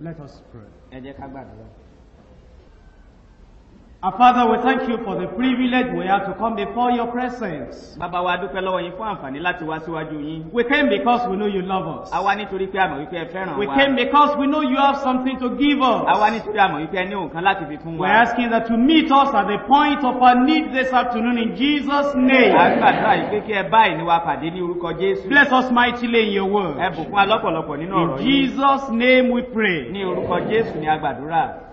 Let us pray. Ẹ jẹ́ ká gbàdúrà. Our Father, we thank you for the privilege we have to come before your presence. Bàbá wa dúpẹ́ lọ́wọ́ yín fún àǹfààní láti wá síwájú yín. We came because we know you love us. A wá nítorí pé a mọ̀ wípé ẹ fẹ́ràn wa. We came because we know you have something to give us. A wá nítorí a mọ̀ wípé ẹ ní nǹkan láti fi fún wa. We are asking that you meet us at the point of our need this afternoon in Jesus' name. A gbàdúrà yìí pé kí ẹ báyìí ni pàdé ní orúkọ Jésù. Bless us mightily in your word. Ẹ bùkún alọ́pọ̀lọpọ̀ nínú ọ̀rọ̀ yìí. In Jesus' name we pray. Ní orúkọ Jésù ni a gbàdúrà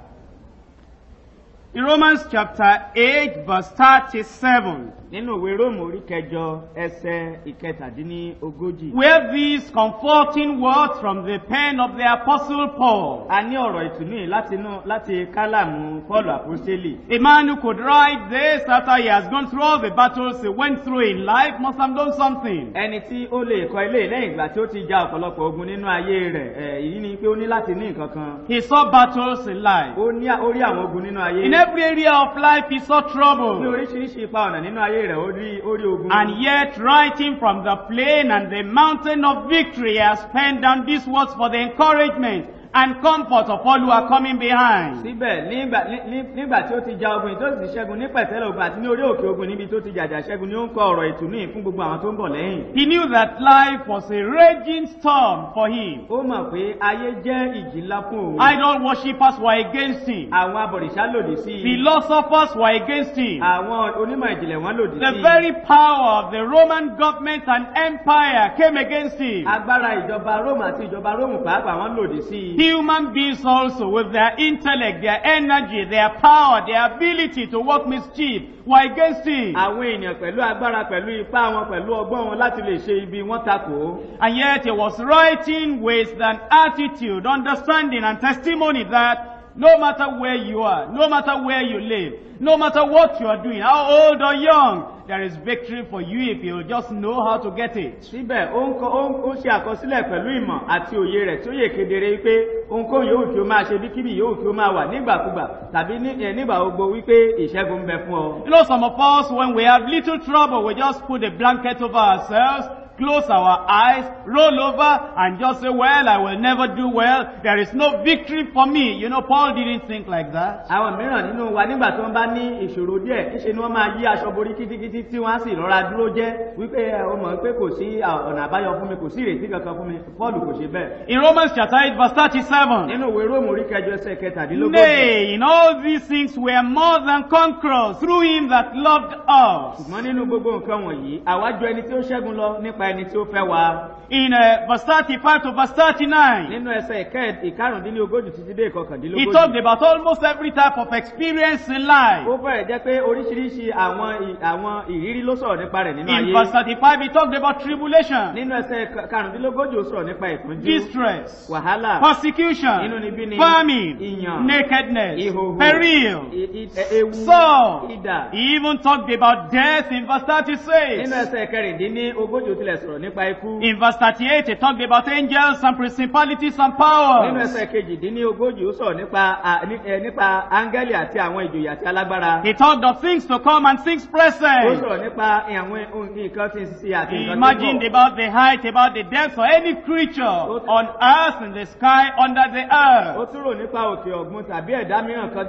in romans chapter eight verse thirty-seven nínú ìwé róòmù orí kẹjọ ẹsẹ ìkẹtàdínlógójì. where these comforting words from the pen of the apostle paul. a ní ọ̀rọ̀ ìtùnú yìí láti láti kálàmù paul apostoli. a man who could write this after he has gone through all the battles he went through in life must have done something. ẹni tí ó lè kọ ilé lẹ́yìn ìgbà tí ó ti ja ọ̀pọ̀lọpọ̀ ogun nínú ayé rẹ̀ èyí ni pé ó ní láti ní nǹkan kan. he saw battles in life. ó ní orí àwọn ogun nínú ayé rẹ̀ every area of life he saw trouble. And yet writing from the plain and the mountain of victory has penned down these words for the encouragement and comfort of all who are coming behind. síbẹ̀ nígbà tí ó ti ja ogun tó ṣẹ́gun ní pẹ̀tẹ́lẹ̀ ogun àti ní orí òkè ogun níbi tó ti jàjà ṣẹ́gun ni ó ń kọ ọ̀rọ̀ ìtùnú yìí fún gbogbo àwọn tó ń bọ̀ lẹ́yìn. he knew that life was a raging storm for him. ó mọ̀ pé ayé jẹ́ ìjì ńlá fún òun. idol worshippers were against him. àwọn abọ̀rìṣà lòdì sí i. philosophers were against him. àwọn onímọ̀ ìjìnlẹ̀ wọn lòdì sí i. the very power of the roman government and empire came against him. agbára ìjọba rome àti ìjọba rome pàápàá wọn lòdì sí i. Human beings also, with their intellect, their energy, their power, their ability to work mischief, were against him. Àwọn èèyàn pẹ̀lú agbára pẹ̀lú ipá wọn pẹ̀lú ọgbọ́n wọn láti lè ṣe ibi wọn takò. And yet he was writing with an attitude, understanding and testimony that No matter where you are, no matter where you live, no matter what you are doing, how old or young, there is victory for you if you just know how to get it. Síbẹ̀, ó ṣe àkọsílẹ̀ pẹ̀lú ìmọ̀ àti òye rẹ̀ tí ó yè kedere wípé ohunkóhun yòówù kí ó máa ṣe bíkíbi yòówù kí ó máa wà nígbàkúgbà tàbí eh, nígbà gbogbo wípé ìṣẹ́gun ń bẹ fún ọ. You know some of us when we have little trouble we just put a blanket over ourselves close our eyes, roll over, and just say, Well, I will never do well. There is no victory for me. You know, Paul didn't think like that. Àwọn mìíràn nínú wa nígbà tí wọ́n bá ní ìṣòro díẹ̀, níṣe ni wọ́n máa yí aṣọ borí kítíkítí tí wọ́n á sì rọra dúró jẹ́ wípé ó mọ̀ pé kò sí ọ̀nà àbáyọ fún mi, kò sí ìrètí kankan fún mi. Paul kò ṣe bẹ́ẹ̀. In Romans chapter eight, verse 37. Nínú ìwé Róòmù orí kẹjọ ẹsẹ̀ kẹtàdínlógún. Nay, in all these things we are more than conquerors through him that loved us. Ṣùgbọ́n nínú gbogbo nǹkan wọ̀nyí, àwájọ ẹni tí ó ṣẹ́gun lọ nípa nípa ẹni tí ó fẹ́ wa. in uh, verse thirty five to verse thirty nine. nínú ẹsẹ̀ ìkarùndínlógójì títí dé ìkọkàndínlógójì. he talked about almost every type of experience in life. ó fẹ́rẹ̀ jẹ́ pé oríṣiríṣi àwọn àwọn ìrírí ló sọ̀rọ̀ nípa rẹ̀ nínú ayé. in verse thirty five he talked about tribulation. nínú ẹsẹ̀ karùndínlógójì ó sọ̀rọ̀ nípa ìpọ́njú. distress. wàhálà. persecution. inú ni bí ni. famine. ìyàn. nakedness. ìhòhò. peril. ewu. sore. idà. he even talked about death in verse thirty six. nínú ẹsẹ̀ kẹrìndínlógójì ó tilẹ̀ bẹ̀rẹ̀ sọ̀rọ̀ nípa ikú. In verse thirty-eight it talked about angels and principalities and powers. Nínú ẹsẹ̀ kejìdínlógójì ó sọ̀rọ̀ nípa nípa áńgẹ́lì àti àwọn ìjòyè àti alágbára. He talked of things to come and things present. Ó sọ̀rọ̀ nípa àwọn nǹkan tí ń sisi àti nǹkan tí ń bọ̀. He imagined about the height, about the depth of any creature on earth, in the sky, under the earth. Ó tún nípa òkè ọ̀gbun tàbí ẹ̀dá mìíràn kan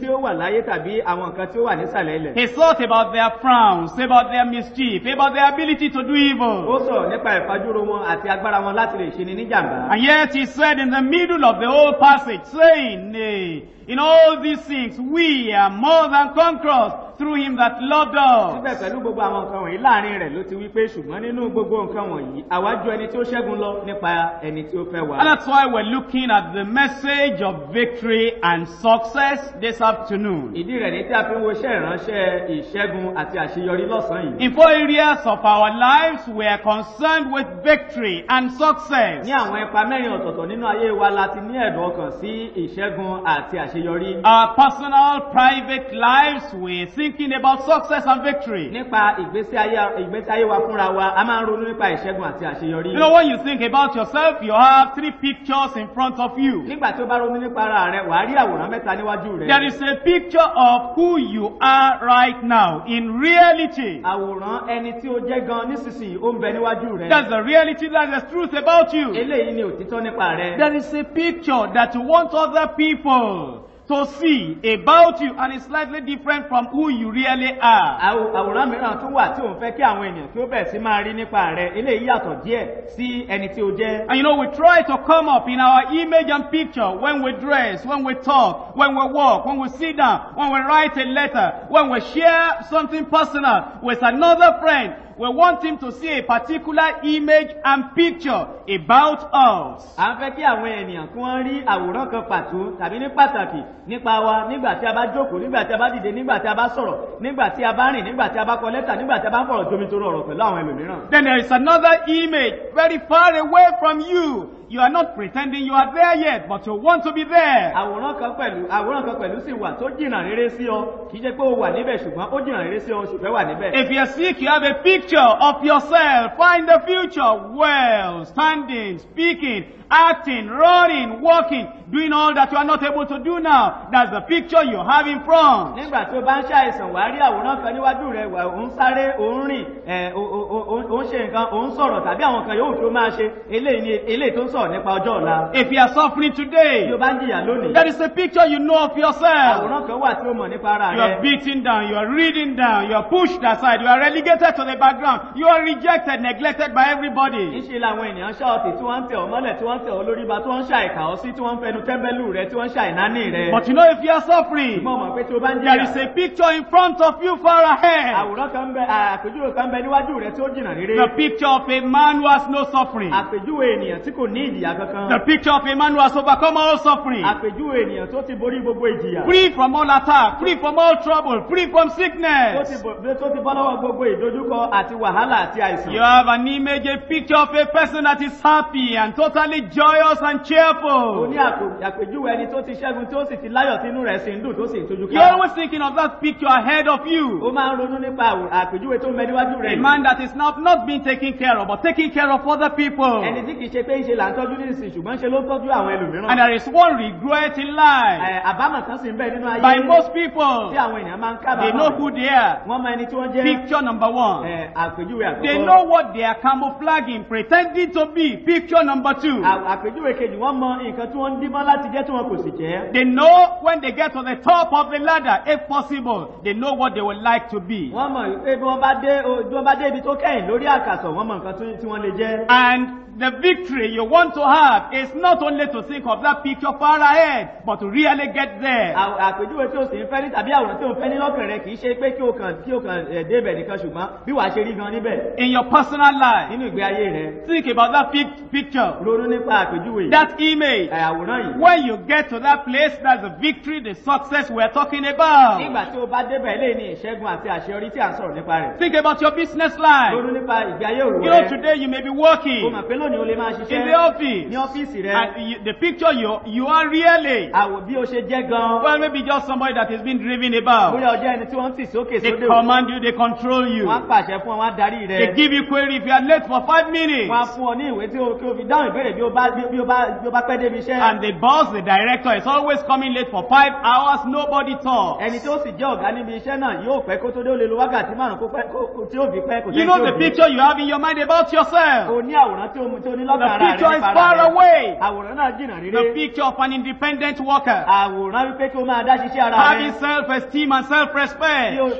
tí ó wà láyé tàbí àwọn nǹkan tí ó wà nísàlẹ̀ ilẹ̀. He thought about their frowns, about their mischief, about their ability to do evil evil. Ó sọ̀rọ̀ nípa ìfajúro wọn àti agbára wọn láti lè ṣe ni níjàmbá. And yet he said in the middle of the whole passage saying, Nay, in all these things we are more than conquerors through him that loved us. síbẹ̀ pẹ̀lú gbogbo àwọn nǹkan wọ̀nyí láàrin rẹ̀ ló ti wí pé ṣùgbọ́n nínú gbogbo nǹkan wọ̀nyí àwájú ẹni tí ó ṣẹ́gun lọ nípa ẹni tí ó fẹ́ wá. that's why we're looking at the message of victory and success this afternoon. ìdí rẹ̀ ní tí a fi ń wo iṣẹ́ ìránṣẹ́ ìṣẹ́gun àti àṣeyọrí lọ́sàn-án yìí. in four areas of our lives we are concerned with victory and success. ní àwọn ipa mẹ́rin ọ̀tọ̀ọ̀tọ̀ nínú ayé wa la ti ní ẹ̀dùn ọkàn sí ìṣẹ́gun àti àṣeyọrí. our personal private lives we see thinking about success and victory. Nípa ìgbésí ayé ìgbésí ayé wa fúnra wa, a máa ń ronú nípa ìṣẹ́gun àti àṣeyọrí. You know when you think about yourself, you have three pictures in front of you. Nígbà tí o bá ronú nípa ara rẹ, wàá rí àwòrán mẹ́ta níwájú rẹ. There is a picture of who you are right now in reality. Àwòrán ẹni tí o jẹ́ gan nísinsìnyí ó ń bẹ níwájú rẹ. That's the reality, that's the truth about you. Eléyìí ni òtítọ́ nípa rẹ. There is a picture that you want other people to see about you and it's slightly different from who you really are. àwòrán mìíràn tún wà tí òun fẹ́ kí àwọn ènìyàn kí ó bẹ̀rẹ̀ sí máa rí nípa rẹ̀ eléyìí yàtọ̀ díẹ̀ sí ẹni tí o jẹ́. and you know we try to come up in our image and picture when we dress when we talk when we walk when we sit down when we write a letter when we share something personal with another friend We want him to see a particular image and picture about us. À fẹ́ kí àwọn ènìyàn kí wọ́n rí àwòrán kan pàtó tàbí ní pàtàkì nípa wa nígbà tí a bá jókòó, nígbà tí a bá dìde, nígbà tí a bá sọ̀rọ̀, nígbà tí a bá rìn, nígbà tí a bá kọ lẹ́tà, nígbà tí a bá fọ̀rọ̀ jomitoro ọ̀rọ̀ pẹ̀lú àwọn ẹlòmíràn. Then there is another image very far away from you. You are not pretending you are there yet, but you want to be there. Àwòrán kan pẹ̀lú àwòrán kan pẹ̀lú sì wà tó jìnnà rere sí ọ. Kì í ṣe pé o wà níbẹ̀ ṣùgbọ́n ó jìnnà rere sí ọ o sì fẹ́ wà níbẹ̀. If you are sick, you have a picture of yourself. Find the future well, standing, speaking, acting, running, walking, doing all that you are not able to do now. That's the picture you have in front. Nígbà tí o bá ń ṣàìsàn, wàá rí àwòrán kan níwájú rẹ̀ wà ń sáré, ó ń rìn, ó ń ṣe nǹkan, ó ń sọ̀rọ̀ tàbí àwọn kan yòówù tó máa ṣe eléyìí tó ń sọ sọ̀rọ̀ nípa ọjọ́ ọ̀la. If you are suffering today. Bí bá ń jìyà lónìí. There is a picture you know of yourself. Àwòrán kan wà tí o mọ̀ nípa ara rẹ. You are beaten down, you are reading down, you are pushed aside, you are relegated to the background, you are rejected, neglected by everybody. Níṣe làwọn ènìyàn ṣá ọtí tí wọ́n ń tẹ̀ ọ́ mọ́lẹ̀ tí wọ́n ń tẹ̀ ọ́ lórí ba tí wọ́n ń ṣàìkà ọ sí tí wọ́n ń fẹnu tẹ́bẹ́lú rẹ tí wọ́n ń ṣàìnání rẹ. But you know if you are suffering. Mo mọ̀ pé tí There is a picture in front of you far ahead. The picture of a man who has no suffering ìjìyà kankan. The picture of a man who has overcome all suffering. Àpèjúwe ènìyàn tó ti borí gbogbo ìjìyà. Free from all attack, free from all trouble, free from sickness. Tó ti bọ́ lọ́wọ́ gbogbo ìdojúkọ àti wàhálà àti àìsàn. You have an image, a picture of a person that is happy and totally joyous and cheerful. O ní àpèjúwe ẹni tó ti ṣẹ́gun tó sì ti láyọ̀ tínú rẹ̀ sí ń dùn tó sì ń tójú ká. You always thinking of that picture ahead of you. Ó máa ń ronú nípa àpèjúwe tó mẹ́ríwájú rẹ̀. A man that is not, not being taken care of but taking care of other people. Ẹni tí kì í ṣe pé ń ṣe là tọ́jú ní ìsìn ṣùgbọ́n ṣe ló tọ́jú àwọn ẹlòmíràn. and there is one regret in life. àbámọ̀ kan sì ń bẹ nínú ayé. by most people. tí àwọn èèyàn máa ń kábàámọ̀. they know who they are. wọ́n mọ ẹni tí wọ́n jẹ́. picture number one. àpèjúwe àkọ́kọ́. they know what they are camouflaging pretending to be picture number two. àpèjúwe kejì wọ́n mọ nǹkan tí wọ́n ń dímọ́ láti jẹ́ tí wọn kò sì jẹ́. they know when they get to the top of the ladder if possible they know what they would like to be. wọ́n mọ̀ and The victory you want to have is not only to think of that picture far ahead, but to really get there. Àpèjúwe tí o sì ń fẹ́ ní tàbí àwòrán tí o fẹ́ ní lọ́kàn rẹ kì í ṣe pé kí o kàn kí o kàn eh, débẹ̀ nìkan ṣùgbọ́n bí wàá ṣe rí gan níbẹ̀. In your personal life. Nínú ìgbé ayé rẹ. Think about that pic picture. Ronú nípa àpèjúwe. That image. Eh, àwòrán yìí. When you get to that place, that's the victory, the success we are talking about. Nígbà tí o bá débẹ̀ ilé ní ìṣẹ́gun àti àṣeyọrí tí à ń sọ̀rọ̀ nípa rẹ̀. Think about your business life. Ronú nípa ìgbé ayé òwò rẹ. You know today you may be working. O mà pé ló fóònù ó lè máa ṣiṣẹ́. in the office. ní ọ́fíìsì rẹ. the picture you you are really. àwò bí o ṣe jẹ́ gan. well maybe just somebody that has been driven about. bóyá ọjọ́ ẹni tí wọ́n ń sókè sódò. they command you they control you. wọ́n á pàṣẹ fún ọ wọ́n á darí rẹ. they give you query if you are late for five minutes. wọ́n á fún ọ ní ìwé tí o fi dáhùn ìbéèrè bí o bá bí o bá bí o bá pẹ́ débi iṣẹ́. and the boss the director is always coming late for five hours nobody talks. ẹni tó sì jẹ́ ọ̀gá níbi iṣẹ́ náà yóò pẹ́ kó tó dé ó you know the picture you have in your mind about yourself. o ní àwòrán tí o mú The picture is far away. The picture of an independent worker. Having self-esteem and self-respect. When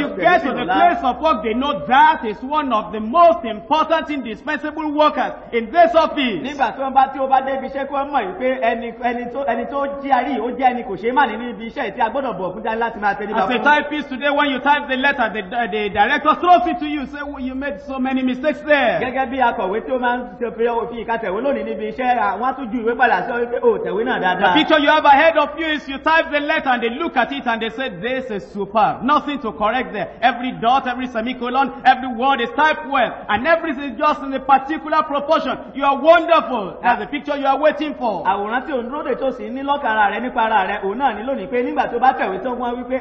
you get to the place of work, they know that is one of the most important indispensable workers in this office. Nígbà tí wọ́n bá tí o bá débi iṣẹ́ kí wọ́n mọ̀ wípé ẹni ẹni tó ẹni tó jí ayé ó jẹ́ ẹni kò ṣe má ní níbi iṣẹ́ ìtí agbọ́dọ̀ bọ̀ fún dání láti máa tẹ́lẹ̀ bá fún. As a typist today when you type the letter the, the director throws it to you say you made so many mistakes there gẹ́gẹ́ bí akọ̀wé tó máa ń ṣe fi òfin ìkàtẹ̀wé lónìí níbi iṣẹ́ àwọn àtújú ìwé padà sí wípé ó oh, tẹ̀wé náà dáadáa. The picture you have ahead of you is you type the letter and they look at it and they say this is super, Nothing to correct there. Every dot, every semicolon, every word is typed well and everything is just in a particular proportion. You are wonderful. That's the picture you are waiting for. Àwòrán tí òun dúró dè tó sì ní lọ́kàrà rẹ̀ nípa ara rẹ̀ òun náà ní lónìí pé nígbà tó bá tẹ̀wé tó wọ́n wípé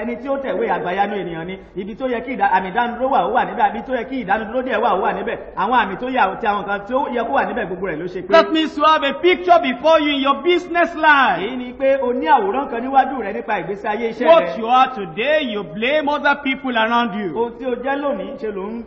ẹni tí ó tẹ̀wé àgbàyanu ènìyàn ni ibi tó yẹ kí ìdánudúró wà ó wà níbẹ̀ àbí tó yẹ kí ìdánudúró díẹ̀ wà yà wà níbẹ̀ àwọn àmì tó yà ti àwọn kan tí yẹ kó wà níbẹ̀ gbogbo rẹ̀ ló ṣe pé. that means you have a picture before you in your business life. èyí ni pé o ní àwòrán kan níwájú rẹ nípa ìgbésí ayé iṣẹ́ rẹ. what you are today you blame other people around you. ohun tí o jẹ́ lónìí ṣe ló ń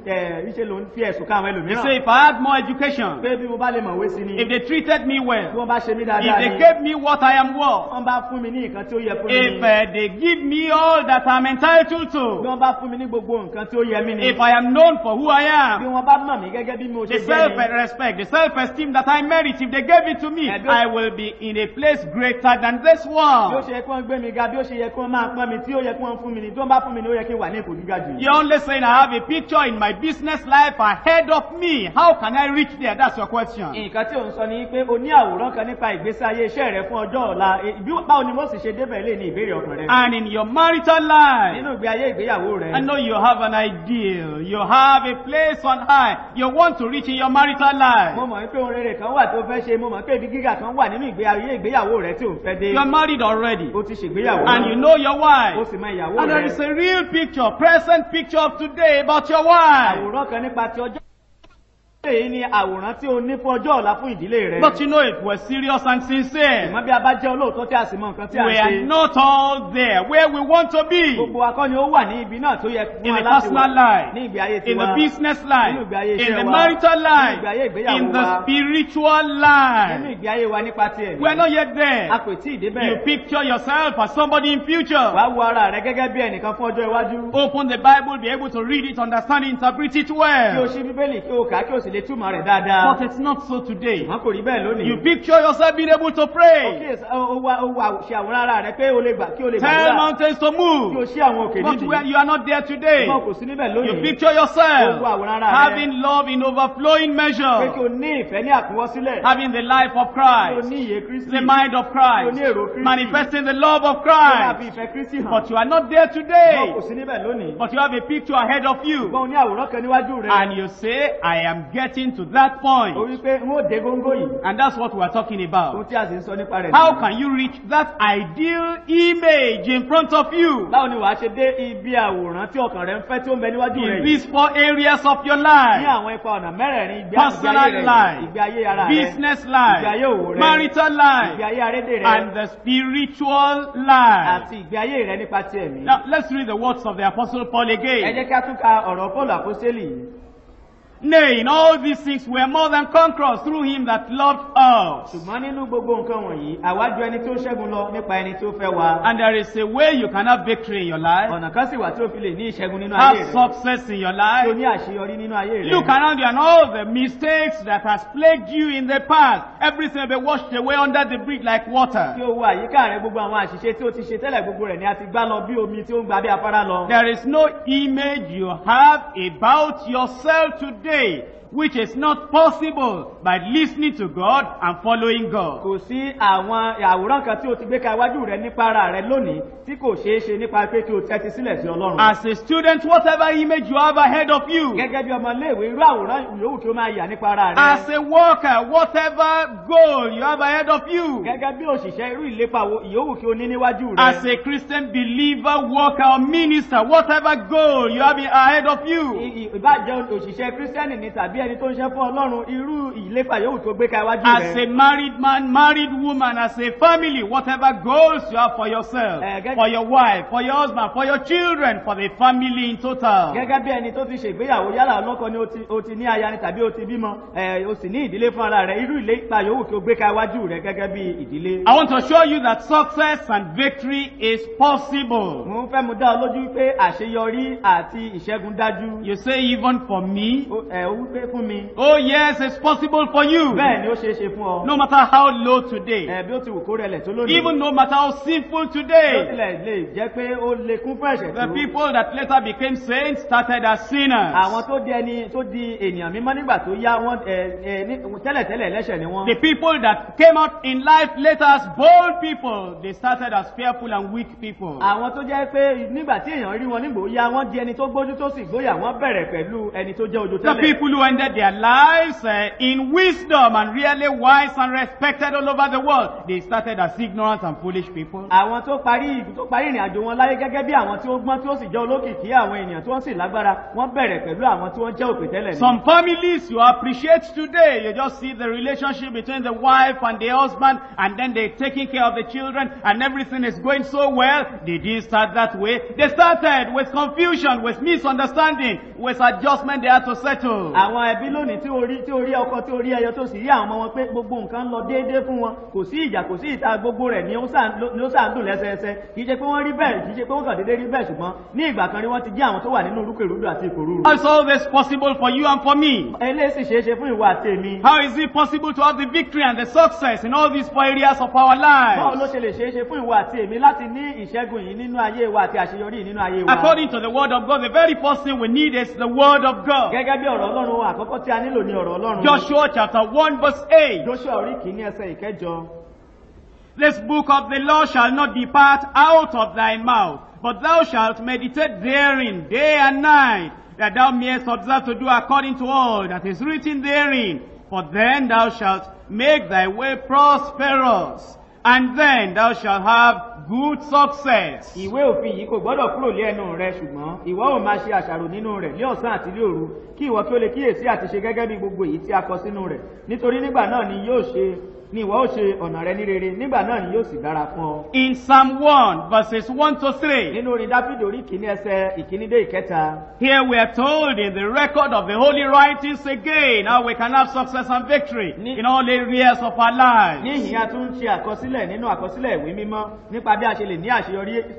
ṣe ló ń fi ẹ̀sùn ká àwọn ẹlòmíràn. they say if I had more education. pé bí mo bá lè mọ̀wé sí ni. if they treated me well. bí wọ́n bá ṣe mí dáadáa ni. if they gave me what I am worth. wọ́n bá fún mi ní nǹkan tí ó yẹ fún mi. if uh, they give me all that I am entitled to. bí wọ́n bá fún mi ní gbogbo nǹkan tí ó yẹ mí ni. if I am known for who I am. bí wọ́n bá mọ̀ mí gẹ́gẹ́ bí mo ṣe gbé mi. the self-respect the self-esteem that I merit if they gave it to me I will be in a place greater than this one. bí ó ṣe yẹ kí wọ́n gbé mi ga bí ó ṣe yẹ kí wọ́n máa pọ́n mi tí ó yẹ kí wọ́n fún mi ni tí wọ́n bá fún mi ni ó yẹ kí wà ní ipò gíga jù. you only saying I have a picture in my business life ahead of me how can I reach there that's your question. nǹkan tí ò ń sọ ni pé o ní àwòrán kan nípa ìgbésí ayé iṣẹ́ rẹ fún ọjọ́ ọ̀la e, báwo ni mo sì ṣe débẹ̀ lé ní ìbéèrè ọkàn rẹ. and in your marital life. nínú ìgbé ayé ìgbéyàwó rẹ. I know you have an ideal you have a place on and you want to reach in your marital life. mo mọ̀ pé ohun rere kan wà tó fẹ́ ṣe mo mọ̀ pé ibi gíga kan wà nínú ìgbéyàwó rẹ tí ò fẹ́ dé. you are married already. o ti ṣègbéyàwó. and you know your wife. o sì mọ ìyàwó rẹ. and there is a real picture present picture of today about your wife. àwòrán kan nípa ti ọjọ́ èyí ni àwòrán tí o ní fún ọjọ́ ọ̀la fún ìdílé rẹ. But you know it was serious and sincere. ìmọ̀ bí a bá jẹ́ olóòótọ́ tí a sì mọ nǹkan tí a ṣe. We are not all there where we want to be. gbogbo akọni ó wà ní ibi náà tó yẹ fún wa In the personal life. ní ìgbé ayé tiwa. In the business life. nínú ìgbé ayé iṣẹ́ wa. In the marital life. nínú ìgbé ayé ìgbéyàwó wa. In the spiritual life. nínú ìgbé ayé wa nípa ti We are not yet there. a kò tí ì débẹ̀. You picture yourself as somebody in future. wàá wo ara rẹ Open the Bible, be able to read it, understand interpret it well sì lè túmọ̀ rẹ̀ dáadáa. but it's not so today. wọn kò rí bẹ́ẹ̀ lónìí. you picture yourself being able to pray. okay o wa o wa ṣe àwòrán ara rẹ pé o lè gbà kí o lè gbàdúrà. tell mountains to move. kí o ṣe àwọn òkè nídìí. but where you are not there today. wọn kò sí níbẹ̀ lónìí. you picture yourself. o wa àwòrán ara rẹ. having love in overflowing measure. pé kí o ní ìfẹ́ ní àkúwọ́sílẹ̀. having the life of Christ. kí o ní iye Kristi. the mind of Christ. kí o ní èrò Kristi. manifesting the love of Christ. kí o ní àfi ìfẹ́ Kristi hàn. but you are not there today. wọn kò sí níbẹ̀ lónìí. but you have a picture ahead of you. ṣùgbọ́n o ní àwòrán kan níwájú rẹ. and you say I am getting to that point. Ó wí pé n ó dé góńgó yìí. And that's what we are talking about. Ohun tí a sì ń sọ nípa rẹ̀. How can you reach that ideal image in front of you? Báwo ni wàá ṣe dé ibi àwòrán tí ọkàn rẹ̀ ń fẹ́ tí ó ń bẹ níwájú rẹ̀ In these four areas of your life. Ní àwọn ipa ọ̀nà mẹ́rẹ̀ẹ̀rin ìgbé ayé Ìgbé ayé ara rẹ̀. Business life. Ìgbé ayé òwò rẹ̀. Marital life. Ìgbé ayé arédè rẹ̀. And the spiritual life. Àti ìgbé ayé rẹ̀ nípa ti ẹ̀mí. Now let's read the words of the apostle Paul again. Ẹ jẹ́ kí a tún ka ọ̀rọ̀ Paul àpọ́sẹ́lì yìí. Nay, in all these things we are more than conquerors through him that loved us. And there is a way you can have victory in your life. Have success in your life. Look around you and all the mistakes that has plagued you in the past. Everything will be washed away under the bridge like water. There is no image you have about yourself today. day which is not possible by listening to God and following God. Kò sí àwọn àwòrán kan tí o ti gbé ka iwájú rẹ nípa ara rẹ lónìí tí kò ṣeé ṣe nípa pé kí o tẹ́tí sílẹ̀ sí Ọlọ́run. As a student, whatever image you have ahead of you. Gẹ́gẹ́ bí ọmọ iléèwé, irú àwòrán yòówù kí o máa yà nípa ara rẹ. As a worker, whatever goal you have ahead of you. Gẹ́gẹ́ bí òṣìṣẹ́, irú ìlépa yòówù kí o ní níwájú rẹ. As a Christian believer, worker or minister, whatever goal you have ahead of you. Ìbá òṣìṣẹ́ Kírísítẹ́nì ni tàbí jẹ́ ẹni tó ń ṣe fún Ọlọ́run irú ìlépa yòówù tó gbé ká iwájú rẹ̀. as a married man married woman as a family whatever goals you have for yourself uh, for your wife for your husband for your children for the family in total. gẹ́gẹ́ bí ẹni tó ti ṣe yálà ọlọ́kọ ni o ti ní aya ni tàbí o ti bímọ eh, o sì ní ìdílé fún ara rẹ̀ irú ìlépa yòówù tó gbé ká iwájú rẹ̀ gẹ́gẹ́ bí ìdílé. I want to show you that success and victory is possible. mo fẹ́ mu dá ọ lójú pé àṣeyọrí àti ìṣẹ́gun dájú. you say even for me. ẹ eh, o wípé fún mi. oh yes it's possible for you. bẹ́ẹ̀ ni ṣeé ṣe fún ọ. no matter how low today. ẹ bí ó ti wù kó rẹlẹ̀ tó lónìí. even no matter how sinful today. ó tilẹ̀ lè jẹ́ pé ó lè kún fún ẹ̀ṣẹ̀ tó. the people that later became saints started as sinners. àwọn tó di ẹni tó di ènìyàn mímọ́ nígbà tó yá wọn tẹ́lẹ̀tẹ́lẹ̀ ẹlẹ́ṣẹ̀ ni wọ́n. the people that came out in life later as bold people they started as fearful and weak people. àwọn tó jẹ́ pé nígbà tí èèyàn rí wọn nígbò yá wọ́n di ẹni tó gbójú tó sì gbóyà wọ́n bẹ̀rẹ̀ pẹ̀lú ẹni tó jẹ́ ojú tẹ́lẹ̀. the people who surrendered their lives uh, in wisdom and really wise and respected all over the world. They started as ignorant and foolish people. Àwọn tó parí tó parí ìrìn àjò wọn láyé gẹ́gẹ́ bí àwọn tí ó gbọ́n tí ó sì jẹ́ olókìkí àwọn ènìyàn tí wọ́n sì lágbára wọ́n bẹ̀rẹ̀ pẹ̀lú àwọn tí wọ́n jẹ́ òpè tẹ́lẹ̀ Some families you appreciate today you just see the relationship between the wife and the husband and then they taking care of the children and everything is going so well. They didn't start that way. They started with confusion, with misunderstanding, with adjustment they had to settle. Àwọn ẹbí lónìí tí orí tí ọkọ tí orí ẹyọ tó sì rí àwọn ọmọ wọn pé gbogbo nǹkan lọ déédéé fún wọn kò sí ìjà kò sí ìta gbogbo rẹ̀ ni ó sà dùn lẹ́sẹẹsẹ kì í ṣe pé wọ́n rí bẹ́ẹ̀ kì í ṣe pé wọ́n kàn déédéé rí bẹ́ẹ̀ ṣùgbọ́n ní ìgbà kan rí wọ́n ti jẹ́ àwọn tó wà nínú orúkèrúdò àti ìkòrúurú. how is all this possible for you and for me. eléyìí sì ṣeé ṣe fún ìwọ àti èmi. how is it possible to have the victory and the success in all these four areas of our lives. báwo ló ṣe lè ṣeé ṣe fún ìwọ according to the word of God the very first thing we need is the word of God àkọ́kọ́ tí a nílò ní ọ̀rọ̀ ọlọ́run. Joshua chapter one verse eight. Joshua orí kìíní ẹsẹ̀ ìkẹjọ. This book of the law shall not depart out of thy mouth, but thou shalt meditate therein day and night, that thou mayest observe to do according to all that is written therein. For then thou shalt make thy way prosperous, and then thou shalt have good success. Ìwé òfin yìí kò gbọ́dọ̀ kúrò lé ẹnu rẹ ṣùgbọ́n ìwọ ò máa ṣe àṣàrò nínú rẹ̀ ní ọ̀sán àti ní òru kí ìwọ kí ó lè kíyèsí àti ṣe gẹ́gẹ́ bí gbogbo èyí tí a kọ sínú rẹ̀ nítorí nígbà náà ni yóò ṣe ni ìwọ ó ṣe ọ̀nà rẹ ní rere nígbà náà ni yóò sì dára fún ọ. in psalm one verses one to three. nínú orin dáfídì orí kìíní ẹsẹ ìkíní ìkẹta. here we are told in the record of the holy writings again how we can have success and victory in all areas of our lives. níhìn a tún ṣe àkọsílẹ̀ nínú àkọsílẹ̀ ìwé mímọ́ nípa bí a ṣe lè ní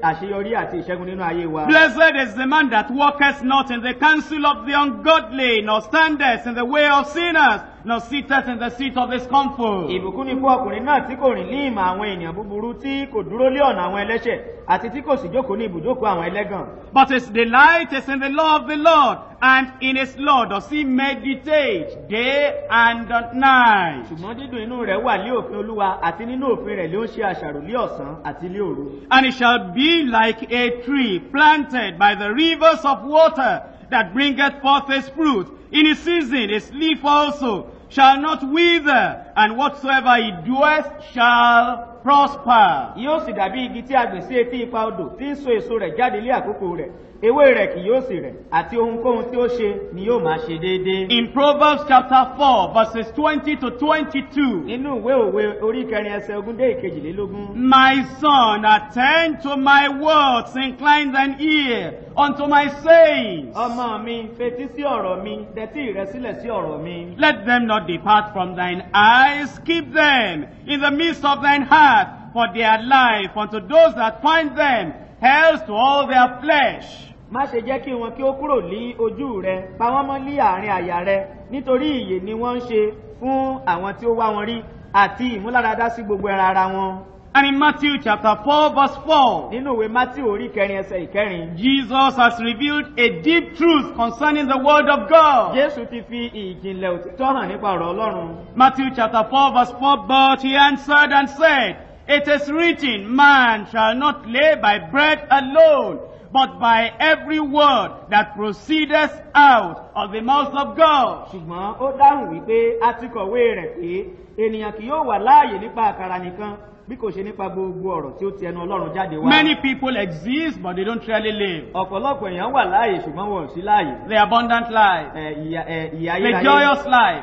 àṣeyọrí àti ìṣẹ́gun nínú ayé wa. blessed is the man that walketh not in the counsel of the ungodly nor standeth in the way of sinners nor sitteth in the seat of discomfort. Ìbùkún ni fún ọkùnrin náà tí kò rìn ní ìmọ̀ àwọn ènìyàn búburú tí kò dúró lé ọ̀nà àwọn ẹlẹ́ṣẹ̀ àti tí kò sì jókòó ní ibùjókòó àwọn ẹlẹ́gàn. But his delight is in the law of the Lord and in his law does he meditate day and night. Ṣùgbọ́n dídùn inú rẹ̀ wà lé òfin Olúwa àti nínú òfin rẹ̀ ló ń ṣe àṣàrò lé ọ̀sán àti lé òru. And it shall be like a tree planted by the rivers of water. that bringeth forth its fruit. In its season, its leaf also shall not wither, and whatsoever he doeth shall prosper. yóò sì dàbí igi tí a sí etí ipa odò tí ń so èso rẹ̀ jáde lé àkókò rẹ̀ ewé rẹ̀ kì yóò sì rẹ̀ àti ohunkóhun tí ó ṣe ni yóò máa ṣe déédéé. in proverbs chapter four verses twenty to twenty-two. nínú ìwé òwe orí kẹrin ẹsẹ ogún dé ìkejìlélógún. my son attend to my words incline thine ear unto my sayings. ọmọ mi fetí sí ọ̀rọ̀ mi dẹ́tí rẹ sí ọ̀rọ̀ mi. let them not depart from thine eye. Arise, keep them in the midst of thine heart, for they are life unto those that find them, health to all their flesh. Má ṣe jẹ́ kí wọn kí ó kúrò ní ojú rẹ, pa wọ́n mọ́ ní àárín àyà rẹ, nítorí ìyè ni wọ́n ń ṣe fún àwọn tí ó wá wọn rí, àti ìmúláradá sí gbogbo ẹran ara wọn. And in Matthew chapter 4 verse 4. Nínú ìwé Matthew orí kẹrin ẹsẹ̀ ìkẹrin. Jesus has revealed a deep truth concerning the word of God. Jésù ti fi ìjìnlẹ̀ òtítọ́ hàn nípa ọ̀rọ̀ Ọlọ́run. Matthew chapter 4 verse 4 but he answered and said, It is written, man shall not lay by bread alone, but by every word that proceedeth out of the mouth of God. Ṣùgbọ́n ó dáhùn wípé a ti kọ̀wé rẹ̀ pé ènìyàn kì yóò wà láàyè nípa àkàrà nìkan bí kò ṣe nípa gbogbo ọ̀rọ̀ tí ó ti ẹnu ọlọ́run jáde wá. many people exist but they don't really live. ọ̀pọ̀lọpọ̀ èèyàn wà láàyè ṣùgbọ́n wọn ò sí láàyè. the abundant life. the joyous life.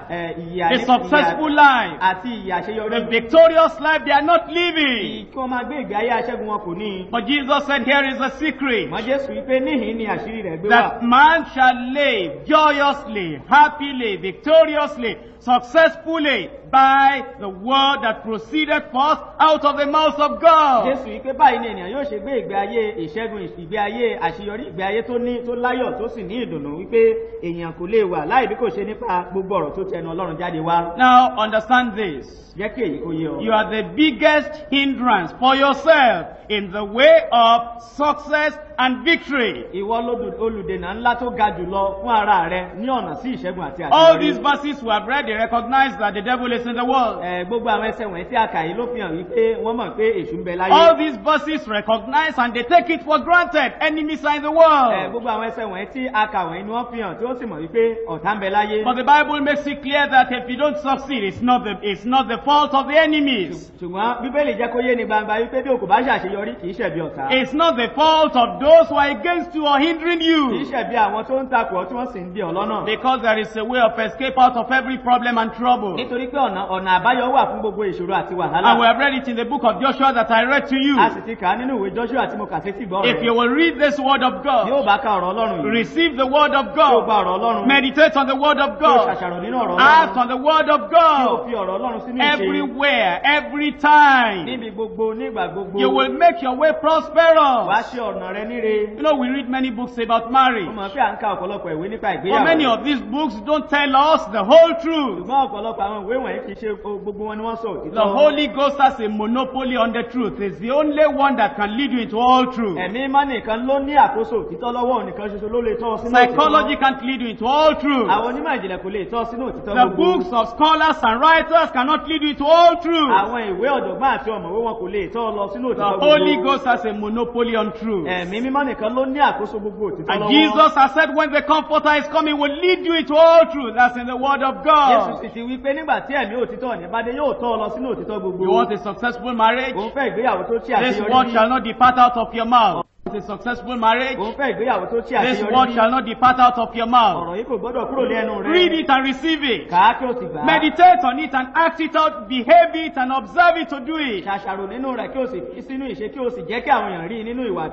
the successful life. àti ìyà the victorious life they are not living. kí wọ́n máa gbé ìgbé ayé aṣẹ́gun wọn kò ní. but Jesus said here is a secret. mọ Jésù wípé níhìn ni àṣírí rẹ̀ gbé wá. that man shall live joyously happily victoriously successfully by the word that proceeded forth out of the mouth of God. Jésù yìí pé báyìí ni ènìyàn yóò ṣe gbé ìgbé ayé ìṣẹ́gun ìgbé ayé àṣeyọrí ìgbé ayé tó ní tó láyọ̀ tó sì ní ìdùnnú wípé èèyàn kò lè wà láì bí kò ṣe nípa gbogbo ọ̀rọ̀ tó tẹnu Ọlọ́run jáde wá. Now understand this. Jẹ́ kí èyí kó yé ọ. You are the biggest hindrance for yourself in the way of success and victory. Ìwọ olùdènà ńlá tó ga jùlọ fún ara rẹ ní ọ̀nà sí ìṣẹ́gun àti àṣeyọrí. All these verses we have read recognize that the devil is in the world. gbogbo àwọn ẹsẹ̀ wọ̀nyí tí a yìí ló fi hàn wípé wọ́n mọ̀ pé èṣù ń bẹ láyé. All these verses recognize and they take it for granted enemies are in the world. gbogbo àwọn ẹsẹ̀ wọ̀nyí tí a wọ̀nyí ni wọ́n fi hàn tí ó sì mọ̀ wípé ọ̀tá ń bẹ láyé. But the bible makes it clear that if you don't succeed it's not the it's not the fault of the enemies. Ṣùgbọ́n Bíbélì jẹ́ kó yé ni gbangba wípé bí o bá ṣàṣeyọrí kì í ṣẹ̀bi ọ̀tá. It's not the fault of those who are against you or hindering you. Kì í ṣẹ̀bi àwọn tó ń takò ọ́ Because there is a way of escape out of every problem and trouble. Nítorí pé ọ̀nà ọ̀nà àbáyọ wà fún gbogbo ìṣòro àti wàhálà. And we have read it in the book of Joshua that I read to you. A sì ti kà á nínú ìwé Joshua tí mo kà sí rẹ̀. If you will read this word of God. Yóò bá ka ọ̀rọ̀ Ọlọ́run yìí. Receive the word of God. Yóò ọ̀rọ̀ Ọlọ́run. Meditate on the word of God. Yóò ṣàṣàrò nínú ọ̀rọ̀ Ọlọ́run. Ask on the word of God. Yóò fi ọ̀rọ̀ Ọlọ́run sínú ìṣe. Everywhere, every time. Níbi gbogbo, nígbà gbogbo. You will make your way prosperous. ṣe ọ̀nà rẹ níre. You know we read many books about marriage. mọ̀ pé à ń ka ọ̀pọ̀lọpọ̀ ìwé nípa ìgbéyàwó. But many of these books don't tell us the whole truth. ṣùgbọ́n ọ̀pọ̀lọpọ̀ àwọn ìwé wọ̀nyí kì í ṣe gbogbo wọn ni wọ́n sọ òtítọ́. The Holy Ghost has a monopoly on the truth. Is the only one that can lead you into all truth. Ẹ̀mí mọ́ nìkan ló ní àkóso òtítọ́ lọ́wọ́ ònìkan ṣoṣo ló lè tọ́ ọ sínú òtítọ́. Psychology can't lead you into all truth. Àwọn onímọ̀ ìjìnlẹ̀ kò lè tọ́ sínú òtítọ́ gbogbo. The books of scholars and writers cannot lead you into all truth. Àwọn ìwé ọ̀dọ̀gbọ́n àti ọ̀mọ̀wé wọn kò lè tọ́ lọ sínú òtítọ́ The Holy Ghost has a monopoly on truth. Ẹ̀mí mímọ́ nìkan ló ní àkóso gbogbo òtítọ́ lọ́wọ́. And Jesus has said when the comforter is coming will lead you into all truth. That's in the word of God sì wí pé nígbà tí ẹ̀mí òtítọ́ ní bá dé yóò tọ́ ọ lọ sínú òtítọ́ gbogbo. You want a successful marriage? Òun fẹ́ ìgbéyàwó tó ṣe àṣeyọrí. This word shall not depart out of your mouth. It's a successful marriage. This word shall not depart out of your mouth. Read it and receive it. Meditate on it and act it out, behave it and observe it to do it.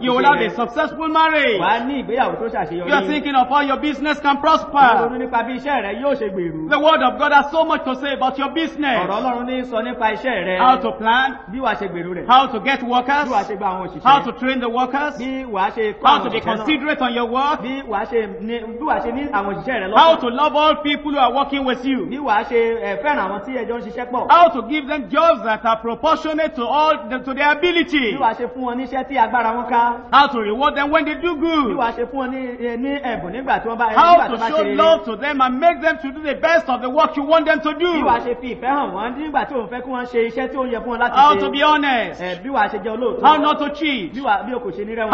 You will have a successful marriage. You are thinking of how your business can prosper. The word of God has so much to say about your business. How to plan. How to get workers. How to train the workers bí wà á ṣe kọ́ àwọn òṣìṣẹ́ náà. how to be considerate on your work. bí wà á ṣe ní bí wà á ṣe ní àwọn òṣìṣẹ́ rẹ lọ́wọ́. how to love all people who are working with you. bí wà á ṣe fẹ́ràn àwọn tí ẹjọ́ ń ṣiṣẹ́ pọ̀. how to give them jobs that are proportionate to all the, to their ability. bí wà á ṣe fún wọn níṣẹ́ tí agbára wọn ká. how to reward them when they do good. bí wà á ṣe fún wọn ní ní ẹ̀bùn nígbà tí wọ́n bá ṣe. how to show love to them and make them to do the best of the work you want them to do. bí wà á ṣe fi ìfẹ́ hàn wọ́n nígbà tí òun fẹ́ kí wọ́n ṣe iṣẹ́ tí ó yẹ fún wọn láti ṣe. how to be honest. bí wà á ṣe jẹ́ olóòótọ́. how not to cheat. bí wà bí o kò ṣe ní rẹ́wọ̀n.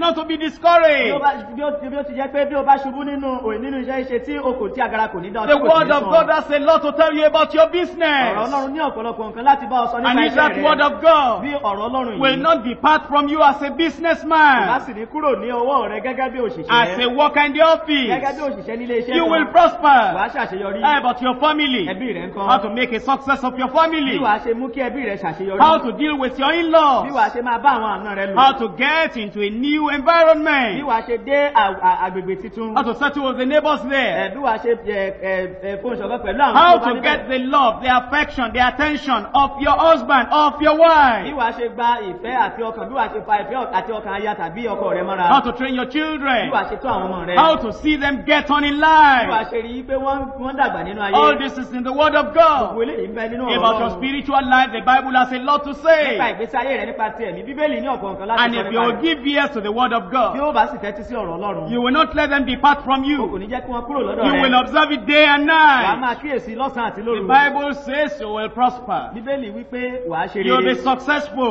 not to be discouraged. The word of God has a lot to tell you about your business. Ọ̀rọ̀ Ọlọ́run And if that word of God. Will not depart from you as a businessman. As a worker in the office. You will prosper. How About your family. How to make a success of your family. How to deal with your in-laws. How to get into a new environment. bí wàá ṣe dé àgbègbè titun. how to settle with the neighbors there. bí wàá ṣe fún ìṣọ̀kan pẹ̀lú àwọn. how to get the love the affection the attention of your husband of your wife. bí wàá ṣe gba ìfẹ́ àti ọkàn bí wàá ṣe fa ìfẹ́ àti ọkàn aya tàbí ọkọ rẹ mọ́ra. how to train your children. bí wàá ṣe tó àwọn ọmọ rẹ. how to see them get on in life. bí wàá ṣe rí pé wọ́n dàgbà nínú ayé. all this is in the word of God. gbogbo eléyìí ń bẹ nínú ọ̀rọ̀. about your spiritual life the bible has a lot to say. and if you give ears to the word word of God. You will not let them depart from you. You will observe it day and night. The Bible says you will prosper. You will be successful.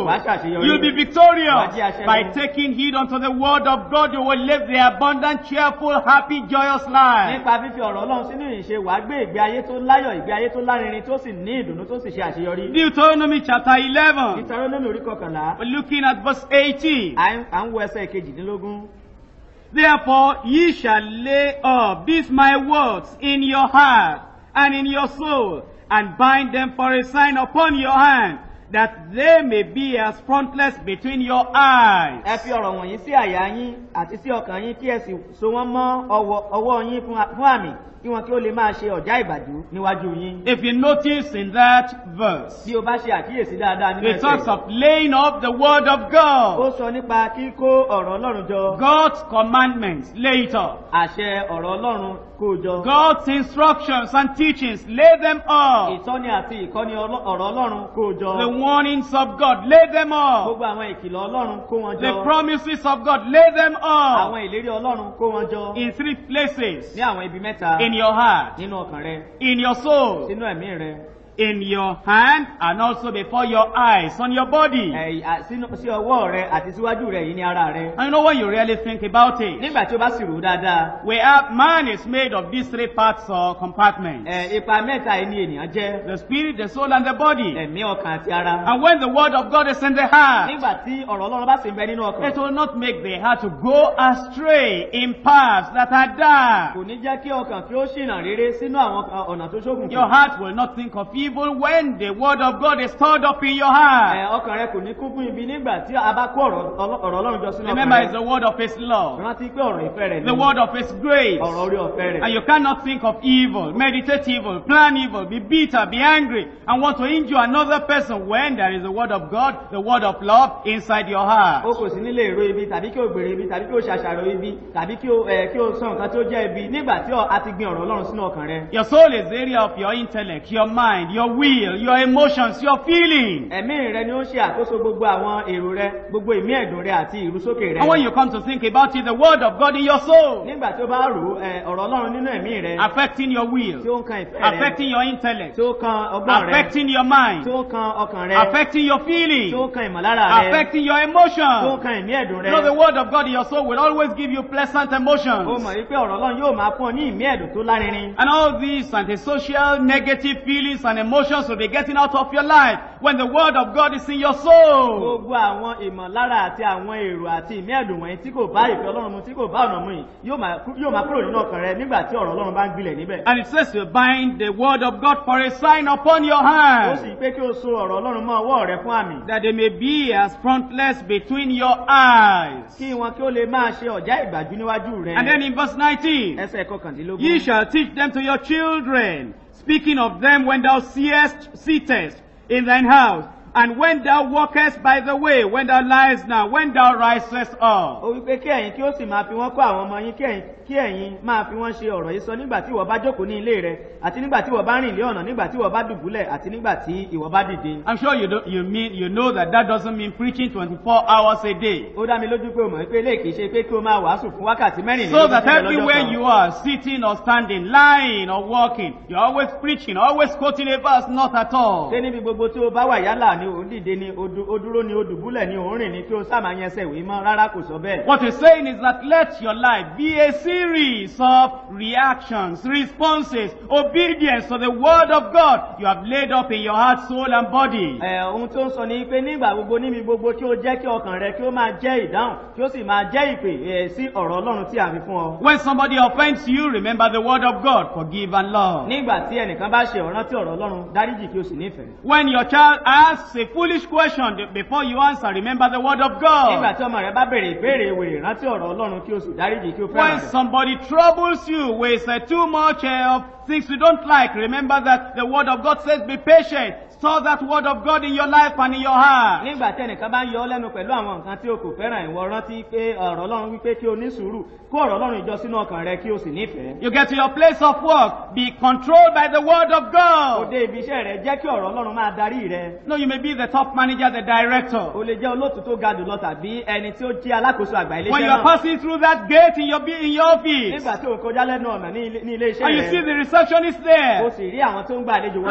You will be victorious. By taking heed unto the word of God you will live the abundant, cheerful, happy, joyous life. Deuteronomy chapter 11. Deuteronomy Looking at verse 18 kejìdínlógún. Therefore ye shall lay up these my words in your heart and in your soul and bind them for a sign upon your hand that they may be as frontless between your eyes. Ẹ fi ọ̀rọ̀ wọ̀nyí sí àyà yín àti sí ọkàn yín kí ẹ sì so wọ́n mọ́ ọwọ́ yín fún àmì kí wọn kí ó lè máa ṣe ọ̀já ìbàjú níwájú yín. if you notice in that verse. bí o bá ṣe àkíyèsí dáadáa nínú ẹsẹ̀. it talks of laying up the word of God. ó sọ nípa kíkó ọ̀rọ̀ ọlọ́run jọ. God's commandments lay it up. àṣẹ ọ̀rọ̀ ọlọ́run kó jọ. God's instructions and teachings lay them up. ìtọ́ni àti ìkọ́ni ọ̀rọ̀ ọlọ́run kó jọ. the warnings of God lay them up. gbogbo àwọn ìkìlọ̀ ọlọ́run kó wọn jọ. the promises of God lay them up. àwọn ìlérí ọlọ́run kó wọn jọ. in three places. ní àwọn ibi mẹ́ta. in in your heart nínú ọkàn rẹ in your soul nínú ẹ̀mí rẹ in your hand and also before your eyes on your body. Ẹ sí ọwọ́ rẹ àti síwájú rẹ yìí ní ara rẹ. I know when you really think about it. Nígbà tí o bá sì rò dáadáa. Where man is made of these three parts or compartments. Ẹ ipa mẹ́ta ẹni ènìyàn jẹ́. The spirit, the soul and the body. Ẹ̀mí ọkàn àti ara. And when the word of God is in the heart. Nígbà tí ọ̀rọ̀ Ọlọ́run bá sì ń bẹ nínú ọkàn. It will not make the heart to go astray in paths that are dark. Kò ní jẹ́ kí ọkàn kí ó ṣìnà rere sínú àwọn ọ̀nà tó ṣókùnkùn. Your heart will not think of evil evil when the word of God is stored up in your heart. Ẹ ọkàn kò ní kún fún ibi nígbà tí a bá kó ọ̀rọ̀ Ọlọ́run jọ sínú ọkàn Remember it's the word of his love. Rántí pé ọ̀rọ̀ ìfẹ́ rẹ̀ ni. The word of his grace. Ọ̀rọ̀ orí ọ̀fẹ́ rẹ̀. And you cannot think of evil, meditate evil, plan evil, be bitter, be angry, and want to injure another person when there is the word of God, the word of love inside your heart. O kò sí nílé èrò ibi tàbí kí o gbèrè ibi tàbí kí o ṣàṣàrò ibi tàbí kí o kí o sọ nǹkan tí ó jẹ́ ibi nígbà tí a ti gbin ọ̀rọ̀ Ọlọ́run sínú ọkàn rẹ. Your soul is the area of your intellect, your mind, your will, your emotions, your feelings. Ẹ̀mí rẹ ni ó ṣe àkóso gbogbo àwọn èrò rẹ, gbogbo ìmí ẹ̀dùn rẹ àti ìrúsókè rẹ. And when you come to think about it, the word of God in your soul. Nígbà tí ó bá rò ọ̀rọ̀ Ọlọ́run nínú ẹ̀mí rẹ. Affecting your will. Tí ó ń kan ìfẹ́ rẹ. Affecting your intellect. Tí ó kan ọgbọ́n rẹ. Affecting your mind. Tí ó kan ọkàn rẹ. Affecting your feelings. Tí ó kan ìmọ̀lára rẹ. Affecting your emotions. Tí ó kan ìmí ẹ̀dùn rẹ. You know the word of God in your soul will always give you pleasant emotions. Ó mọ̀ wípé ọ̀rọ̀ Ọlọ́run yóò máa fún ọ ní ìmí ẹ̀dùn tó lárinrin. And all these antisocial negative feelings and emotions will be getting out of your life when the word of God is in your soul. Gbogbo àwọn ìmọ̀lára àti àwọn èrò àti ìmí ẹ̀dùn wọ̀nyí tí kò bá ìfẹ́ Ọlọ́run mu tí kò bá ọ̀nà mu yìí yóò máa kúrò nínú ọkàn rẹ nígbà tí ọ̀rọ̀ Ọlọ́run bá ń gbilẹ̀ níbẹ̀. And it says to bind the word of God for a sign upon your hand. Ó sì pé kí o so ọ̀rọ̀ Ọlọ́run mọ́ ọwọ́ rẹ fún àmì. That they may be as frontless between your eyes. Kí wọn kí ó lè máa ṣe ọ̀já ìgbàjú níwájú rẹ. And then in verse nineteen. Ẹsẹ̀ kọkàndínlógún. Ye shall teach them to your children. speaking of them when thou seest, sittest in thine house And when thou walkest by the way, when thou liest now, when thou risest up. Ó wí pé kí ẹ̀yin kí ó sì máa fi wọ́n kọ́ àwọn ọmọ yín kí ẹ̀yin kí ẹ̀yin máa fi wọ́n ṣe ọ̀rọ̀ yìí sọ nígbà tí ìwọ bá jókòó ní ilé rẹ àti nígbà tí ìwọ bá rìn lé ọ̀nà nígbà tí ìwọ bá dùbúlẹ̀ àti nígbà tí ìwọ bá dìde. I'm sure you, do, you mean you know that that doesn't mean preaching twenty four hours a day. Ó dá mi lójú pé o mọ̀ pé ilé kìí ṣe pé kí o máa wàásù fún wákàtí mẹ́rin So that everywhere you are sitting or standing lying or walking you always preaching always quoting a verse not at all. Ṣé níbi gbogbo tí ni ó dìde ni ó dúró ni ó dùbúlẹ̀ ni ó rìn ni kí ó sáàmà yẹn ṣe ìwé mọ́ rárá kò sọ bẹ́ẹ̀. what he's saying is that let your life be a series of reactions responses obedience to the word of God you have laid up in your heart soul and body. ohun tó ń sọ ni pé nígbà gbogbo níbi gbogbo kí o jẹ́ kí ọkàn rẹ kí ó máa jẹ́ ìdáhùn kí ó sì máa jẹ́ ìpè sí ọ̀rọ̀ ọlọ́run tí a fi fún ọ. when somebody offends you remember the word of God forgive and love. nígbà tí ẹnìkan bá ṣe ọ̀rán tí ọ̀rọ̀ ọlọ́run dáríjì kí o sì nífẹ̀ẹ́. when your child asks Ask a foolish question before you answer. Remember the word of God. When somebody troubles you with uh, too much uh, of things you don't like, remember that the word of God says be patient. Store that word of God in your life and in your heart. Nígbà tí ẹnìkan bá ń yọ ọ́ lẹ́nu pẹ̀lú àwọn nǹkan tí o kò fẹ́ràn ìwọ rántí pé ah, ọ̀rọ̀ Ọlọ́run wípé kí o ní sùúrù kó ọ̀rọ̀ Ọlọ́run ìjọ sínú ọkàn rẹ kí o sì nífẹ̀ẹ́. You get to your place of work be controlled by the word of God. Òde ibi rẹ jẹ́ kí ọ̀rọ̀ Ọlọ́run máa darí rẹ. No you may be the top manager the director. O lè jẹ́ olóòtú ga jùlọ tàbí ẹni tí ó jẹ́ alákòóso àgbà ilé iṣẹ́ náà. When you are passing through that gate in your, in your office. And you see the receptionist there.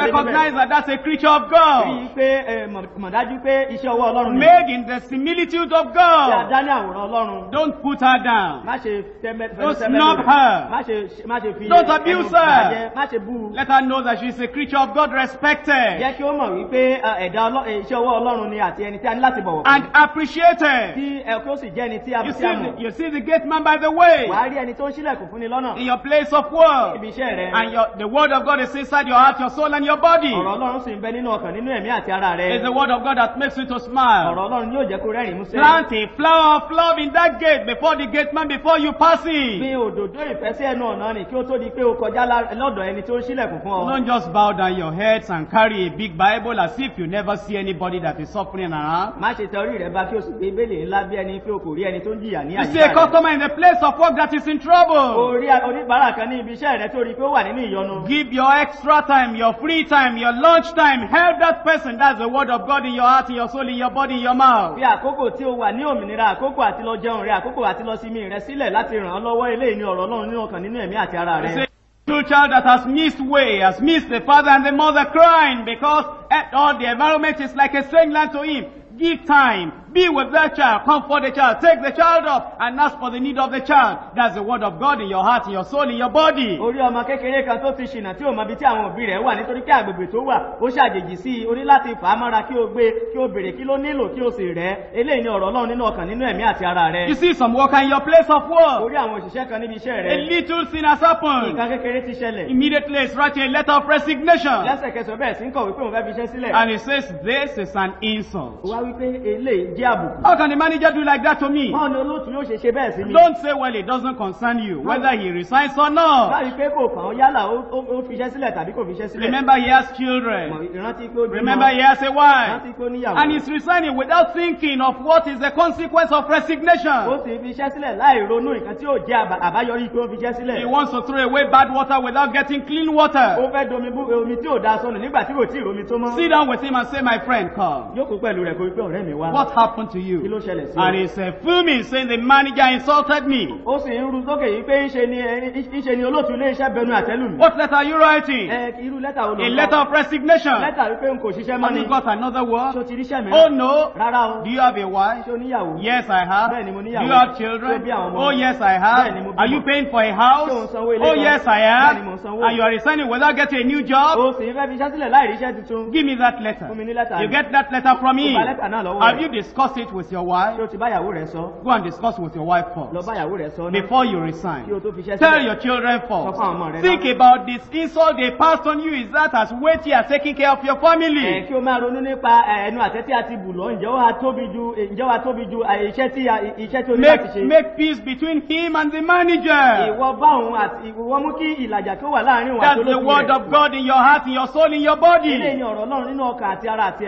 Recognize that that's a creature of God. Rí i pé mọ̀dájú pé iṣẹ́ ọwọ́ Ọlọ́run ni. Made in the similitude of God. Ṣé Adá ní àwòrán Ọlọ́run? Don't put her down. Má ṣe tẹ́mẹ́ Don't snub her. Má ṣe má ṣe fi Don't abuse her. Má ṣe bú. Let her know that she is a creature of God respected. Jẹ́ kí ó mọ̀ wípé ẹ̀dá iṣẹ́ ọwọ́ Ọlọ́run ni àti ẹni tí a ní láti bọ̀wọ̀ fún. And appreciated. Tí ẹ̀kọ́ sì jẹ́ ẹni tí a fi sí You see the gate man by the way. Wàá rí ẹni tó ń ṣílẹ̀kùn fún ni lọ́nà. In your place of work. Ibi iṣẹ́ rẹ. And your, the word of God is inside your heart, your soul and your body. Ọ̀rọ̀ Ọlọ́run nínú ọkàn nínú ẹ̀mí àti ara rẹ. it's the word of God that makes you to smile. ọ̀rọ̀ ọlọ́run yóò jẹ́ kó rẹ́rìn músẹ́. planting flower of love in that gate before the gate man before you pass in. fi òdòdó ìfẹ́ sí ẹnu ọ̀nà ni kí ó tó di pé o kọjá lọ́dọ̀ ẹni tó ń sílẹ̀kùn fún ọ. don't just bow down your heads and carry a big bible as if you never see anybody that is suffering around. má ṣe tẹrí rẹ bá kí o sì gbé bẹ́lẹ̀ ńlá bí ẹni pé o kò rí ẹni tó ń jìyà ní àyíká rẹ. you see a customer in the place of work that is in trouble. give your extra time your free time your lunch time help that person. That's the word of God in your heart, in your soul, in your body, in your mouth. Fi àkókò tí o wà ní òmìnira, àkókò àti lọ jẹun rẹ, àkókò àti lọ sinmi rẹ sílẹ̀ láti ràn án lọ́wọ́ eléyìí ni ọ̀rọ̀ Ọlọ́run nínú ọkàn nínú ẹ̀mí àti ara rẹ. Little child that has missed way, has missed the father and the mother crying because at eh, all the environment is like a strange land to him. Give time. Be with that child, comfort the child, take the child up and ask for the need of the child. That's the word of God in your heart, in your soul, in your body. Orí ọmọ kékeré kan tó ti ṣìnà tí ò ibi tí àwọn òbí rẹ̀ wà nítorí pé àgbègbè tó wà ó ṣàjèjì sí i, o láti fà á mọ́ra kí o gbé kí o bèrè kí ló nílò kí o sì rẹ̀. Eléyìí ni ọ̀rọ̀ Ọlọ́run nínú ọkàn nínú ẹ̀mí àti ara rẹ̀. You see some worker in your place of work. Orí àwọn òṣìṣẹ́ kan níbi iṣẹ́ rẹ̀. A little sin has happened. Nǹkan kékeré ti ṣẹlẹ̀. Immediately is writing a letter of resignation. Lẹ́sẹ̀kẹsẹ̀ bẹ́ẹ̀ sí ń kọ̀wé pé òun fẹ́ fi iṣẹ́ sílẹ̀. And he says this is an insult jẹ́ àbùkù. How can a manager do like that to me? Báwo ni olóòtú yóò ṣe ṣe bẹ́ẹ̀ sí mi? Don't say well it doesn't concern you whether he resigns or not. Báyìí pé kò kàn án yálà ó fi iṣẹ́ sílẹ̀ tàbí kò fi iṣẹ́ sílẹ̀. Remember he has children. Ìrántí pé ó bímọ. Remember he has a wife. Ìrántí pé ó níyàwó. And he's resigning without thinking of what is the consequence of resignation. Ó ti fi iṣẹ́ sílẹ̀ láì ronú nǹkan tí yóò jẹ́ àbáyọrí pé ó fi iṣẹ́ sílẹ̀. He wants to throw away bad water without getting clean water. Ó fẹ́ domi bú omi tí ò da sọnù nígbà tí kò tí ì romi tó mọ́. Sit down with him and say my friend come. Yóò kó pẹ̀lú rẹ̀ kó wípé ọ̀rẹ́ mi wá. What happened? happened to you? And he said, Fumi saying the manager insulted me. What letter are you writing? A letter of resignation. Have you got another word? Oh no. Do you have a wife? Yes, I have. Do you have children? Oh yes, I have. Are you paying for a house? Oh yes, I am. Bẹ́ẹ̀ni And you are resigning without getting a new job? Give me that letter. You get that letter from me. Have you discussed? discuss it with your wife. ṣé o ti bá ìyàwó rẹ sọ. go and discuss with your wife first. lọ bá ìyàwó rẹ sọ before you resign. kí o tó fi ṣẹ́ sílẹ̀. tell your children first. sọ fún àwọn ọmọ rẹ náà. think about this insult they passed on you is that as weight you taking care of your family. ẹ kí o máa ronú nípa ẹnu àtẹ tí a ti bù lọ ǹjẹ́ wàá tóbi ju ǹjẹ́ wàá tóbi ju iṣẹ́ tí iṣẹ́ tí o ní láti ṣe. make peace between him and the manager. ìwọ bá òun àti ìwọ mú kí ìlàjà tó wà láàrin òun àti olóṣèlú rẹ. that's the word of God in your heart in your soul in your body.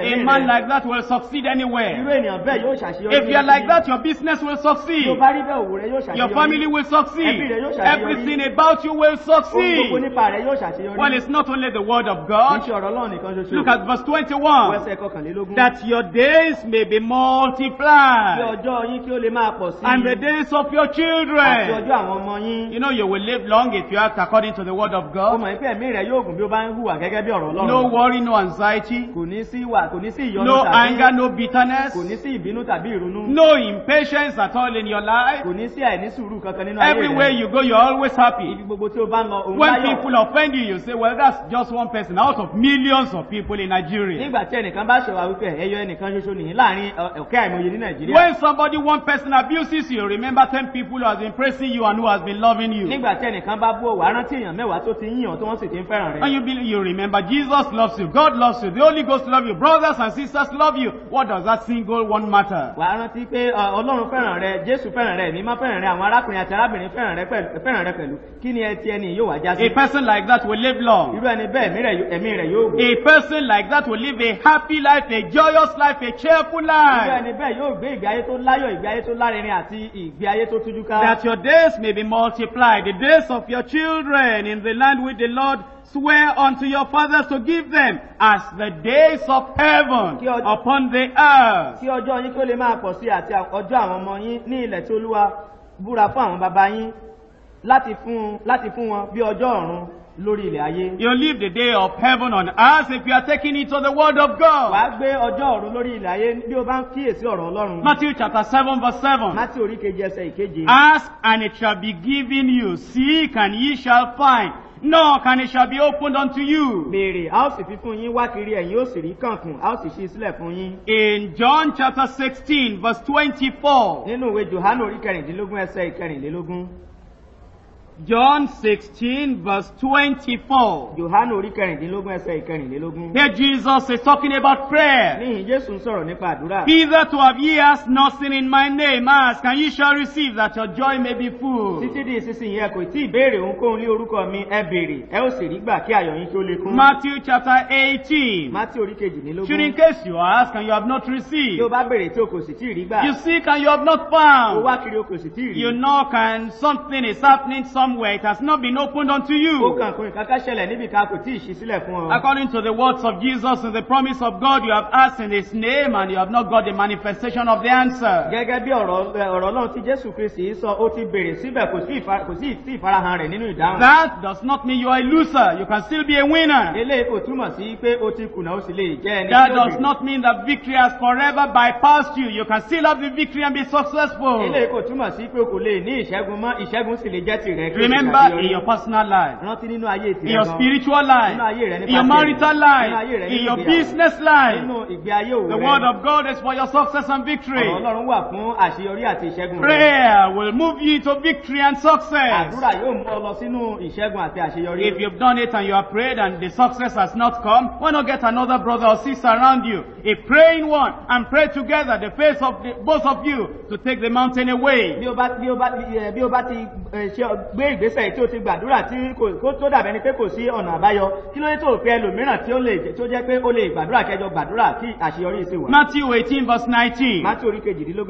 a man like that will succeed anywhere bẹ́ẹ̀ yóò ṣàṣeyọrí. if you are like that your business will succeed. tó bá rí bẹ́ẹ̀ òwò yóò ṣàṣeyọrí. your family will succeed. ẹbí rẹ yóò ṣàṣeyọrí. everything about you will succeed. ohun gbogbo nípa rẹ yóò ṣàṣeyọrí. well it's not only the word of God. iṣẹ́ ọ̀rọ̀ Ọlọ́run nìkan ṣoṣo. look at verse twenty-one. wẹ́sẹ̀ kọkànlélógún. that your days may be multiplied. kí ọjọ́ yín kí ó lè máa pọ̀ sí. and the days of your children. àti ọjọ́ àwọn ọmọ yín. you know you will live long if you act according to the word of God. ọmọ ìfẹ́ mi rẹ̀ yóò gùn bí ó bá ń hùwà gẹ́gẹ́ bí ọ̀rọ̀ Ọlọ́run. no worry no anxiety. no anger no bitterness. kò ní sí ìbínú tàbí ìrunú. No impatience at all in your life. Kò ní sí kankan nínú ayé rẹ̀. Everywhere you go you are always happy. Ibi gbogbo tí o bá lọ, òun láyọ̀. When people offend you, you say well that's just one person out of millions of people in Nigeria. Nígbà tí ẹnìkan bá ṣọ̀wá wípé ẹyọ ẹnìkan ṣoṣo nìyí láàrin ọ̀kẹ́ àìmọye ní Nàìjíríà. When somebody one person abuses you, remember ten people who has been praising you and who has been loving you. Nígbà tí ẹnìkan bá bú ọ̀wá rántí èèyàn mẹ́wàá tó ti yíyan bu eeyan sì ti to won fẹ́ràn rẹ̀. And you believe you remember Jesus loves you, God loves you, the Holy Ghost loves you, brothers and sisters love you. What does that single one one matter. wà á rántí pé uh, ọlọ́run fẹ́ràn rẹ jésù fẹ́ràn rẹ mímọ́ fẹ́ràn rẹ àwọn arákùnrin àti arábìnrin fẹ́ràn rẹ pẹ̀lú kí ni ẹtí ẹni yóò wá já sí. a person like that will live long. irú ẹni bẹ́ẹ̀ ẹ̀mí rẹ̀ yóò gùn. a person like that will live a happy life a joyous life a cheerful life. irú ẹni bẹ́ẹ̀ yóò gbé ìgbé ayé tó láyọ̀ ìgbé ayé tó lárinrin àti ìgbé ayé tó tújú ká. that your days may be multiplied the days of your children in the land with the lord Swear unto your fathers to give them as the days of heaven upon the earth. Kí ọjọ́ yín kó lè máa pọ̀ sí àti ọjọ́ àwọn ọmọ yín ní ilẹ̀ tí Olúwa búra fún àwọn bàbá yín láti fún láti fún wọn bí ọjọ́ ọ̀run lórí ilẹ̀ ayé. You live the day of heaven on earth if you are taking it to the word of God. Wàá gbé ọjọ́ ọ̀run lórí ilẹ̀ ayé bí o bá ń kíyèsí ọ̀rọ̀ Ọlọ́run. Matthew chapter seven verse seven. Matthew orí kejì ẹsẹ̀ ìkeje. Ask and it shall be given you, seek and ye shall find nor can it shall be opened unto you. Béèrè, a ó sì fi fún yín, wá kiri ẹ̀yin ó sì rí kànkùn, a ó sì ṣí sílẹ̀ fún yín. In John chapter sixteen verse twenty-four. Nínú ìwé Jòhánù orí kẹrìndínlógún ẹsẹ̀ ìkẹrìnlélógún. John sixteen verse twenty-four. Yohana orí kẹrìndínlógún ẹsẹ̀ ìkẹrìndínlógún. Here Jesus is talking about prayer. Níhìn Jésù ń sọ̀rọ̀ nípa àdúrà. He to have ye ears nothing in my name ask and ye shall receive that your joy may be full. Títí di ìsinsìnyí ẹ tí ì ohunkóhun lé orúkọ mi ẹ béèrè ẹ ó sì rí gbà kí ayọ̀ yín tó lékún. Matthew chapter eighteen. Matthew orí kejìdínlógún. Should in case you ask and you have not received. Tí o bá béèrè tí o kò sì tí ì rí gbà. You seek and you have not found. O wá kiri o kò sì tí ì rí. You knock and something is happening something somewhere, it has not been opened unto you. According to the words of Jesus and the promise of God, you have asked in his name and you have not got the manifestation of the answer. Gẹ́gẹ́ bí ọ̀rọ̀ eh, ọ̀rọ̀ náà tí Jésù Kristì sọ, ó ti bèrè síbẹ̀ kò sí ìfarahàn rẹ̀ nínú ìdáhùn. That does not mean you are a loser. You can still be a winner. Eléyìí kò túmọ̀ sí pé ó ti kùnà ó sì lè jẹ́ ẹni. That does not mean that victory has forever bypassed you. You can still have the victory and be successful. Eléyìí kò túmọ̀ sí pé o kò lè ní ìṣẹ́gun mọ́, ìṣẹ́gun sì lè jẹ́ tìrẹ. Remember in your personal life, in your spiritual life, in your marital life, in your business life. The word of God is for your success and victory. Prayer will move you to victory and success. If you've done it and you have prayed and the success has not come, why not get another brother or sister around you? If praying one and pray together, the face of the, both of you to take the mountain away gbé ìgbésẹ̀ tí o ti gbàdúrà tí kò tó dàbẹ́ ni pé kò sí ọ̀nà àbáyọ kí ló dé tó pe ẹlòmíràn tí ó jẹ́ pé ó lè gbàdúrà kẹjọ gbàdúrà kí àṣeyọrí sì wà. Matthew eighteen verse nineteen. Matthew orí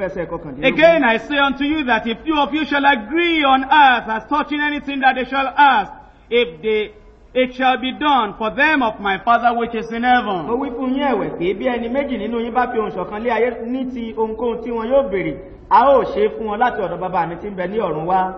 ẹsẹ̀ kọkàndínlógún. Again I say unto you that if two of you shall agree on earth as touching anything that they shall ask if they it shall be done for them of my father which is in heaven. ó wí fún yín ẹ̀wẹ̀ pé bí ẹni méjì nínú yín bá fi ohùn ṣọ̀kan lé ayé ní ti ohunkóhun tí wọn yóò béèrè a ó ṣe fún wọn láti ọ̀dọ̀ bàbá mi tí ń bẹ ní ọ̀run wá.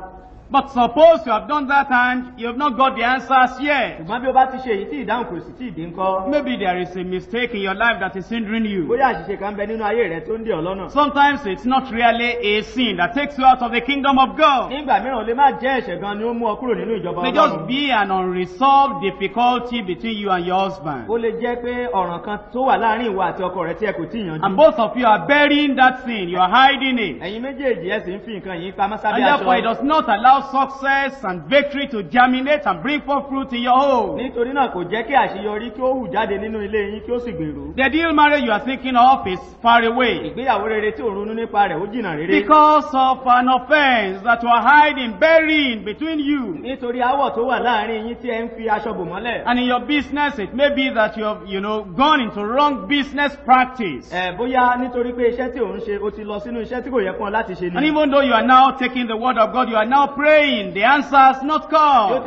But suppose you have done that and you have not got the answers yet. Ṣùgbọ́n bí o bá ti ṣe èyí tí ìdáhùn kò sì tí ì dé ńkọ́. Maybe there is a mistake in your life that is hindering you. Bóyá àṣìṣe kan bẹ nínú ayé rẹ tó ń dè ọ́ lọ́nà. Sometimes it's not really a sin that takes you out of the kingdom of God. Nígbà mìíràn o lè má jẹ́ ẹ̀ṣẹ̀ gan ni ó mú ọ kúrò nínú ìjọba Ọlọ́run. May just be an unresolved difficulty between you and your husband. Ó lè jẹ́ pé ọ̀ràn kan tó wà láàárín ìwọ àti ọkọ rẹ tí ẹ kò tí yanjú. And both of you are burying that sin, you are hiding it. Ẹ̀yin méjèèjì ẹ ń fi nǹkan yìí pamọ́ sábẹ́ aṣọ. And therefore it does not allow success and victory to germinate and bring forth fruit in your home. Nítorí náà kò jẹ́ kí àṣeyọrí kí ó hù jáde nínú ilé yín kí ó sì gbèrú. The deal marriage you are thinking of is far away. Ìgbéyàwó rere tí òun ronú nípa rẹ̀ ó jìnnà rere. Because of an offense that you are hiding burying between you. Nítorí aáwọ̀ tó wà láàárín yín tí ẹ ń fi aṣọ bò mọ́lẹ̀. And in your business it may be that you have you know, gone into wrong business practice. Ẹ bóyá nítorí pé iṣẹ́ tí òun ṣe o ti lọ sínú iṣẹ́ tí kò yẹ fún ọ láti ṣe ni. And even though you are now taking the word of God you are now praying praying, the answer has not come.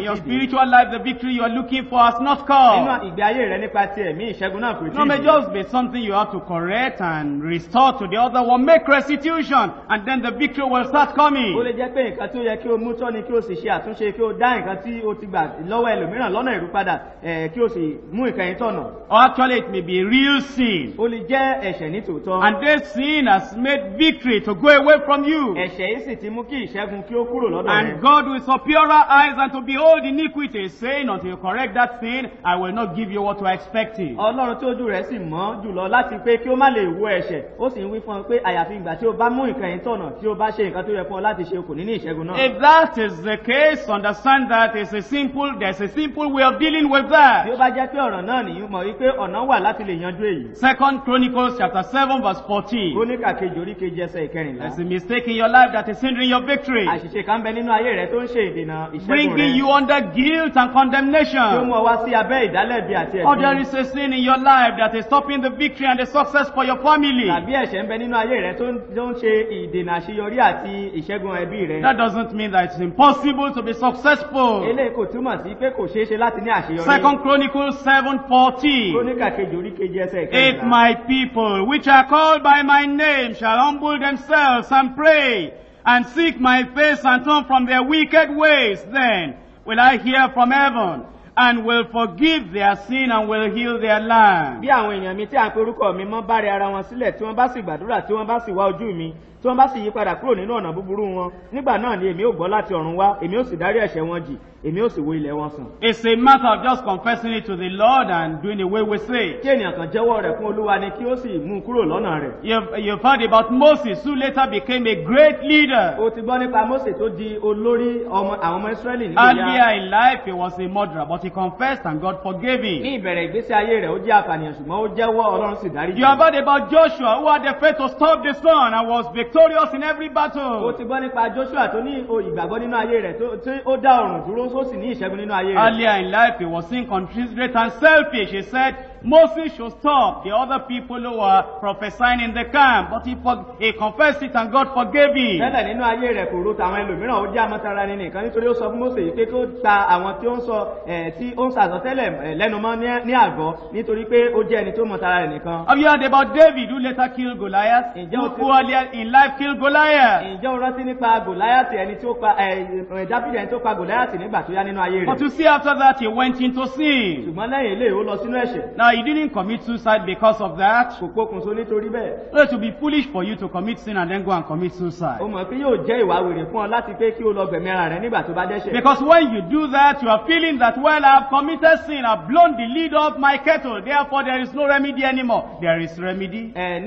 In your spiritual life the victory you are looking for has not come. Nínú No may just be something you have to correct and restore to the other one. Make restitution and then the victory will start coming. Or actually it may be real sin. And this sin has made victory to go away from you. Ẹ̀ṣẹ̀ yìí sì ti mú kí ìṣẹ́gun kí ó kúrò lọ́dọ̀ rẹ. And God will superior eyes and to behold iniquity saying until you correct that sin I will not give you what you are expecting. Ọlọ́run tí rẹ̀ sì mọ́ jùlọ láti pé kí ó má lè wo ẹ̀ṣẹ̀ ó sì ń wí fún ọ pé àyàfi ìgbà tí ó bá mú nǹkan yẹn tọ̀nà tí ó bá ṣe nǹkan tó yẹ fún ọ láti ṣe o kò ìṣẹ́gun náà. If that is the case understand that it's a simple there's a simple way of dealing with that. Bí ó bá jẹ́ pé ọ̀ràn náà nìyí mọ̀ wípé ọ̀nà wà láti lè yanjú èyí. Second Chronicles chapter seven verse fourteen. Kóníkà kejì ẹsẹ̀ ìkẹrìnlá. Ẹ̀sìn mistake in your life that is hindering your victory. àṣìṣe kan bẹ nínú ayé rẹ tó ń ṣe ìdènà ìṣẹ́gun rẹ. bringing you under guilt and condemnation. tí mú ọ wá sí abẹ́ ìdálẹ́bi àti ẹ̀sìn. or there is a sin in your life that is stopping the victory and the success for your family. tàbí ẹ̀ṣẹ̀ ń bẹ nínú ayé rẹ tó ń ṣe ìdènà àṣeyọrí àti ìṣẹ́gun ẹbí rẹ. that doesn't mean that it's impossible to be successful. eléyìí kò túmọ̀ sí pé kò ṣeé ṣe láti ní àṣeyọrí. second chronicles seven fourteen. kóníkà kejì orí kejì ẹsẹ̀ kẹrìnlá. my people which are called by my name shall humble themselves and pray and seek my face and turn from their wicked ways, then will I hear from heaven and will forgive their sin and will heal their land. Bí àwọn èèyàn mi tí à ń pe orúkọ mi mọ́ bá rẹ ara wọn sílẹ̀ tí wọ́n bá sì gbàdúrà tí wọ́n bá sì wá ojú mi, tí wọ́n bá sì yí padà kúrò nínú ọ̀nà búburú wọn nígbà náà ni èmi ò gbọ́ láti ọ̀run wá èmi ò sì dárí ẹ̀ṣẹ̀ wọn jì èmi ò sì wo ilẹ̀ wọn sùn. it's a matter of just confessing it to the lord and doing away with it. kí ènìyàn kan jẹ́wọ́ rẹ̀ fún olúwa ni kí ó sì mú un kúrò lọ́nà rẹ̀. you've you've heard about moses who later became a great leader. o ti gbọ́ nípa mose tó di olórí ọmọ àwọn ọmọ israẹli nígbà yá. earlier in life he was a murderer but he confessed and God forgave him. ní ìbẹ̀rẹ̀ ìgbésí ayé rẹ̀ ó jẹ́ àpànìyàn ṣùgbọ́n ó jẹ́wọ́ ọlọ́run sì dárí. you have heard about joshua who had the faith to stop the sun and was victorious victorious in every battle. o ti gbọ́ nípa joshua tó ní ìgbàgbọ́ nínú ayé rẹ̀ tí ó dá ọ̀rùn dúró tó sì ní ìṣẹ́gun nínú ayé rẹ̀. earlier in life he was inconsiderate and selfish he said Moses should stop the other people who were prophesying in the camp, but he, for, he confessed it and God forgave him. Tẹ́lẹ̀ nínú ayé rẹ̀ kò ro tàwọn ẹlòmíràn ó jẹ́ àmọ́tara ni nìkan nítorí ó sọ fún Mose pé kó ta àwọn tí ó ń sọ tí ó ń sàsọtẹ́lẹ̀ lẹ́nu mọ́ ní àgọ́ nítorí pé ó jẹ́ ẹni tó mọ tara rẹ̀ nìkan. Have you heard about David who later killed Goliath? Ǹjẹ́ o ti who earlier in life killed Goliath? Ǹjẹ́ o rántí nípa Goliath ẹni tó pa Dábìlì ẹni tó pa Goliath nígbà tó yá nínú ayé rẹ̀? But you see after that he went into sin. Ṣùgbọ́n lẹ́yìn ilé ó lọ sínú ẹ̀ṣẹ̀. Now You didn't commit suicide because of that. Kò pókun so nítorí bẹ́ẹ̀. So it would be foolish for you to commit sin and then go and commit suicide. O mọ̀ pé yóò jẹ́ ìwà wèrè fún ọ láti pé kí o lọ gbẹ̀mí ara rẹ nígbà tó bá dẹ́ṣẹ̀. Because when you do that, you are feeling that well, I have committed sin, I have blown the lid off my kettle, therefore there is no remedy anymore. There is remedy. Ẹ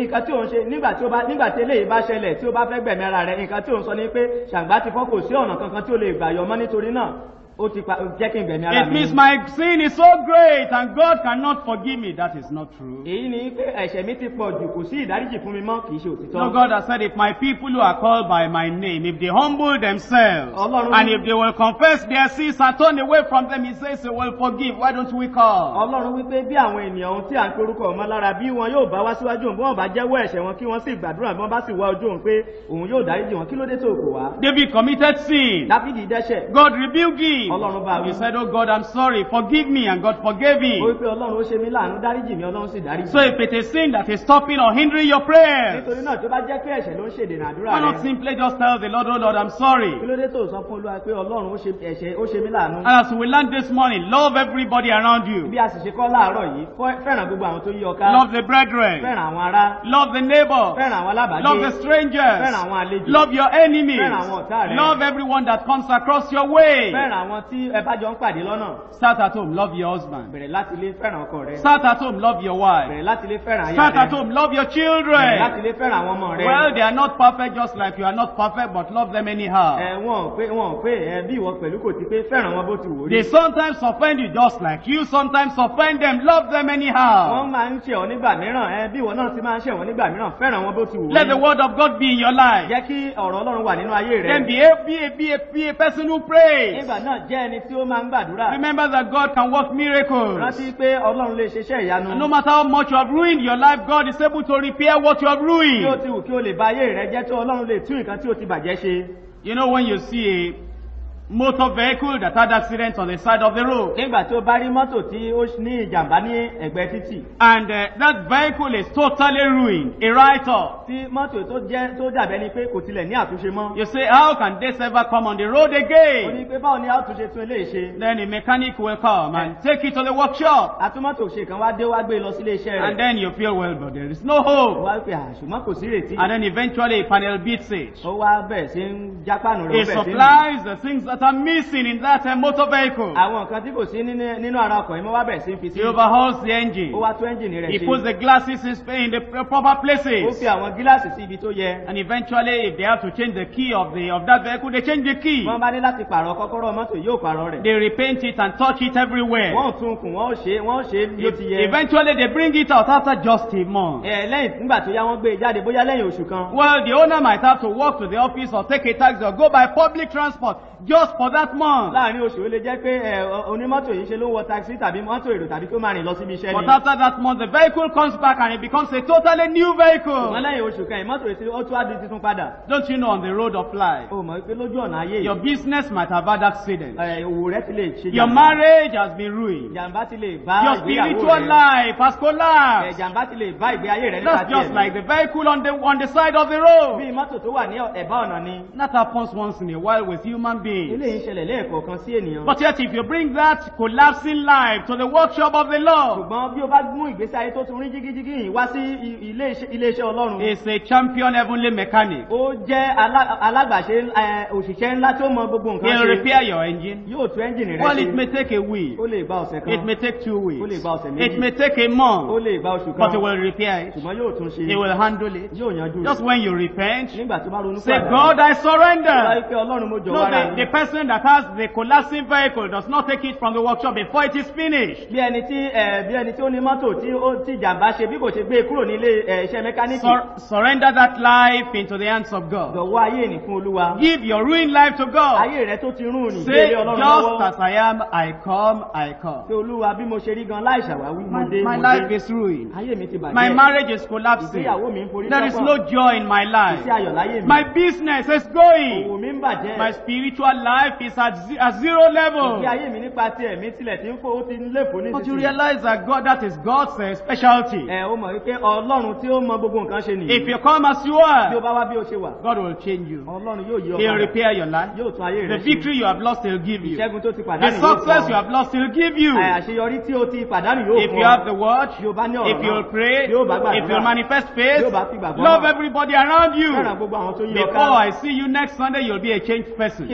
nǹkan tí ò ń ṣe nígbà tí ó bá nígbà tí eléyìí bá ṣẹlẹ̀ tí ó bá fẹ́ gbẹ̀mí ara rẹ, nǹkan tí ò ń sọ ni pé ṣàǹgbá ti fọ́ kò sí ọ̀nà kankan tí ó lè gbà yọmọ nítorí náà ó ti pa jẹ́ kí n bẹ̀mí ara mi. it means my sin is so great and God cannot forgive me that is not true. èyí ni pé ẹ̀ṣẹ̀ mi ti pọ̀ jù kò sí ìdáríjì fún mi mọ́ kì í ṣe òtítọ́. no God has said if my people who are called by my name if they humble themselves Ọlọ́run and if they will confess their sins and turn away from them he says he will forgive why don't we call. Ọlọ́run wípé bí àwọn ènìyàn ohun tí à ń korúkọ ọmọ lára bí wọn yóò bá wá síwájú òun bí wọn bá jẹ́wọ́ ẹ̀ṣẹ̀ wọn kí wọ́n sì gbàdúrà bí wọ́n bá sì wá ojú òun pé òun yóò dáríjì wọn kí ló dé tó kò wá. David committed sin. Dáfídì dẹ́ṣẹ̀. God rebuked him him. Ọlọ́run bá wí. He said, Oh God, I'm sorry, forgive me and God forgave him. Ó wí pé Ọlọ́run ó ṣe mí láàánú, dáríjì mi, Ọlọ́run sì dáríjì. So if it is sin that is stopping or hindering your prayers. Nítorí náà tó bá jẹ́ pé ẹ̀ṣẹ̀ ló ń ṣèdènà àdúrà rẹ̀. Why not simply just tell the Lord, Oh Lord, I'm sorry. Kí ló dé tó sọ fún Olúwa pé Ọlọ́run ó ṣe ẹ̀ṣẹ̀ ó ṣe mí láàánú? And as we learn this morning, love everybody around you. Bí a sì ṣe kọ́ láàárọ̀ yìí, fẹ́ràn gbogbo àwọn tó yí ọ Love the brethren. Fẹ́ràn àwọn ará. Love the neighbor. Fẹ́ràn àwọn alábàágbé. Love the strangers. Fẹ́ràn àwọn àlejò. Love your enemies. Fẹ́ràn àwọn ọ̀tá rẹ̀. Love everyone that comes across your way. Fẹ́ràn àwọn àwọn tí ẹ bá jọ ń pàdé lọ́nà. start at home love your husband. bẹ̀rẹ̀ láti ilé fẹ́ràn ọkọ rẹ. start at home love your wife. bẹ̀rẹ̀ láti ilé fẹ́ràn aya rẹ. start at home love your children. bẹ̀rẹ̀ láti ilé fẹ́ràn àwọn ọmọ rẹ. well they are not perfect just like you are not perfect but love them anyhow. ẹ wọn pé wọn pé ẹ bí ìwọ pẹ̀lú kò ti pé fẹ́ràn wọn bó ti wò rí. they sometimes offend you just like you sometimes offend them love them anyhow. wọ́n máa ń ṣe ọ̀ nígbà mìíràn ẹ bí ìwọ náà ti máa ń ṣe ọ̀ nígbà mìíràn fẹ́ràn wọn bó ti wò rí. let the word of God be in your life. jẹ́ kí ọ̀rọ̀ ọlọ́run wà nínú ayé rẹ. then be a be a be a be a person who prays. nígbà náà jẹ́ ẹni tí ó máa ń gbàdúrà. remember that God can work miracles. rántí pé Ọlọ́run lè ṣiṣẹ́ ìyanu. no matter how much you have ruined your life God is able to repair what you have ruined. kí o ti wù kí o lè bà ayé rẹ jẹ́ tó Ọlọ́run lè tún nǹkan tí o ti bàjẹ́ ṣe. you know when you see a motor vehicle that had accident on the side of the road. nígbà tí bá rí mọ́tò tí ó ní ìjàmbá ní ẹ̀gbẹ́ títì. and uh, that vehicle is totally ruined a write-off. tí mọ́tò tó jẹ́ tó dàbẹ́ ni pé kò tilẹ̀ ní àtúnṣe mọ́. you say how can this ever come on the road again. o ní pé báwo ni àtúnṣe tún eléyìí ṣe. then the mechanic will come and yeah. take it to the workshop. àtúmọ̀tò ṣe wá dé wá gbé e lọ sí iṣẹ́ rẹ̀. and then you feel well but there is no hope. wá pé àṣùmọ́ ah, kò sí ìrètí. and then eventually panel beats it. ó wá bẹ̀ sí ń supplies the things that that are missing in that uh, motor vehicle. Àwọn nǹkan tí kò sí nínú ara ọkọ̀ yìí mo wá bẹ̀rẹ̀ sí fi sí. He overhauls the engine. Ó wá tó ẹ́ńjìnì rẹ̀ sí. He puts the glasses in the proper places. Ó fi àwọn gíláàsì sí ibi tó yẹ. And eventually if they have to change the key of the of that vehicle they change the key. Wọ́n bá ní láti pààrọ̀ kọ́kọ́rọ́ mọ́tò yóò pààrọ̀ rẹ̀. They repaint it and touch it everywhere. Wọ́n tún kùn wọ́n ṣe wọ́n ṣe bí ó ti yẹ. Eventually they bring it out after just a month. Ẹ lẹ́yìn nígbà tó yá wọ́n gbé e Well the owner might have to walk to the office or take a taxi or go by public transport just just for that month. láàrin oṣù ó lè jẹ́ pé onímọ́tò yìí ṣe ló ń wọ taxi tàbí mọ́tò èrò tàbí kó máa rìn lọ síbi iṣẹ́ ni. but after that month the vehicle comes back and it becomes a totally new vehicle. ṣùgbọ́n lẹ́yìn oṣù kan ìmọ́tò èsì ó tún á titun padà. don't you know on the road of life. o mọ̀ pé lójú ọ̀nà ayé yìí. your business might have had accident. òwò rẹ ti lè ṣe your marriage has been ruined. jàmbá ti lè bá ìgbéyàwó rẹ. your spiritual life has collapsed. jàmbá ti lè bá ìgbé rẹ nípa tiẹ̀. that's just like the vehicle on the on the side of the road. bí mọ́tò tó wà ní ẹ̀bá ọ̀nà ni. that happens once in a while with human beings but yet if you bring that collapsing life to the workshop of the lord. is a champion heavenly mechanic. ó he will repair your engine. well it may take a week. it may take two weeks. it may take a month. but he will repair it. he will handle it. just when you repent. say God I surrender. no the the person person that has the collapsing vehicle does not take it from the workshop before it is finished. Bí ẹni tí bí ẹni tí ó ní mọ́tò tí ó ti jàmbá ṣe bí kò ṣe gbé e kúrò nílé iṣẹ́ mẹkáníìkì. Surrender that life into the hands of God. Dọ̀wọ́ ayé ní fún Olúwa. Give your ruined life to God. Ayé rẹ̀ tó ti rún ní Say just as I am, I come, I come. Ṣé Olúwa bí mo ṣe rí gan láì ṣàwáwí mo dé mo dé. My life is ruined. Ayé mi ti bàjẹ́. My marriage is collapsing. Ìgbéyàwó mi ń forí lọ́pọ̀. There is no joy in my life. Iṣẹ́ ayọ̀ láyé mi. My business is going. Òwò mi ń bàjẹ́. My spiritual life life is at, ze- at zero level. But you realize that God, that is God's uh, specialty. If you come as you are, God will change you. Ọlọ́run yóò He'll repair your life. The victory you have lost, He'll give you. The success you have lost, He'll give you. If you have the word, Bí o if you'll pray, bí o if you'll manifest faith, Yóò bá love everybody around you. Before I see you next Sunday, you'll be a changed person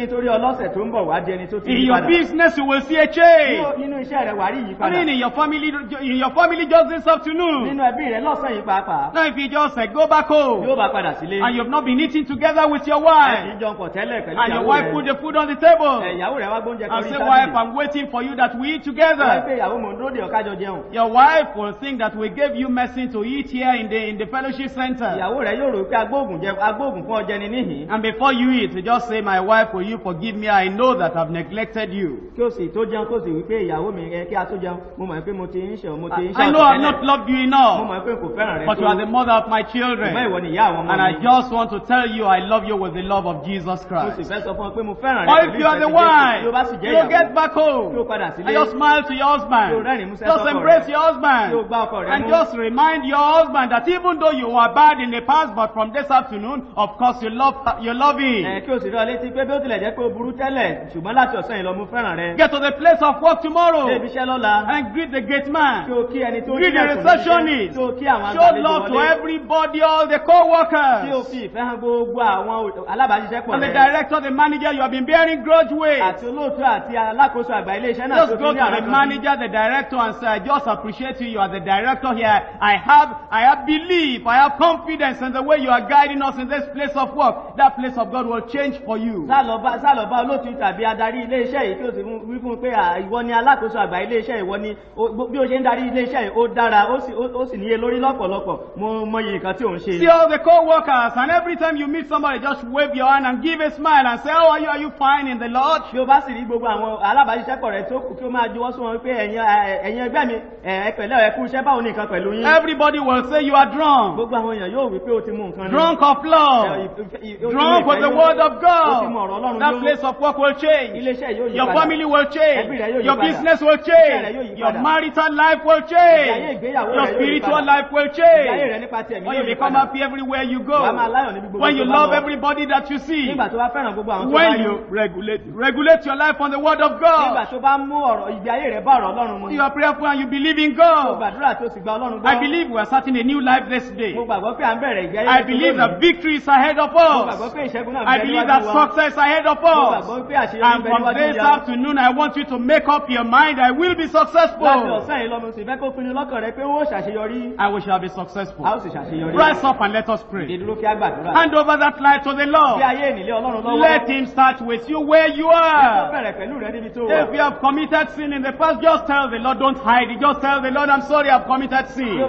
lọ́sẹ̀ tó ń bọ̀ wá jẹni tó ti yí padà. in your business you will see a change. nínú iṣẹ́ rẹ̀ wà rí yí padà. in your family in your family just this afternoon. nínú ẹbí rẹ̀ lọ́sàn yìí pàápàá. now if you just uh, go back home. yóò bá padà sílé. and you have not been eating together with your wife. ẹ ti jọ pọ̀ tẹ́lẹ̀ pẹ̀lú ìyàwó rẹ̀. and your wife put the food on the table. ìyàwó rẹ̀ wá gbóúnjẹ kọrí sábì. and say wife I am waiting for you that we eat together. wọ́n pe ìyàwó mò ń dúró de ọ̀kájọ jẹun. your wife will think that we gave you medicine to eat here in the in the fellowship center. ìyàwó rẹ̀ yóò rò pé agbóògùn fún ọjẹni níhìn. and before you eat just say my wife will you forgive me, I know that I've neglected you. Kí o sì tó jẹun kó sì wí pé ìyàwó mi ẹ kí a tó jẹun, mo mọ̀ pé mo ti ń ṣe mo ti ń ṣe I know I've not loved you enough. Mo mọ̀ pé kò fẹ́ràn rẹ tó. But you are the mother of my children. Ṣùgbọ́n ìwọ ni ìyá àwọn ọmọ mi. And I just want to tell you I love you with the love of Jesus Christ. Mo sì fẹ́ sọ fún ọ pé mo fẹ́ràn rẹ Or if you are the wife, tí o bá sì jẹ́ ìyàwó. You get back home. Kí o padà sílé. And just smile to your husband. Kí o rẹ́rìn músẹ́ sọ́kọ rẹ. Just embrace your husband. Kí o gbá ọkọ rẹ mú. And just remind your husband that even though you were bad in the past but from this afternoon of course you love, you love him burú tẹ́lẹ̀ ṣùgbọ́n láti ọ̀sán yìí lọ mo fẹ́ràn rẹ. get to the place of work tomorrow. ṣe ibiṣẹ́ lọ́la. and greet the gate man. ṣé o kí ẹni tó ní ẹ̀sùn níṣẹ́. greet the receptionist. ṣé o kí àwọn àgbàlejò wọlé. show love to everybody all the co-workers. ṣé o fi ìfẹ́ hàn gbogbo àwọn alábàáṣiṣẹ́pọ̀ rẹ. and the director the manager you have been bearing grudge with. àti olóòtú àti alákòóso àgbà ilé iṣẹ́ náà just go to the manager the director and say I just appreciate you you are the director here. I have I have belief I have confidence in the way you are guiding us in this place of work. That place of God will change for you. sálọ bá sálọ bá bàbá olóòtú tàbí adarí iléeṣẹ́ yìí tí ó wí fún pé ìwọ ni alákòóso àgbà iléeṣẹ́ ìwọ ni bí ó ṣe ń darí iléeṣẹ́ yìí ó dára ó sì níye lórí lọ́pọ̀lọpọ̀ mo mọyì nǹkan tí ò ń ṣe. see all the co-workers and every time you meet somebody just wave your hand and give a smile and say how are you are you fine in the lord. bí o bá sì rí gbogbo àwọn alábàáṣiṣẹ́pọ̀ rẹ̀ tó kù kí ó máa juwọ́ sí wọn pé ẹ̀yin ẹgbẹ́ mi ẹ̀ẹ́pẹ̀lẹ́ ẹ̀kú iṣẹ́ báwo ni nǹkan pẹ̀lú yín. everybody will say you are drunk. gbogbo àwọn èèyàn yóò wí pé o ti mú nǹkan. drunk of love. drunk with the word of God. o ti mú ọ̀rọ̀ ọlọ́run yóò. that place of work will change. Your family will change. Your business will change. Your marital life will change. Your spiritual life will change. When you become happy everywhere you go. When you love everybody that you see. When you regulate, regulate your life on the word of God. You are prayerful and you believe in God. I believe we are starting a new life this day. I believe that victory is ahead of us. I believe that success is ahead of us. And from this afternoon, I want you to make up your mind I will be successful. I will shall be successful. Rise up and let us pray. Hand over that light to the Lord. Let him start with you where you are. If you have committed sin in the past, just tell the Lord, don't hide it. Just tell the Lord, I'm sorry, I've committed sin.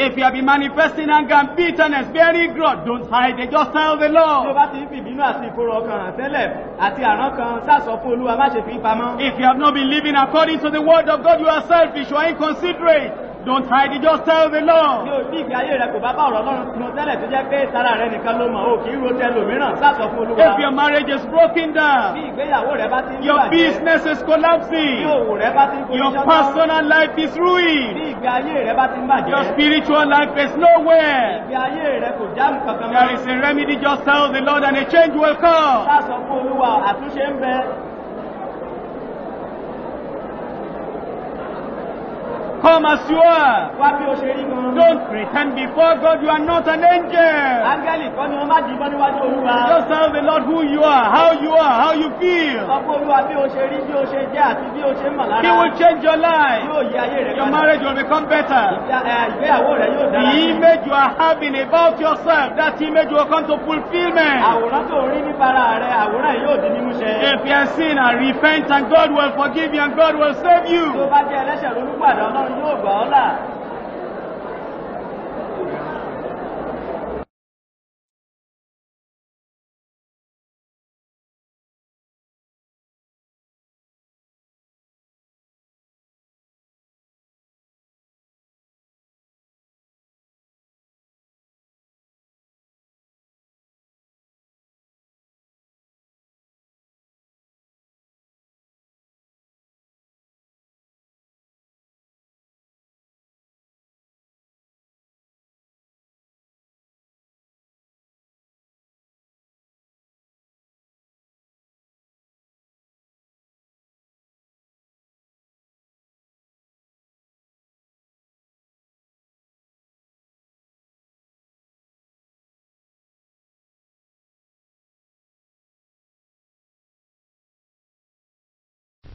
If you have been manifesting anger and bitterness, bearing grudge, don't hide ẹ̀jẹ̀jọ́ sán ó fẹ́ lọ. tó bá ti ń fìbínú àti ìkorò ọkàn hàn àti àrán kan sàsọ fún olúwa má ṣe fi pamọ́. if you have not been living according to the word of God you are selfish you are inconsiderate. Don't hide. to just serve alone. Ní òbí ìgbé ayé rẹ̀ kò bá bá ọ̀rọ̀ Ọlọ́run tún tẹ́lẹ̀ tó jẹ́ pé sára rẹ̀ nìkan ló mọ̀ ó kì ro tẹ́lò mìíràn sátọ̀ fún Olúwa. If your marriage is broken down, bí ìgbéyàwó rẹ̀ bá ti ń bàjẹ́, your business is collapsing, bí òwò rẹ̀ bá ti ń kọjú your personal life is ruined, bí ìgbé ayé rẹ̀ bá ti ń bàjẹ́, your spiritual life is nowhere. Ìgbé ayé rẹ̀ kò já nǹkan mọ́. There is a remedy just tell the Lord and a change will come. Sátọ̀ Come as you are. Don't pretend before God you are not an angel. Áńgẹ́lì Just tell the Lord who you are, how you are, how you feel. He will change your life. Your marriage will become better. The image you are having about yourself, that image will come to fulfilment. If you are sin and repent and God will forgive you and God will save you. 吃饱了。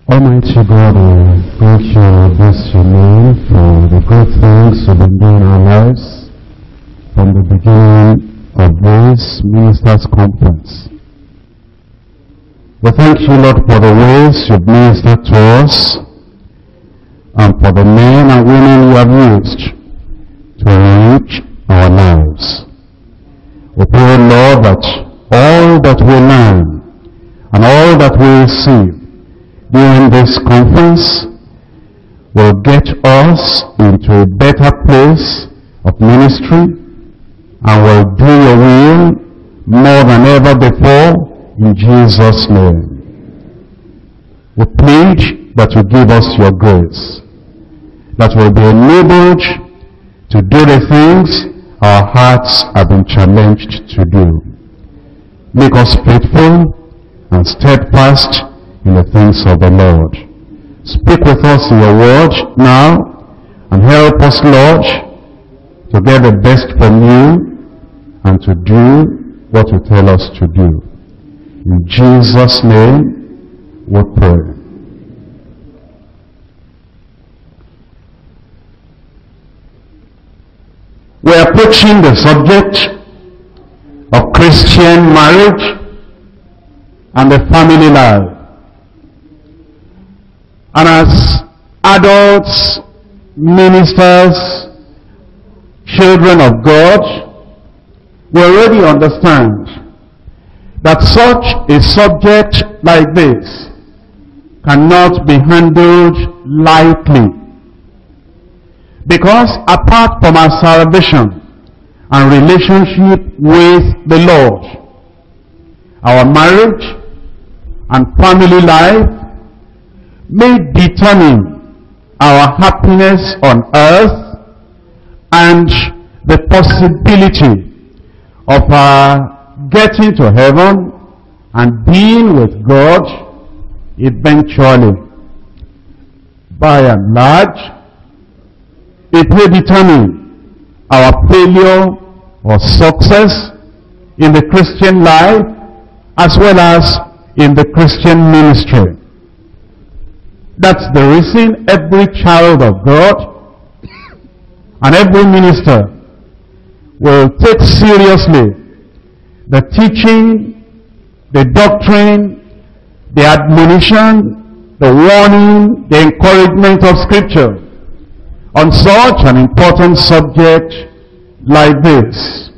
Almighty God, we thank you and bless your name for the good things you've been doing in our lives from the beginning of this ministers' conference. We thank you, Lord, for the ways you've ministered to us and for the men and women you have used to enrich our lives. We pray, Lord, that all that we learn and all that we receive during this conference will get us into a better place of ministry and will do your will more than ever before in Jesus' name. We plead that you give us your grace, that we'll be enabled to do the things our hearts have been challenged to do. Make us faithful and steadfast in the things of the Lord. Speak with us in your word now and help us, Lord, to get the best from you and to do what you tell us to do. In Jesus' name we pray. We're approaching the subject of Christian marriage and the family life and as adults, ministers, children of God, we already understand that such a subject like this cannot be handled lightly. Because apart from our salvation and relationship with the Lord, our marriage and family life may determine our happiness on earth and the possibility of our getting to heaven and being with God eventually. By and large, it may determine our failure or success in the Christian life as well as in the Christian ministry. That's the reason every child of God and every minister will take seriously the teaching, the doctrine, the admonition, the warning, the encouragement of Scripture on such an important subject like this.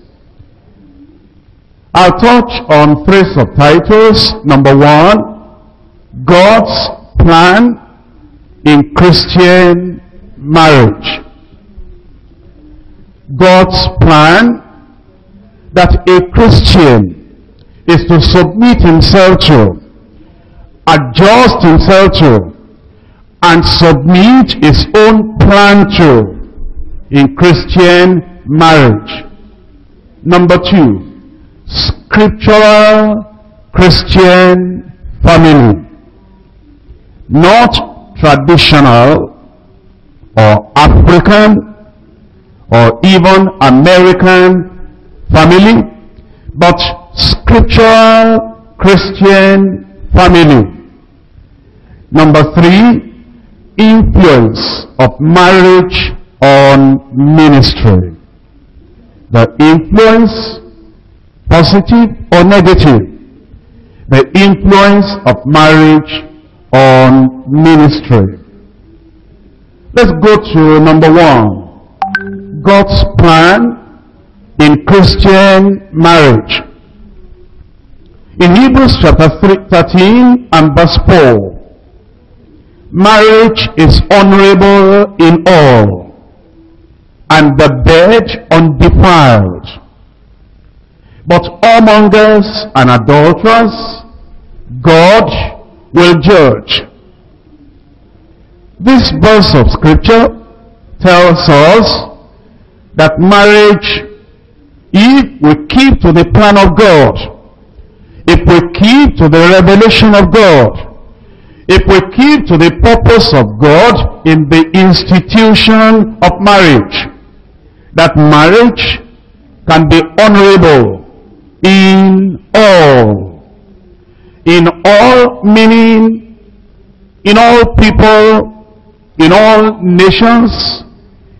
I'll touch on three subtitles. Number one, God's plan in Christian marriage. God's plan that a Christian is to submit himself to, adjust himself to, and submit his own plan to in Christian marriage. Number two, scriptural Christian family. Not traditional or African or even American family, but scriptural Christian family. Number three, influence of marriage on ministry. The influence, positive or negative, the influence of marriage on ministry. Let's go to number one. God's plan in Christian marriage. In Hebrews chapter 13 and verse 4, marriage is honorable in all, and the bed undefiled. But among us and adulterers, God will judge. This verse of scripture tells us that marriage, if we keep to the plan of God, if we keep to the revelation of God, if we keep to the purpose of God in the institution of marriage, that marriage can be honorable in all in all meaning, in all people, in all nations,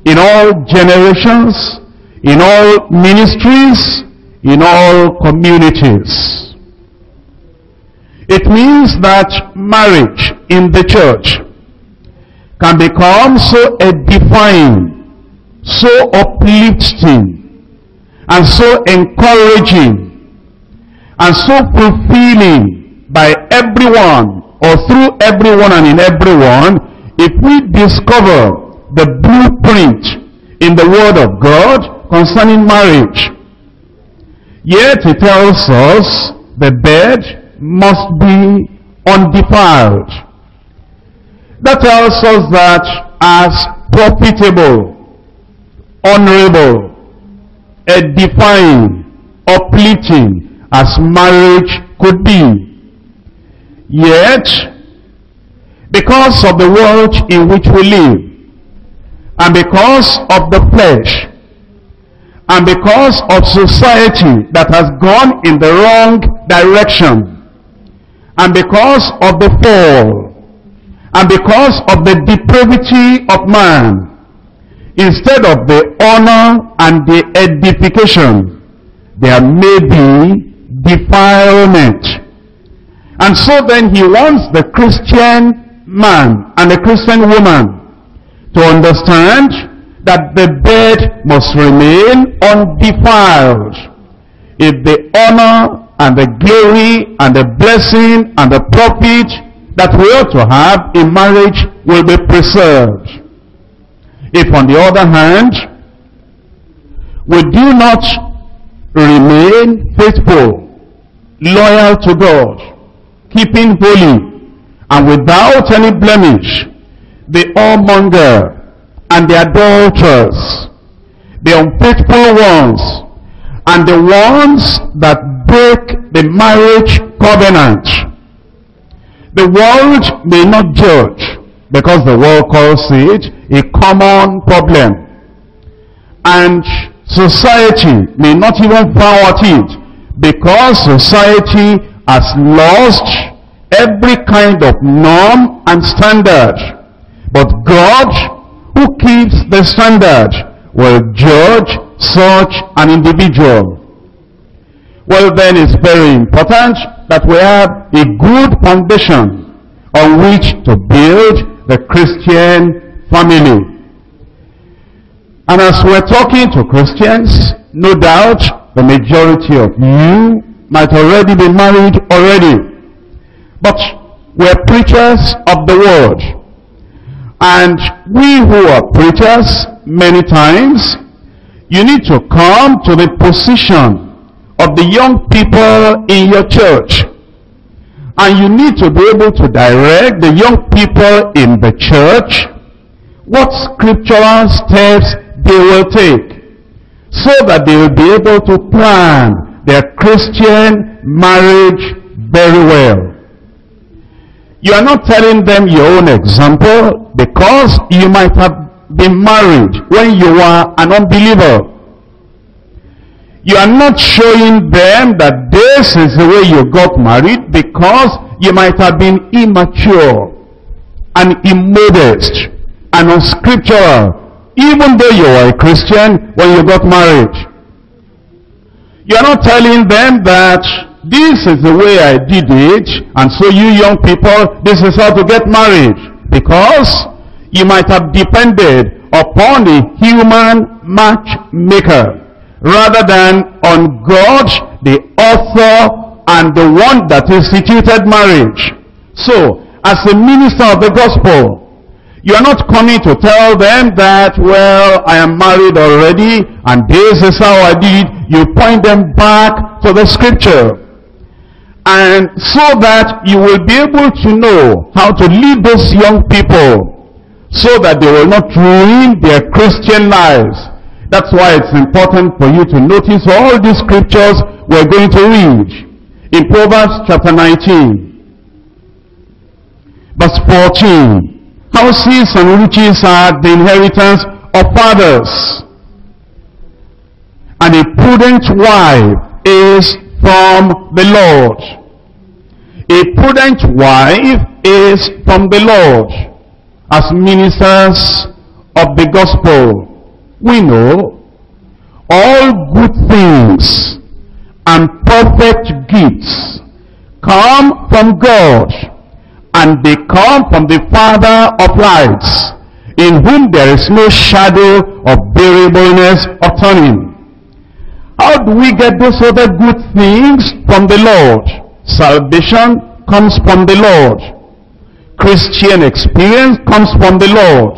in all generations, in all ministries, in all communities. It means that marriage in the church can become so edifying, so uplifting, and so encouraging, and so fulfilling by everyone or through everyone and in everyone, if we discover the blueprint in the Word of God concerning marriage, yet He tells us the bed must be undefiled. That tells us that as profitable, honorable, edifying, uplifting as marriage could be, Yet, because of the world in which we live, and because of the flesh, and because of society that has gone in the wrong direction, and because of the fall, and because of the depravity of man, instead of the honor and the edification, there may be defilement and so then he wants the Christian man and the Christian woman to understand that the bed must remain undefiled if the honor and the glory and the blessing and the profit that we ought to have in marriage will be preserved. If on the other hand, we do not remain faithful, loyal to God, keeping holy, and without any blemish, the monger and the adulterers, the unfaithful ones, and the ones that break the marriage covenant. The world may not judge because the world calls it a common problem. And society may not even frown at it because society has lost every kind of norm and standard. But God, who keeps the standard, will judge such an individual. Well then it's very important that we have a good foundation on which to build the Christian family. And as we're talking to Christians, no doubt the majority of you might already be married already. But we're preachers of the word. And we who are preachers, many times, you need to come to the position of the young people in your church. And you need to be able to direct the young people in the church what scriptural steps they will take so that they will be able to plan their Christian marriage very well. You are not telling them your own example because you might have been married when you were an unbeliever. You are not showing them that this is the way you got married because you might have been immature and immodest and unscriptural even though you were a Christian when you got married. You're not telling them that this is the way I did it, and so you young people, this is how to get married. Because you might have depended upon a human matchmaker rather than on God, the author and the one that instituted marriage. So, as a minister of the gospel, you are not coming to tell them that, well, I am married already and this is how I did. You point them back to the scripture. And so that you will be able to know how to lead those young people so that they will not ruin their Christian lives. That's why it's important for you to notice all these scriptures we're going to read. In Proverbs chapter 19, verse 14, Houses and riches are the inheritance of fathers. And a prudent wife is from the Lord. A prudent wife is from the Lord. As ministers of the gospel, we know all good things and perfect gifts come from God and they come from the Father of lights, in whom there is no shadow of variableness or turning. How do we get those other good things from the Lord? Salvation comes from the Lord. Christian experience comes from the Lord.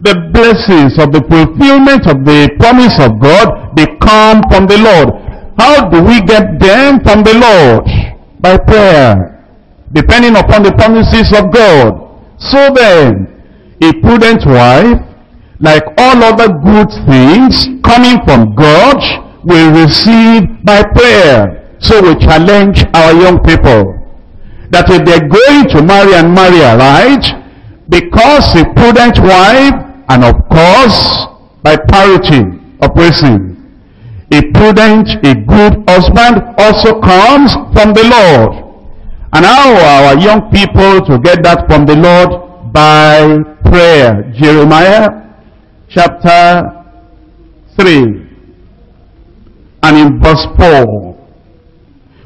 The blessings of the fulfillment of the promise of God, they come from the Lord. How do we get them from the Lord? By prayer depending upon the promises of God. So then, a prudent wife, like all other good things coming from God, will receive by prayer. So we challenge our young people that if they're going to marry and marry right, because a prudent wife, and of course, by parity of reason, a prudent, a good husband also comes from the Lord. And how our young people to get that from the Lord? By prayer. Jeremiah chapter 3 and in verse 4.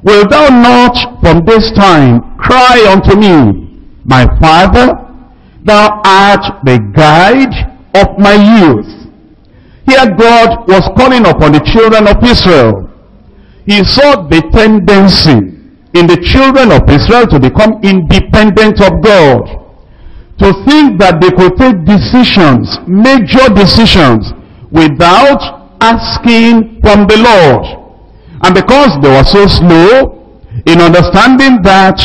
Will thou not from this time cry unto me, my father? Thou art the guide of my youth. Here God was calling upon the children of Israel. He saw the tendency in the children of Israel to become independent of God. To think that they could take decisions, major decisions, without asking from the Lord. And because they were so slow in understanding that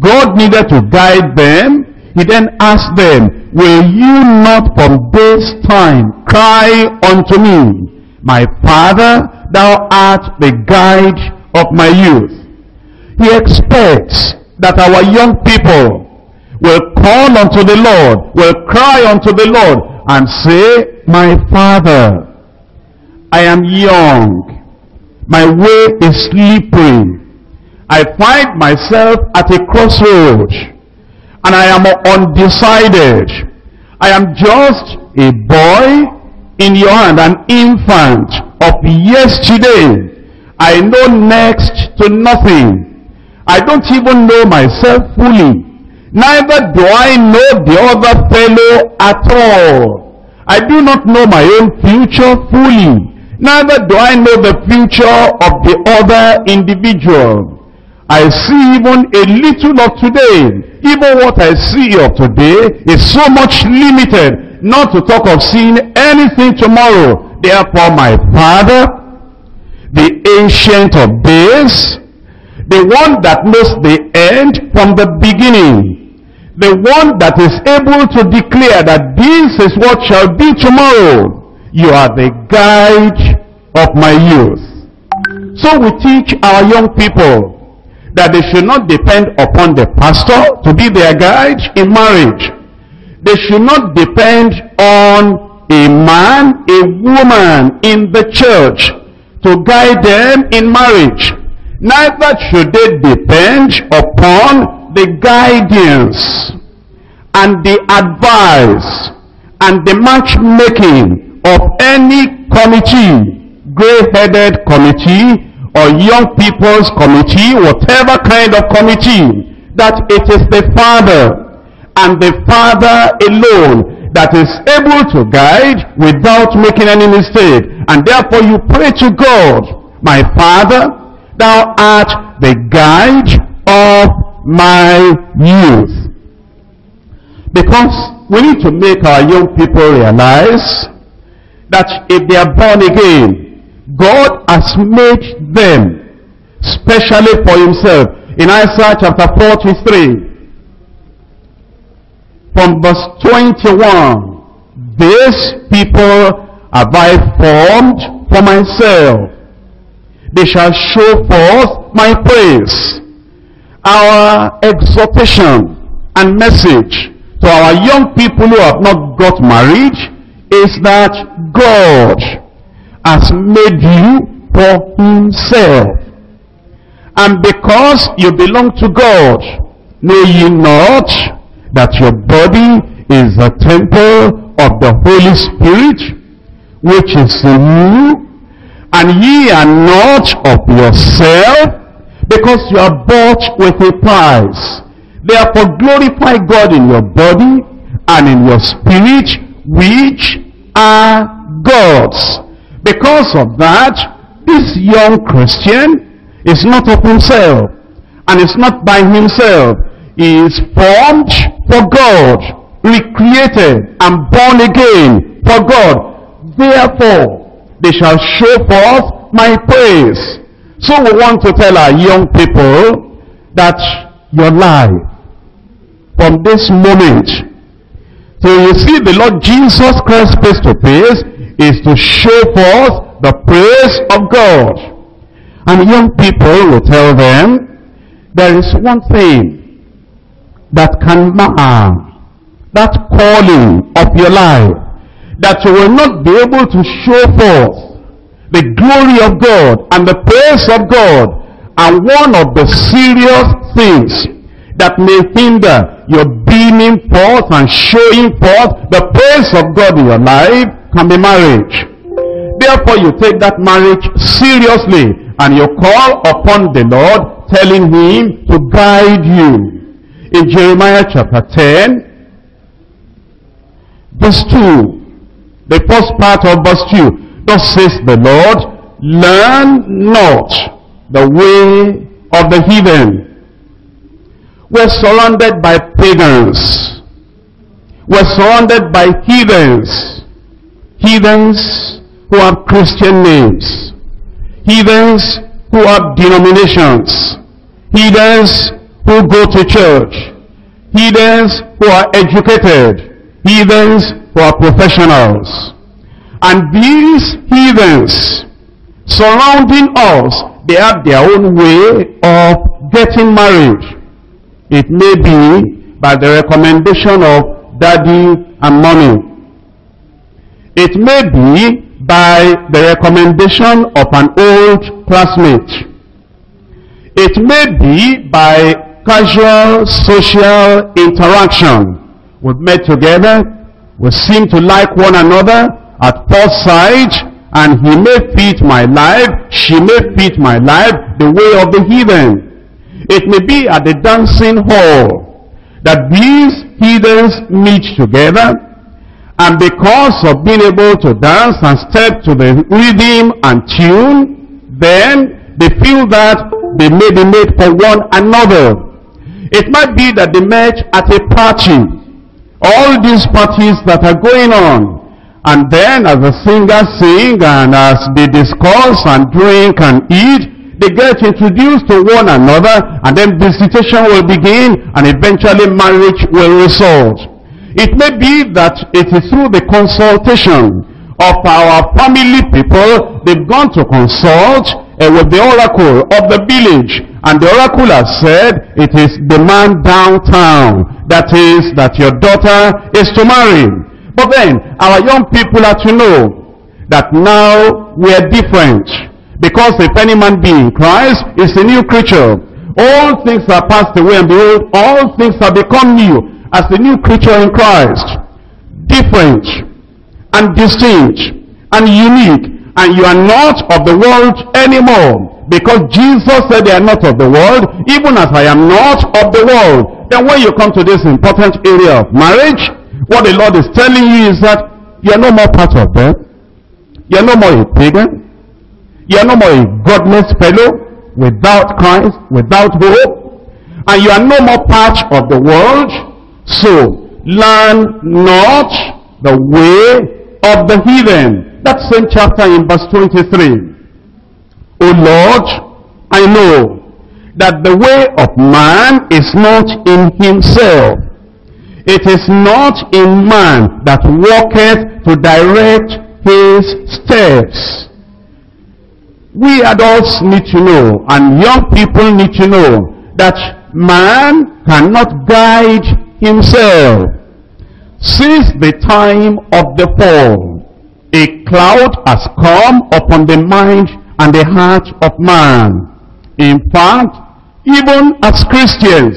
God needed to guide them, he then asked them, Will you not from this time cry unto me, My Father, thou art the guide of my youth. He expects that our young people will call unto the Lord, will cry unto the Lord and say, My Father, I am young. My way is slippery. I find myself at a crossroad and I am undecided. I am just a boy in your hand, an infant of yesterday. I know next to nothing. I don't even know myself fully. Neither do I know the other fellow at all. I do not know my own future fully. Neither do I know the future of the other individual. I see even a little of today. Even what I see of today is so much limited. Not to talk of seeing anything tomorrow. Therefore, my Father, the ancient of days, the one that knows the end from the beginning. The one that is able to declare that this is what shall be tomorrow. You are the guide of my youth. So we teach our young people that they should not depend upon the pastor to be their guide in marriage. They should not depend on a man, a woman in the church to guide them in marriage neither should they depend upon the guidance and the advice and the matchmaking of any committee, gray-headed committee or young people's committee, whatever kind of committee, that it is the Father and the Father alone that is able to guide without making any mistake. And therefore you pray to God, my Father, Thou art the guide of my youth. Because we need to make our young people realize that if they are born again, God has made them specially for himself. In Isaiah chapter 43, from verse 21, these people have I formed for myself they shall show forth my praise. Our exhortation and message to our young people who have not got married is that God has made you for himself. And because you belong to God, know ye not that your body is the temple of the Holy Spirit, which is in you, and ye are not of yourself, because you are bought with a price. Therefore glorify God in your body and in your spirit, which are God's. Because of that, this young Christian is not of himself and it's not by himself. He is formed for God, recreated and born again for God. Therefore, they shall show forth my praise. So we want to tell our young people that your life from this moment so you see the Lord Jesus Christ face to face is to show forth the praise of God. And young people will tell them there is one thing that can mar that calling of your life that you will not be able to show forth the glory of God and the praise of God and one of the serious things that may hinder your beaming forth and showing forth the praise of God in your life can be marriage. Therefore you take that marriage seriously and you call upon the Lord telling him to guide you. In Jeremiah chapter 10 verse 2 the first part of verse 2. Thus says the Lord, learn not the way of the heathen. We're surrounded by pagans. We're surrounded by heathens. Heathens who have Christian names. Heathens who have denominations. Heathens who go to church. Heathens who are educated. Heathens who are professionals. And these heathens surrounding us, they have their own way of getting married. It may be by the recommendation of daddy and mommy. It may be by the recommendation of an old classmate. It may be by casual social interaction. We've met together, we seem to like one another at first sight, and he may fit my life, she may fit my life, the way of the heathen. It may be at the dancing hall that these heathens meet together, and because of being able to dance and step to the rhythm and tune, then they feel that they may be made for one another. It might be that they met at a party all these parties that are going on. And then as the singers sing and as they discuss and drink and eat, they get introduced to one another and then visitation will begin and eventually marriage will result. It may be that it is through the consultation of our family people, they've gone to consult uh, with the oracle of the village. And the oracle has said, it is the man downtown. That is, that your daughter is to marry. But then, our young people are to know that now we are different. Because if any man be in Christ, is a new creature. All things are passed away and behold, all things have become new as the new creature in Christ. Different and distinct and unique and you are not of the world anymore. Because Jesus said they are not of the world, even as I am not of the world. Then when you come to this important area of marriage, what the Lord is telling you is that you are no more part of them. You are no more a pagan. You are no more a godless fellow without Christ, without hope. And you are no more part of the world. So, learn not the way of the heathen that same chapter in verse 23. O Lord, I know that the way of man is not in himself. It is not in man that walketh to direct his steps. We adults need to know, and young people need to know, that man cannot guide himself. Since the time of the fall, a cloud has come upon the mind and the heart of man. In fact, even as Christians,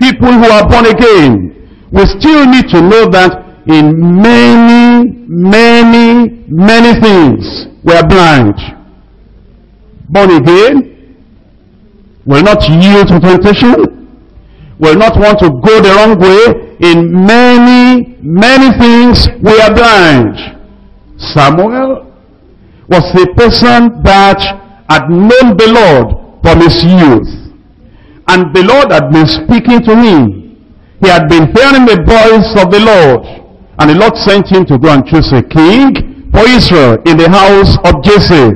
people who are born again, we still need to know that in many, many, many things we are blind. Born again, will not yield to temptation, will not want to go the wrong way. In many, many things we are blind. Samuel was a person that had known the Lord from his youth. And the Lord had been speaking to him. He had been hearing the voice of the Lord. And the Lord sent him to go and choose a king for Israel in the house of Jesse.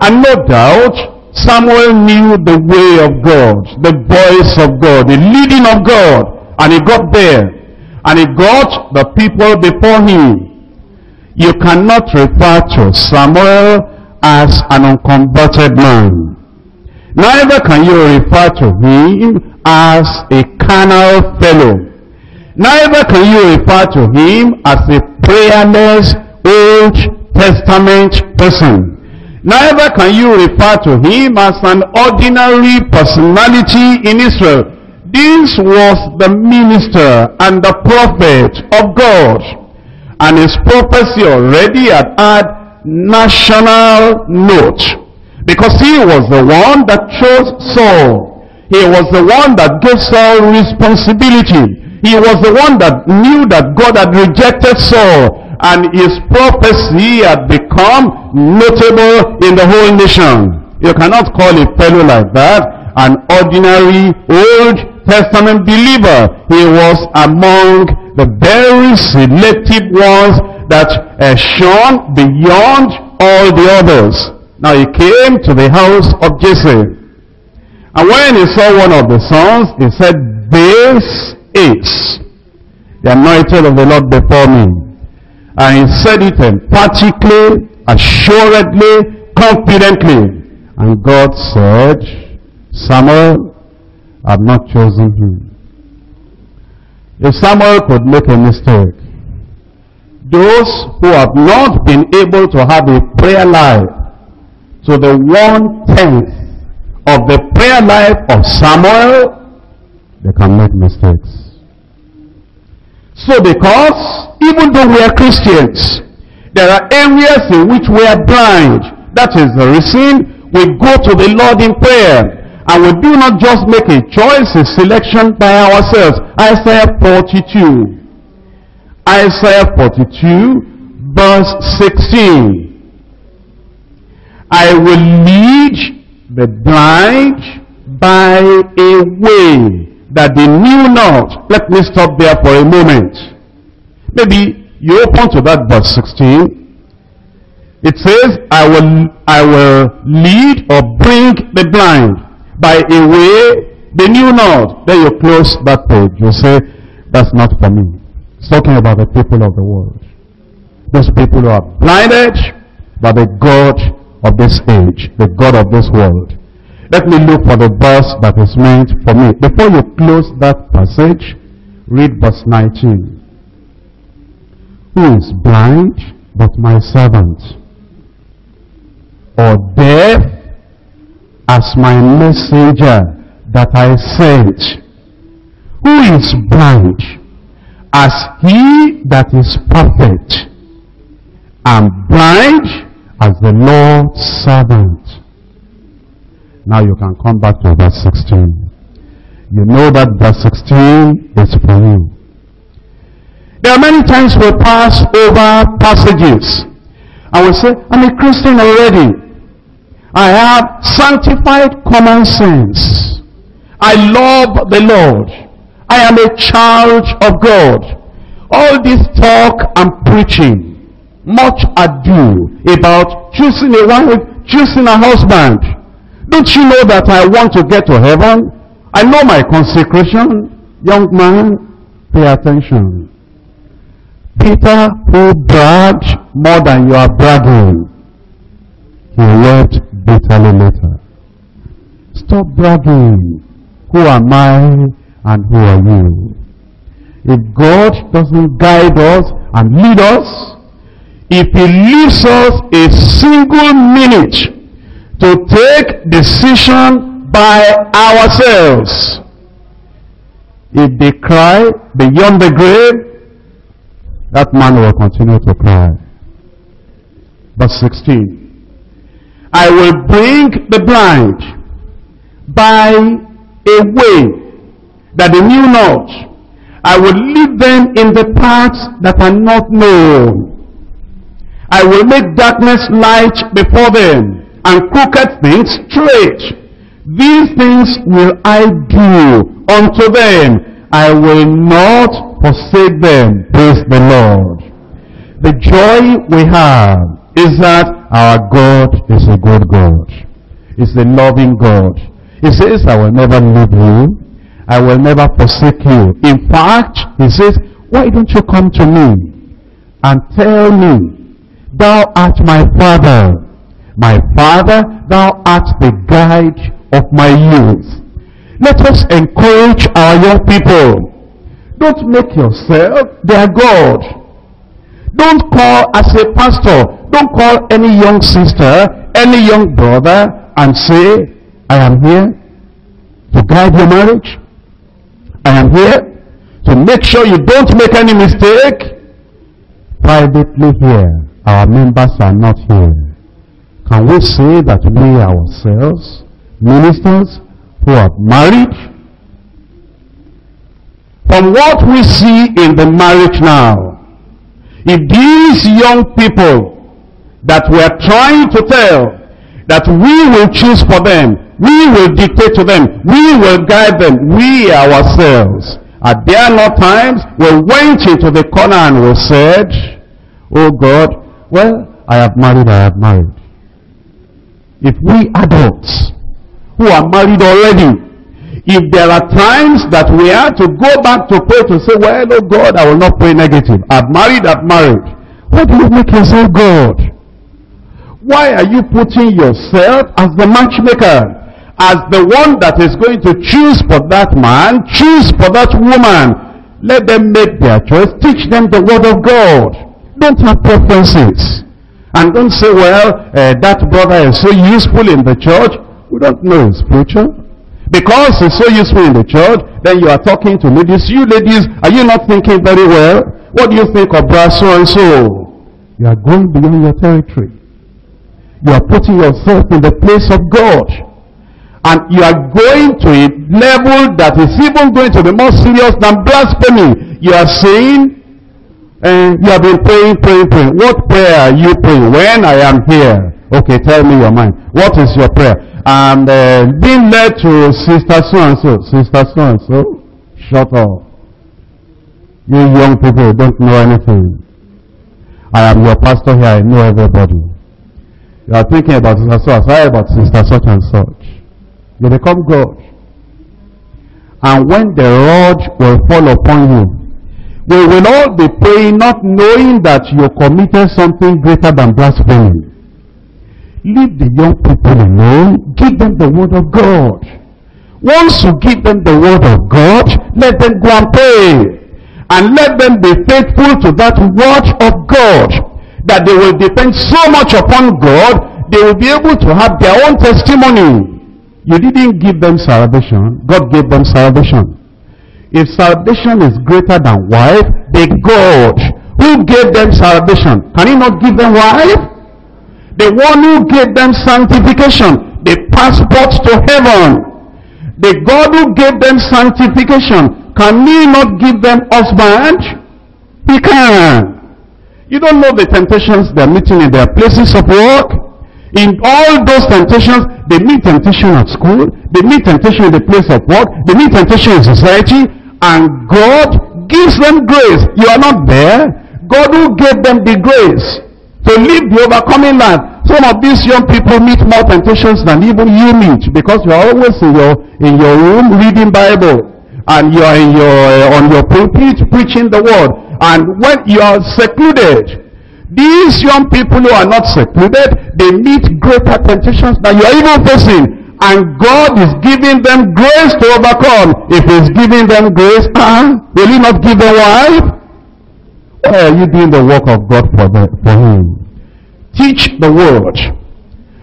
And no doubt, Samuel knew the way of God, the voice of God, the leading of God. And he got there. And he got the people before him. You cannot refer to Samuel as an unconverted man. Neither can you refer to him as a carnal fellow. Neither can you refer to him as a prayerless Old Testament person. Neither can you refer to him as an ordinary personality in Israel. This was the minister and the prophet of God and his prophecy already had had national note. Because he was the one that chose Saul. He was the one that gave Saul responsibility. He was the one that knew that God had rejected Saul. And his prophecy had become notable in the whole nation. You cannot call a fellow like that an ordinary Old Testament believer. He was among the very selective ones that uh, shone beyond all the others. Now he came to the house of Jesse. And when he saw one of the sons, he said, This is the anointed of the Lord before me. And he said it emphatically, assuredly, confidently. And God said, Samuel, I've not chosen him. If Samuel could make a mistake, those who have not been able to have a prayer life to the one-tenth of the prayer life of Samuel, they can make mistakes. So because even though we are Christians, there are areas in which we are blind. That is the reason we go to the Lord in prayer. And we do not just make a choice, a selection by ourselves. Isaiah 42. Isaiah 42, verse 16. I will lead the blind by a way that they knew not. Let me stop there for a moment. Maybe you open to that verse 16. It says, I will, I will lead or bring the blind by a way they knew not. Then you close that page. You say, that's not for me. It's talking about the people of the world. Those people who are blinded by the God of this age, the God of this world. Let me look for the verse that is meant for me. Before you close that passage, read verse 19. Who is blind but my servant? Or deaf as my messenger that I sent. Who is blind as he that is perfect and blind as the Lord's servant. Now you can come back to verse 16. You know that verse 16 is for you. There are many times we pass over passages and we say, I'm a Christian already. I have sanctified common sense. I love the Lord. I am a child of God. All this talk and preaching, much ado about choosing a wife, choosing a husband. Don't you know that I want to get to heaven? I know my consecration. Young man, pay attention. Peter who bragged more than you are bragging, he wept bitterly later. Stop bragging. Who am I and who are you? If God doesn't guide us and lead us, if he leaves us a single minute to take decision by ourselves, if they cry beyond the grave, that man will continue to cry. Verse 16. I will bring the blind by a way that they knew not. I will lead them in the paths that are not known. I will make darkness light before them and crooked things straight. These things will I do unto them. I will not forsake them. Praise the Lord. The joy we have is that our God is a good God. He's a loving God. He says, I will never leave you. I will never forsake you. In fact, he says, why don't you come to me and tell me, thou art my father. My father, thou art the guide of my youth. Let us encourage our young people. Don't make yourself their God. Don't call as a pastor. Don't call any young sister, any young brother and say, I am here to guide your marriage. I am here to make sure you don't make any mistake. Privately here, our members are not here. Can we say that we ourselves, ministers who are married, from what we see in the marriage now, if these young people that we are trying to tell that we will choose for them, we will dictate to them, we will guide them, we ourselves, at there not times we went into the corner and we said, Oh God, well, I have married, I have married. If we adults who are married already if there are times that we are to go back to pray to say, well, oh God, I will not pray negative. I've married, I've married. Why do you make yourself God? Why are you putting yourself as the matchmaker? As the one that is going to choose for that man, choose for that woman. Let them make their choice. Teach them the word of God. Don't have preferences. And don't say, well, uh, that brother is so useful in the church. We don't know his future. Because it's so useful in the church, then you are talking to ladies. You ladies, are you not thinking very well? What do you think of brass so and so? You are going beyond your territory. You are putting yourself in the place of God. And you are going to a level that is even going to be more serious than blasphemy. You are saying, and eh, you have been praying, praying, praying. What prayer are you praying? When I am here. Okay, tell me your mind. What is your prayer? and uh, being led to sister so-and-so, sister so-and-so, shut up. You young people don't know anything. I am your pastor here, I know everybody. You are thinking about sister so and so, about sister such and such. You become God. And when the rod will fall upon you, we will all be praying not knowing that you committed something greater than blasphemy. Leave the young people alone give them the word of God. Once you give them the word of God, let them go and pray. And let them be faithful to that word of God. That they will depend so much upon God, they will be able to have their own testimony. You didn't give them salvation. God gave them salvation. If salvation is greater than wife, the God who gave them salvation, can he not give them wife? The one who gave them sanctification, the passport to heaven. The God who gave them sanctification, can he not give them husband? He can. You don't know the temptations they're meeting in their places of work. In all those temptations, they meet temptation at school, they meet temptation in the place of work, they meet temptation in society, and God gives them grace. You are not there. God who gave them the grace to live the overcoming life some of these young people meet more temptations than even you meet because you are always in your, in your room reading Bible and you are in your, uh, on your pulpit preaching the word. And when you are secluded, these young people who are not secluded, they meet greater temptations than you are even facing and God is giving them grace to overcome. If He's giving them grace, huh? Ah, will He not give them life? Why are you doing the work of God for, the, for Him? teach the word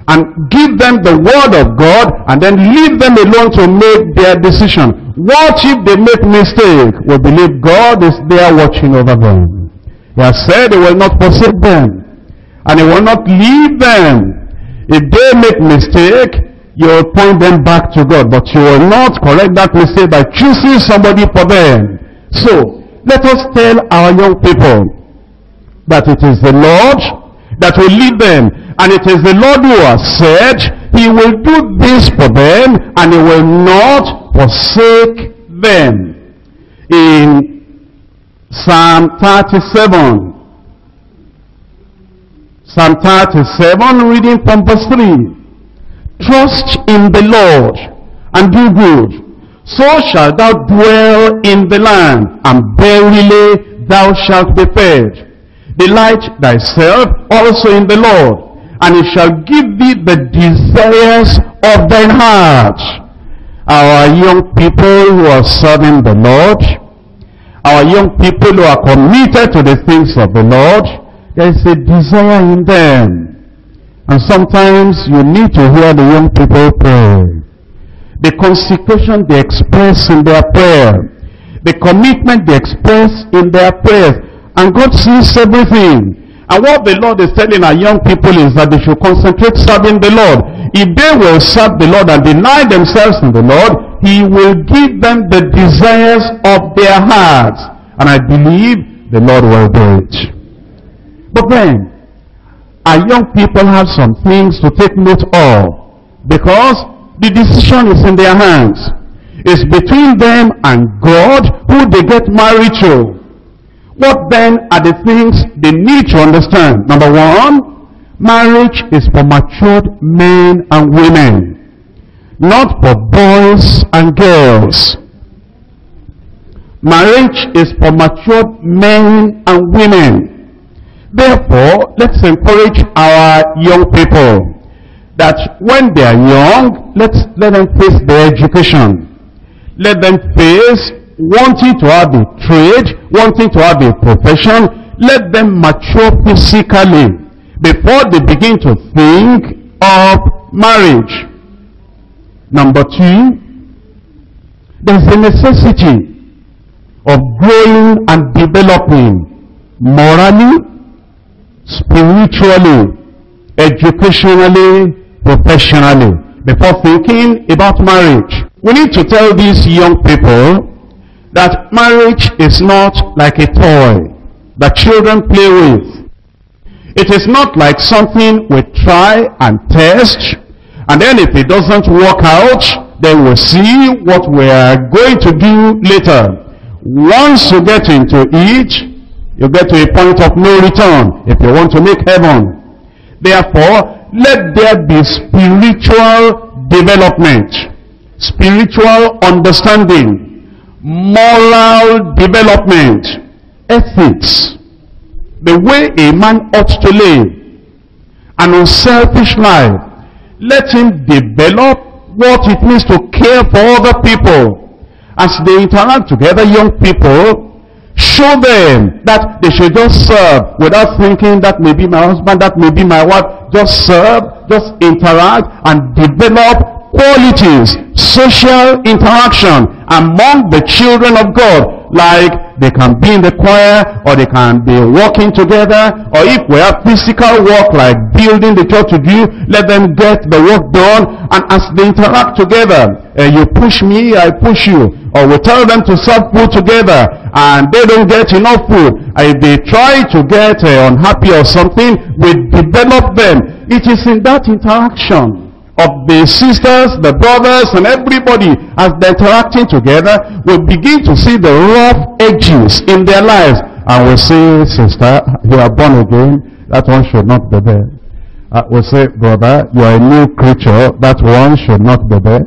and give them the word of God and then leave them alone to make their decision. What if they make mistake? We believe God is there watching over them. He has said he will not forsake them and he will not leave them. If they make mistake, you will point them back to God, but you will not correct that mistake by choosing somebody for them. So, let us tell our young people that it is the Lord that will lead them. And it is the Lord who has said, He will do this for them, and He will not forsake them. In Psalm 37, Psalm 37, reading from verse 3. Trust in the Lord and do good. So shalt thou dwell in the land, and verily thou shalt be fed. Delight thyself also in the Lord, and he shall give thee the desires of thine heart. Our young people who are serving the Lord, our young people who are committed to the things of the Lord, there is a desire in them. And sometimes you need to hear the young people pray. The consecration they express in their prayer. The commitment they express in their prayers and God sees everything. And what the Lord is telling our young people is that they should concentrate serving the Lord. If they will serve the Lord and deny themselves in the Lord, He will give them the desires of their hearts. And I believe the Lord will do it. But then, our young people have some things to take note of. Because the decision is in their hands. It's between them and God who they get married to. What then are the things they need to understand? Number one, marriage is for matured men and women, not for boys and girls. Marriage is for matured men and women. Therefore, let's encourage our young people that when they are young, let's let them face their education. Let them face wanting to have a trade wanting to have a profession, let them mature physically before they begin to think of marriage. Number two, there's a necessity of growing and developing morally, spiritually, educationally, professionally before thinking about marriage. We need to tell these young people that marriage is not like a toy that children play with. It is not like something we try and test, and then if it doesn't work out, then we'll see what we are going to do later. Once you get into it, you get to a point of no return if you want to make heaven. Therefore, let there be spiritual development, spiritual understanding, moral development, ethics, the way a man ought to live, an unselfish life. Let him develop what it means to care for other people. As they interact together, young people, show them that they should just serve without thinking that may be my husband, that may be my wife. Just serve, just interact and develop qualities, social interaction among the children of God, like they can be in the choir, or they can be working together, or if we have physical work like building the church to do, let them get the work done, and as they interact together, uh, you push me, I push you, or we tell them to serve food together, and they don't get enough food, if they try to get uh, unhappy or something, we develop them. It is in that interaction of the sisters, the brothers, and everybody as they're interacting together will begin to see the rough edges in their lives. And we say, sister, you are born again. That one should not be there. Uh, we say, brother, you are a new creature. That one should not be there.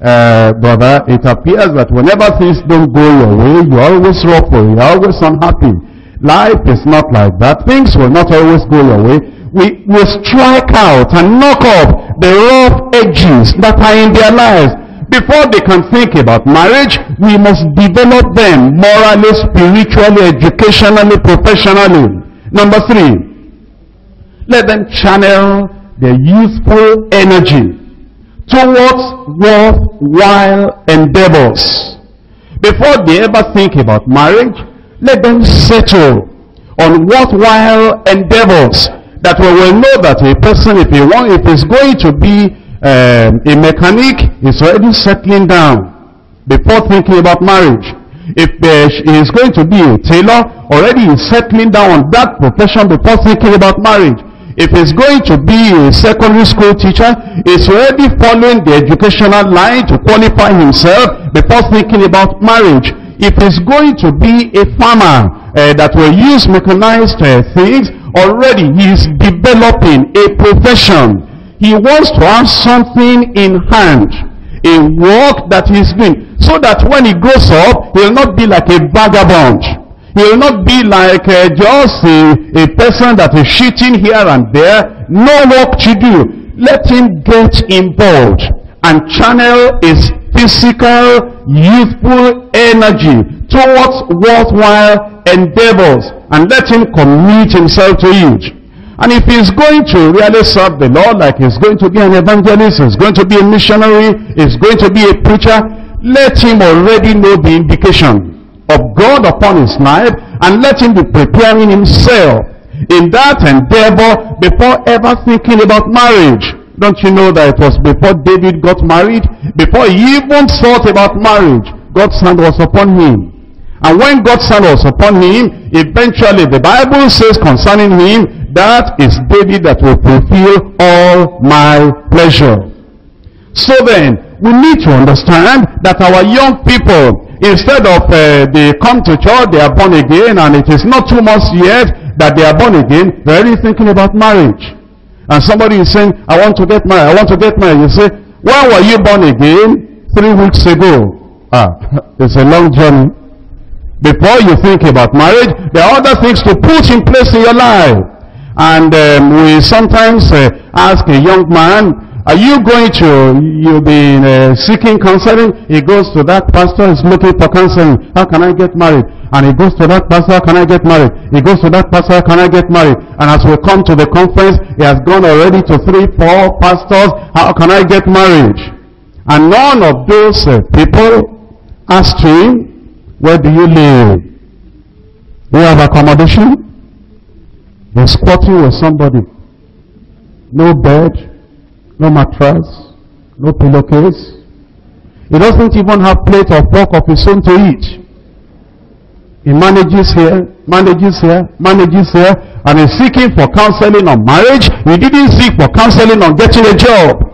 Uh, brother, it appears that whenever things don't go your way, you're always or You're always unhappy. Life is not like that. Things will not always go your way we will strike out and knock off the rough edges that are in their lives. Before they can think about marriage, we must develop them morally, spiritually, educationally, professionally. Number three, let them channel their youthful energy towards worthwhile endeavors. Before they ever think about marriage, let them settle on worthwhile endeavors that we will know that a person, if he want, if he's going to be um, a mechanic, is already settling down before thinking about marriage. If uh, he is going to be a tailor, already is settling down on that profession before thinking about marriage. If he's going to be a secondary school teacher, is already following the educational line to qualify himself before thinking about marriage. If he's going to be a farmer uh, that will use mechanized uh, things, Already he is developing a profession. He wants to have something in hand. A work that he's doing. So that when he grows up, he'll not be like a vagabond. He will not be like uh, just a, a person that is shooting here and there. No work to do. Let him get involved and channel his physical, youthful energy towards worthwhile endeavors and let him commit himself to it. And if he's going to really serve the Lord, like he's going to be an evangelist, he's going to be a missionary, he's going to be a preacher, let him already know the indication of God upon his life and let him be preparing himself in that endeavor before ever thinking about marriage. Don't you know that it was before David got married? Before he even thought about marriage, God's hand was upon him. And when God's hand was upon him, eventually the Bible says concerning him, that is David that will fulfill all my pleasure. So then, we need to understand that our young people, instead of uh, they come to church, they are born again, and it is not two months yet that they are born again, they're already thinking about marriage. And somebody is saying, I want to get married, I want to get married. You say, when were you born again? Three weeks ago. Ah, it's a long journey. Before you think about marriage, there are other things to put in place in your life. And um, we sometimes uh, ask a young man, are you going to, you've been uh, seeking counseling? He goes to that pastor, he's looking for counseling. How can I get married? and he goes to that pastor, can I get married? He goes to that pastor, can I get married? And as we come to the conference, he has gone already to three, four pastors, how can I get married? And none of those uh, people asked him, where do you live? Do you have accommodation? They are squatting with somebody. No bed, no mattress, no pillowcase. He doesn't even have plate of pork of his own to eat. He manages here, manages here, manages here, and he's seeking for counseling on marriage. He didn't seek for counseling on getting a job.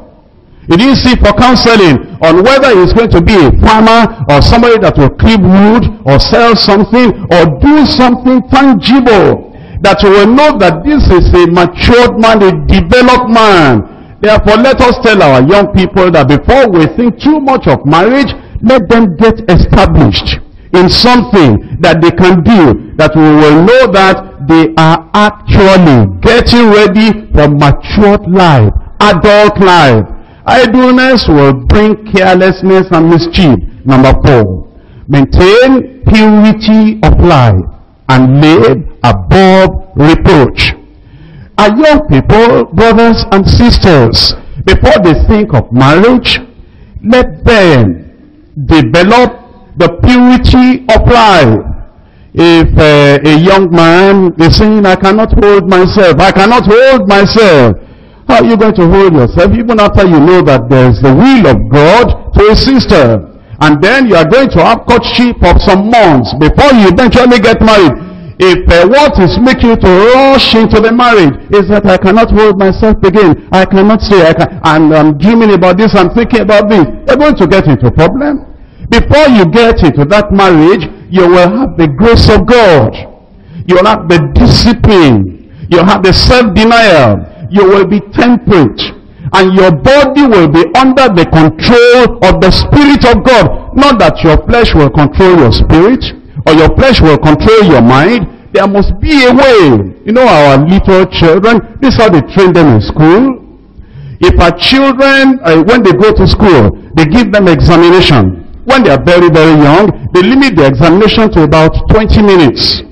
He didn't seek for counseling on whether he's going to be a farmer or somebody that will clip wood or sell something or do something tangible that you will know that this is a matured man, a developed man. Therefore, let us tell our young people that before we think too much of marriage, let them get established in something that they can do that we will know that they are actually getting ready for matured life, adult life. Idleness will bring carelessness and mischief. Number four, maintain purity of life and live above reproach. Our young people, brothers and sisters, before they think of marriage, let them develop the purity of life. If uh, a young man is saying, I cannot hold myself, I cannot hold myself, how are you going to hold yourself even after you know that there's the will of God to a sister? And then you are going to have courtship of some months before you eventually get married. If uh, what is making you to rush into the marriage is that I cannot hold myself again, I cannot say, I can, I'm, I'm dreaming about this, I'm thinking about this, you're going to get into a problem. Before you get into that marriage, you will have the grace of God. You will have the discipline. You will have the self-denial. You will be temperate. And your body will be under the control of the Spirit of God. Not that your flesh will control your spirit or your flesh will control your mind. There must be a way. You know our little children, this is how they train them in school. If our children, uh, when they go to school, they give them examination when they are very, very young, they limit the examination to about 20 minutes.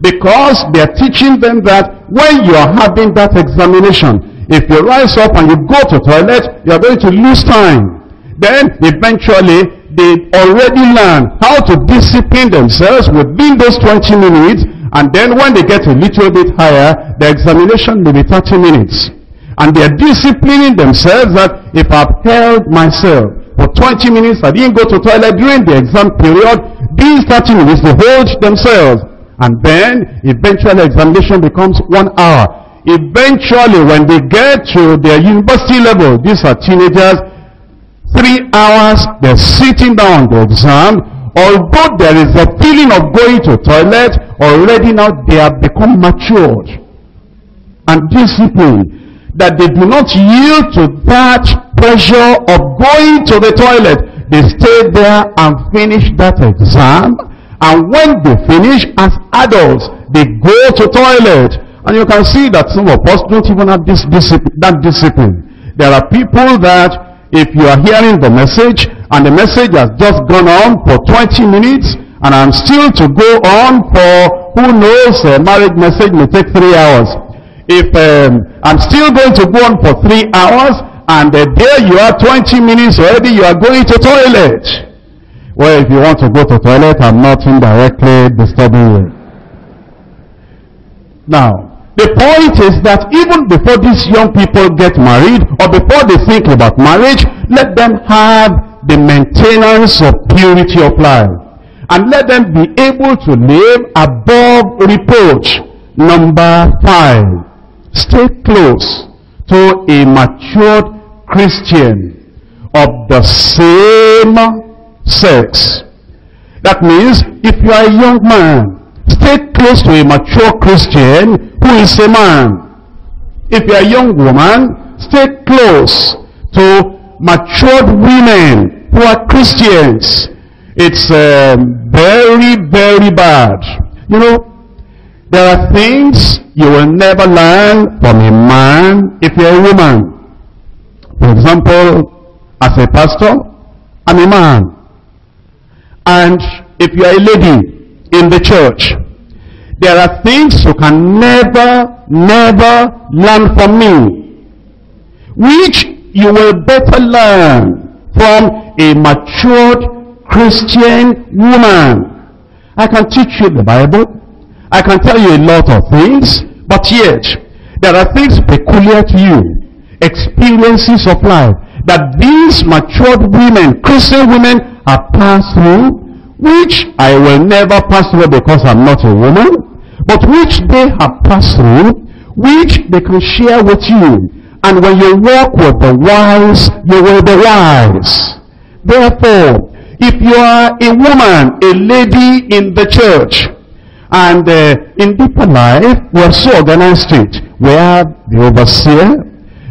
Because they are teaching them that when you are having that examination, if you rise up and you go to toilet, you are going to lose time. Then eventually, they already learn how to discipline themselves within those 20 minutes. And then when they get a little bit higher, the examination may be 30 minutes. And they are disciplining themselves that if I've held myself, for 20 minutes. I didn't go to toilet during the exam period. These 30 minutes, they hold themselves. And then, eventually, examination becomes one hour. Eventually, when they get to their university level, these are teenagers, three hours, they're sitting down the exam. Although there is a feeling of going to toilet, already now they have become matured and disciplined that they do not yield to that pressure of going to the toilet, they stay there and finish that exam. And when they finish as adults, they go to toilet. And you can see that some of us don't even have this discipline, that discipline. There are people that if you are hearing the message and the message has just gone on for 20 minutes and I'm still to go on for who knows a marriage message may take three hours. If um, I'm still going to go on for three hours and uh, there you are 20 minutes already you are going to toilet well if you want to go to toilet i'm not indirectly disturbing you now the point is that even before these young people get married or before they think about marriage, let them have the maintenance of purity of life. And let them be able to live above reproach. Number five, stay close to a matured Christian of the same sex. That means if you are a young man, stay close to a mature Christian who is a man. If you are a young woman, stay close to matured women who are Christians. It's um, very, very bad. You know, there are things you will never learn from a man if you're a woman. For example, as a pastor, I'm a man. And if you are a lady in the church, there are things you can never, never learn from me, which you will better learn from a matured Christian woman. I can teach you the Bible. I can tell you a lot of things, but yet, there are things peculiar to you experiences of life that these matured women, Christian women, have passed through, which I will never pass through because I'm not a woman, but which they have passed through, which they can share with you. And when you walk with the wise, you will be wise. Therefore, if you are a woman, a lady in the church, and uh, in deeper life, we are so organized it. We have the overseer,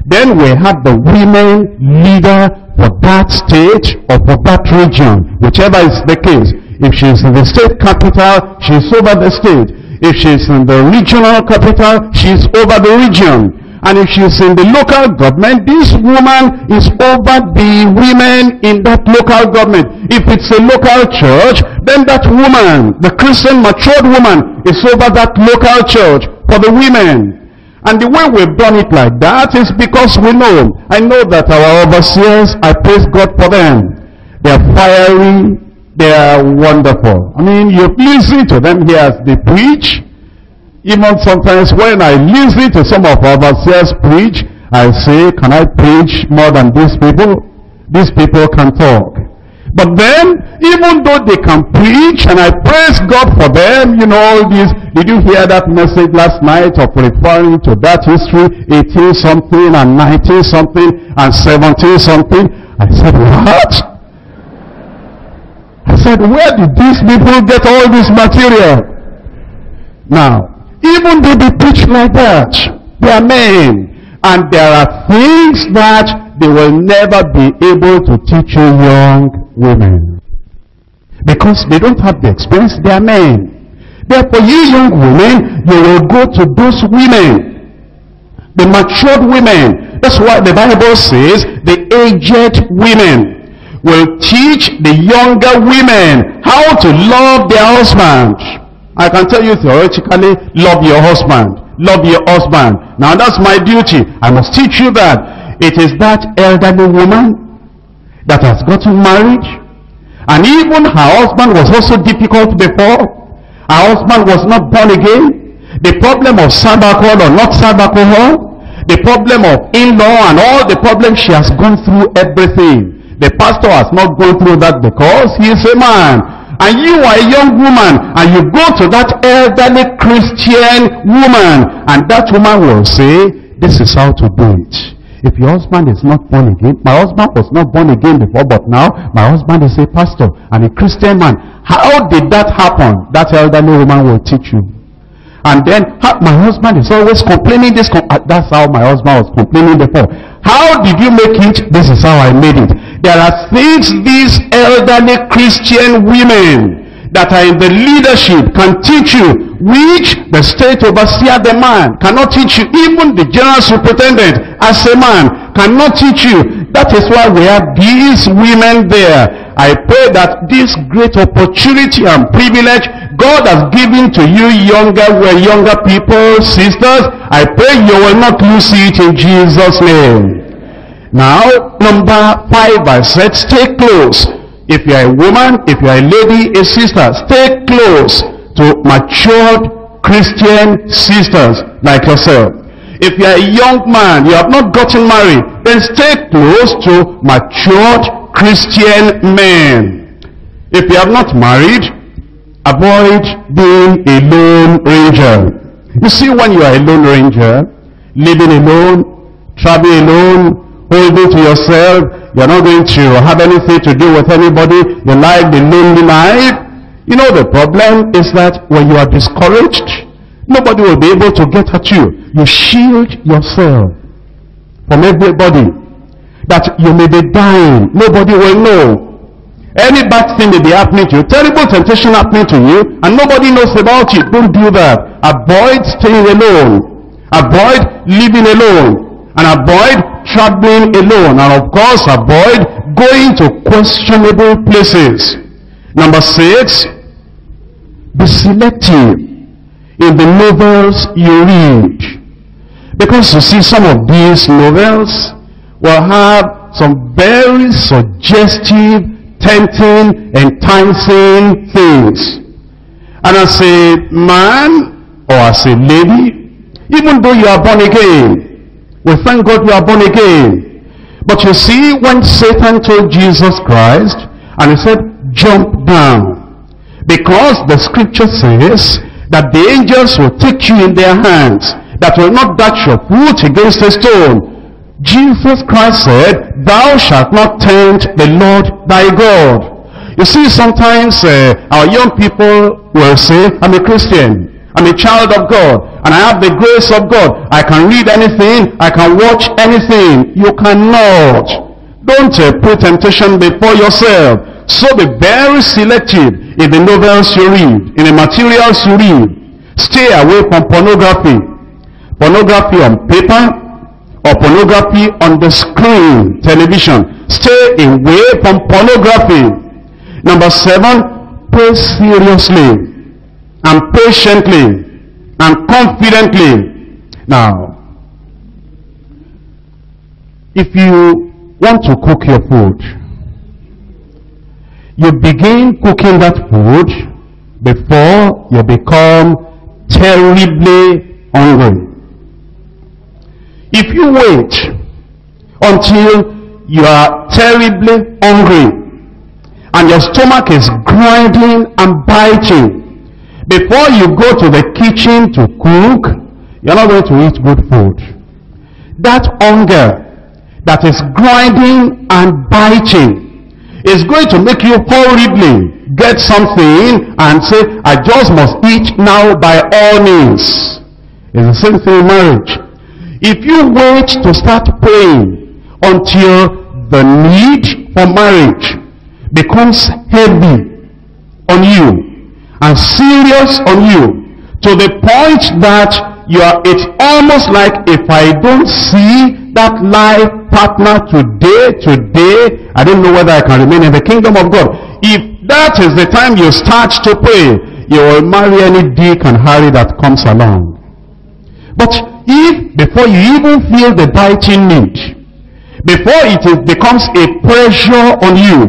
then we had the women leader for that state or for that region, whichever is the case. If she's in the state capital, she's over the state. If she's in the regional capital, she's over the region. And if she's in the local government, this woman is over the women in that local government. If it's a local church, then that woman, the Christian matured woman, is over that local church for the women. And the way we've done it like that is because we know. I know that our overseers, I praise God for them. They are fiery. They are wonderful. I mean, you listen to them here as they preach. Even sometimes when I listen to some of our overseers preach, I say, can I preach more than these people? These people can talk. But then, even though they can preach, and I praise God for them, you know, all this. did you hear that message last night of referring to that history, 18 something and 19 something and 17 something? I said, what? I said, where did these people get all this material? Now, even though they preach like that, they are men. And there are things that they will never be able to teach you young women. Because they don't have the experience, they are men. Therefore, you young women, you will go to those women, the matured women. That's what the Bible says, the aged women will teach the younger women how to love their husband. I can tell you theoretically, love your husband love your husband. Now that's my duty. I must teach you that. It is that elderly woman that has gotten married. And even her husband was also difficult before. Her husband was not born again. The problem of sabbath or not sabbath alcohol. The problem of in-law and all the problems she has gone through everything. The pastor has not gone through that because he is a man and you are a young woman and you go to that elderly Christian woman and that woman will say, this is how to do it. If your husband is not born again, my husband was not born again before, but now my husband is a pastor and a Christian man. How did that happen? That elderly woman will teach you. And then my husband is always complaining this. Ah, that's how my husband was complaining before. How did you make it? This is how I made it. There are things these elderly Christian women that are in the leadership can teach you which the state overseer the man cannot teach you even the general superintendent as a man cannot teach you that is why we have these women there i pray that this great opportunity and privilege God has given to you younger, well, younger people, sisters. I pray you will not lose it in Jesus' name. Now, number five I said, stay close. If you are a woman, if you are a lady, a sister, stay close to matured Christian sisters like yourself. If you are a young man, you have not gotten married, then stay close to matured Christian men. If you have not married, Avoid being a lone ranger. You see, when you are a lone ranger, living alone, traveling alone, holding to yourself, you're not going to have anything to do with anybody, You like the lonely life. You know, the problem is that when you are discouraged, nobody will be able to get at you. You shield yourself from everybody that you may be dying. Nobody will know Any bad thing may be happening to you, terrible temptation happening to you, and nobody knows about it. Don't do that. Avoid staying alone. Avoid living alone. And avoid traveling alone. And of course, avoid going to questionable places. Number six, be selective in the novels you read. Because you see, some of these novels will have some very suggestive tempting, enticing things. And as a man or as a lady, even though you are born again, we well, thank God you are born again. But you see, when Satan told Jesus Christ, and he said, jump down. Because the scripture says that the angels will take you in their hands, that will not dash your foot against a stone, Jesus Christ said, Thou shalt not tempt the Lord thy God. You see, sometimes uh, our young people will say, I'm a Christian. I'm a child of God. And I have the grace of God. I can read anything. I can watch anything. You cannot. Don't uh, put temptation before yourself. So be very selective in the novels you read, in the materials you read. Stay away from pornography. Pornography on paper, or pornography on the screen, television. Stay away from pornography. Number seven, pray seriously and patiently and confidently. Now, if you want to cook your food, you begin cooking that food before you become terribly hungry. If you wait until you are terribly hungry and your stomach is grinding and biting, before you go to the kitchen to cook, you're not going to eat good food. That hunger that is grinding and biting is going to make you horribly get something and say, I just must eat now by all means. It's the same thing in marriage. If you wait to start praying until the need for marriage becomes heavy on you and serious on you to the point that you are, it's almost like if I don't see that life partner today, today, I don't know whether I can remain in the kingdom of God. If that is the time you start to pray, you will marry any dick and Harry that comes along. But if before you even feel the biting need, before it becomes a pressure on you,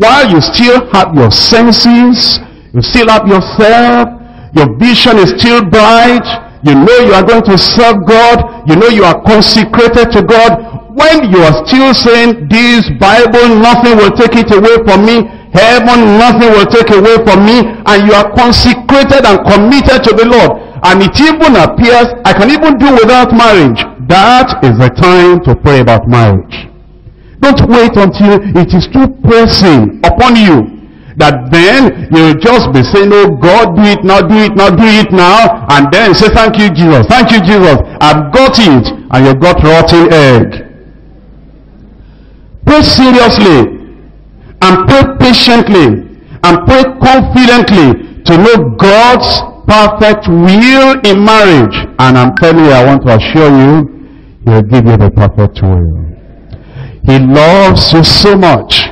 while you still have your senses, you still have yourself, your vision is still bright, you know you are going to serve God, you know you are consecrated to God, when you are still saying, this Bible, nothing will take it away from me, heaven, nothing will take away from me, and you are consecrated and committed to the Lord, and it even appears I can even do without marriage. That is the time to pray about marriage. Don't wait until it is too pressing upon you that then you'll just be saying, oh God, do it now, do it now, do it now, and then say, thank you, Jesus, thank you, Jesus, I've got it, and you've got rotten egg. Pray seriously, and pray patiently, and pray confidently to know God's perfect will in marriage. And I'm telling you, I want to assure you, he'll give you the perfect will. He loves you so much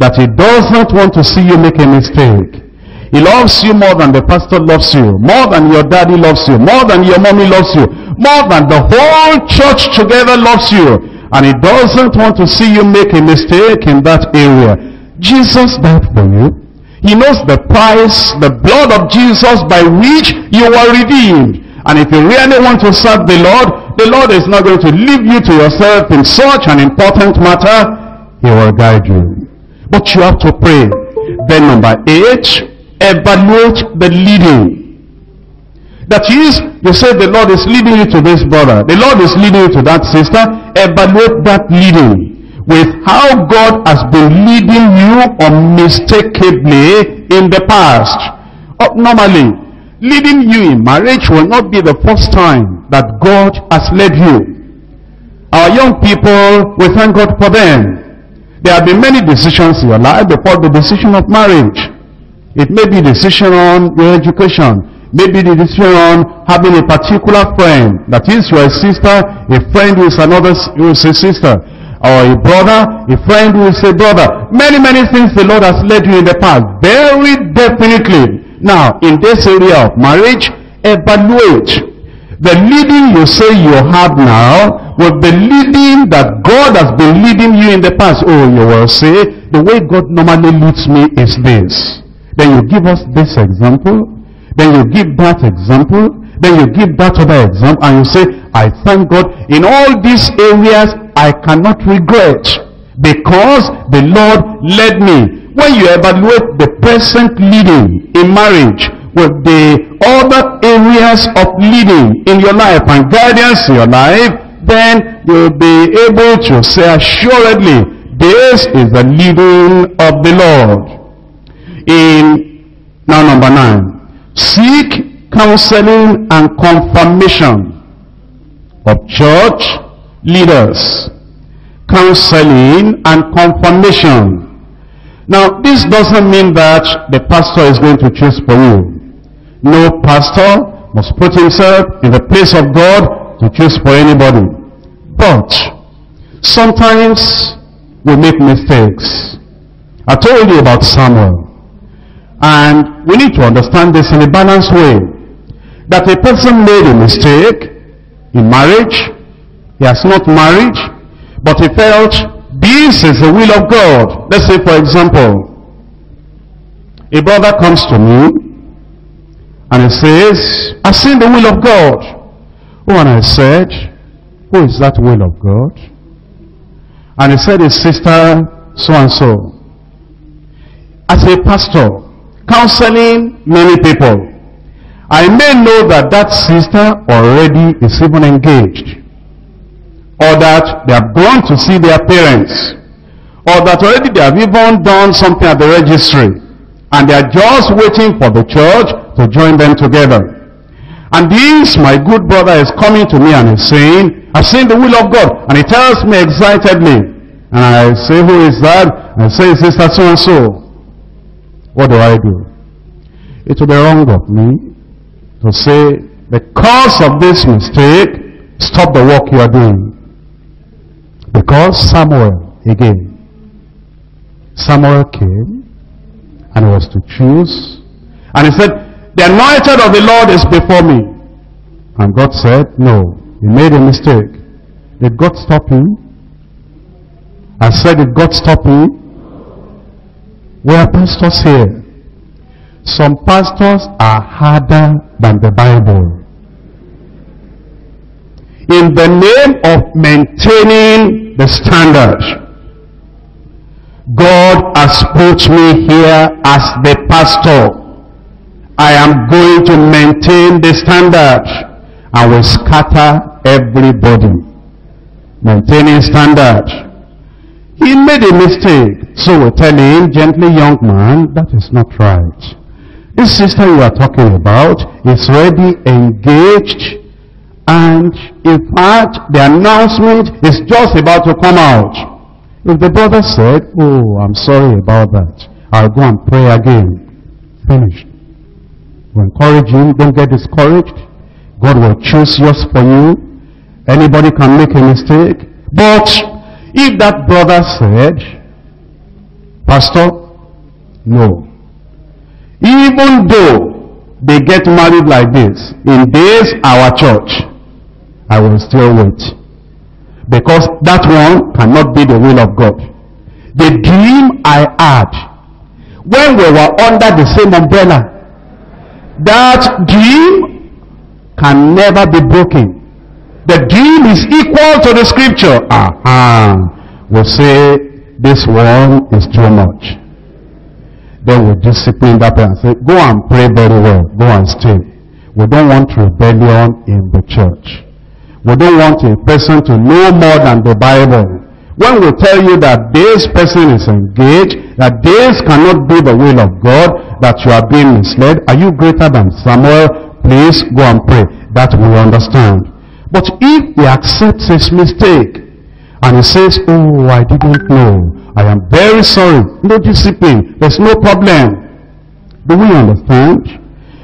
that he does not want to see you make a mistake. He loves you more than the pastor loves you, more than your daddy loves you, more than your mommy loves you, more than the whole church together loves you. And he doesn't want to see you make a mistake in that area. Jesus died for you. He knows the price, the blood of Jesus by which you were redeemed. And if you really want to serve the Lord, the Lord is not going to leave you to yourself in such an important matter. He will guide you. But you have to pray. Then number eight, evaluate the leading. That is, you say the Lord is leading you to this brother. The Lord is leading you to that sister. Evaluate that leading with how God has been leading you unmistakably in the past. Oh, normally, leading you in marriage will not be the first time that God has led you. Our young people, we thank God for them. There have been many decisions in your life before the decision of marriage. It may be decision on your education. Maybe the decision on having a particular friend. That is, your sister, a friend who is another who is a sister or a brother, a friend will say, brother, many, many things the Lord has led you in the past. Very definitely. Now, in this area of marriage, evaluate. The leading you say you have now with the leading that God has been leading you in the past. Oh, you will say, the way God normally leads me is this. Then you give us this example. Then you give that example. Then you give that other example. And you say, I thank God in all these areas I cannot regret because the Lord led me. When you evaluate the present leading in marriage with the other areas of leading in your life and guidance in your life, then you'll be able to say assuredly, this is the leading of the Lord. In now number nine, seek counseling and confirmation of church leaders, counseling and confirmation. Now, this doesn't mean that the pastor is going to choose for you. No pastor must put himself in the place of God to choose for anybody. But sometimes we make mistakes. I told you about Samuel. And we need to understand this in a balanced way. That a person made a mistake in marriage. He has not married, but he felt this is the will of God. Let's say, for example, a brother comes to me and he says, I've seen the will of God. Oh, and I said, Who is that will of God? And he said, His sister, so and so. As a pastor, counseling many people, I may know that that sister already is even engaged. Or that they have gone to see their parents. Or that already they have even done something at the registry. And they are just waiting for the church to join them together. And this, my good brother, is coming to me and is saying, I've seen the will of God. And he tells me excitedly. And I say, who is that? And I say, sister so and so. What do I do? It will be wrong of me to say, because of this mistake, stop the work you are doing. Because Samuel, again, Samuel came and was to choose. And he said, the anointed of the Lord is before me. And God said, no, he made a mistake. Did God stop him? I said, did God stop him? We are pastors here. Some pastors are harder than the Bible. In the name of maintaining the standard, God has put me here as the pastor. I am going to maintain the standard. I will scatter everybody. Maintaining standard. He made a mistake. So we tell him, gently, young man, that is not right. This sister you are talking about is already engaged and in fact the announcement is just about to come out. If the brother said, oh, I'm sorry about that, I'll go and pray again. Finished. We encourage him, don't get discouraged. God will choose yours for you. Anybody can make a mistake. But if that brother said, Pastor, no, even though they get married like this, in this our church, I will still wait. Because that one cannot be the will of God. The dream I had when we were under the same umbrella, that dream can never be broken. The dream is equal to the scripture. Ah, uh -huh. we we'll say this one is too much. Then we discipline that person and say, go and pray very well. Go and stay. We don't want rebellion in the church. We don't want a person to know more than the Bible. When we tell you that this person is engaged, that this cannot be the will of God, that you are being misled, are you greater than Samuel? Please go and pray. That we understand. But if he accepts his mistake, and he says, oh, I didn't know. I am very sorry. No discipline. There's no problem. Do we understand?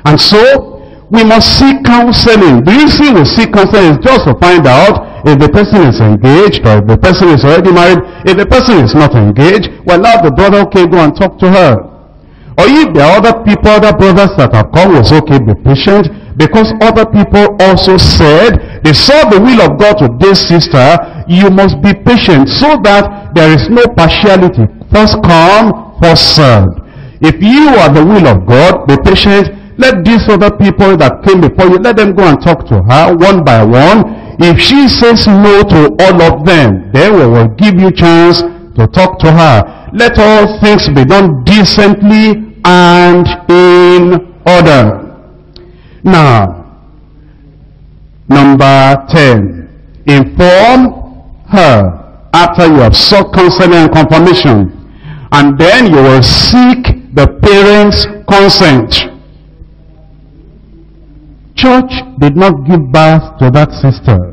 And so, we must seek counseling. The reason we seek counseling is just to find out if the person is engaged or if the person is already married. If the person is not engaged, well, now the brother, okay, go and talk to her. Or if there are other people, other brothers that have come, was okay, be patient. Because other people also said, they saw the will of God to this sister, you must be patient so that there is no partiality. First come, first served. If you are the will of God, be patient. Let these other people that came before you, let them go and talk to her one by one. If she says no to all of them, then we will give you chance to talk to her. Let all things be done decently and in order. Now, number 10. Inform her after you have sought consent and confirmation. And then you will seek the parents' consent. Church did not give birth to that sister.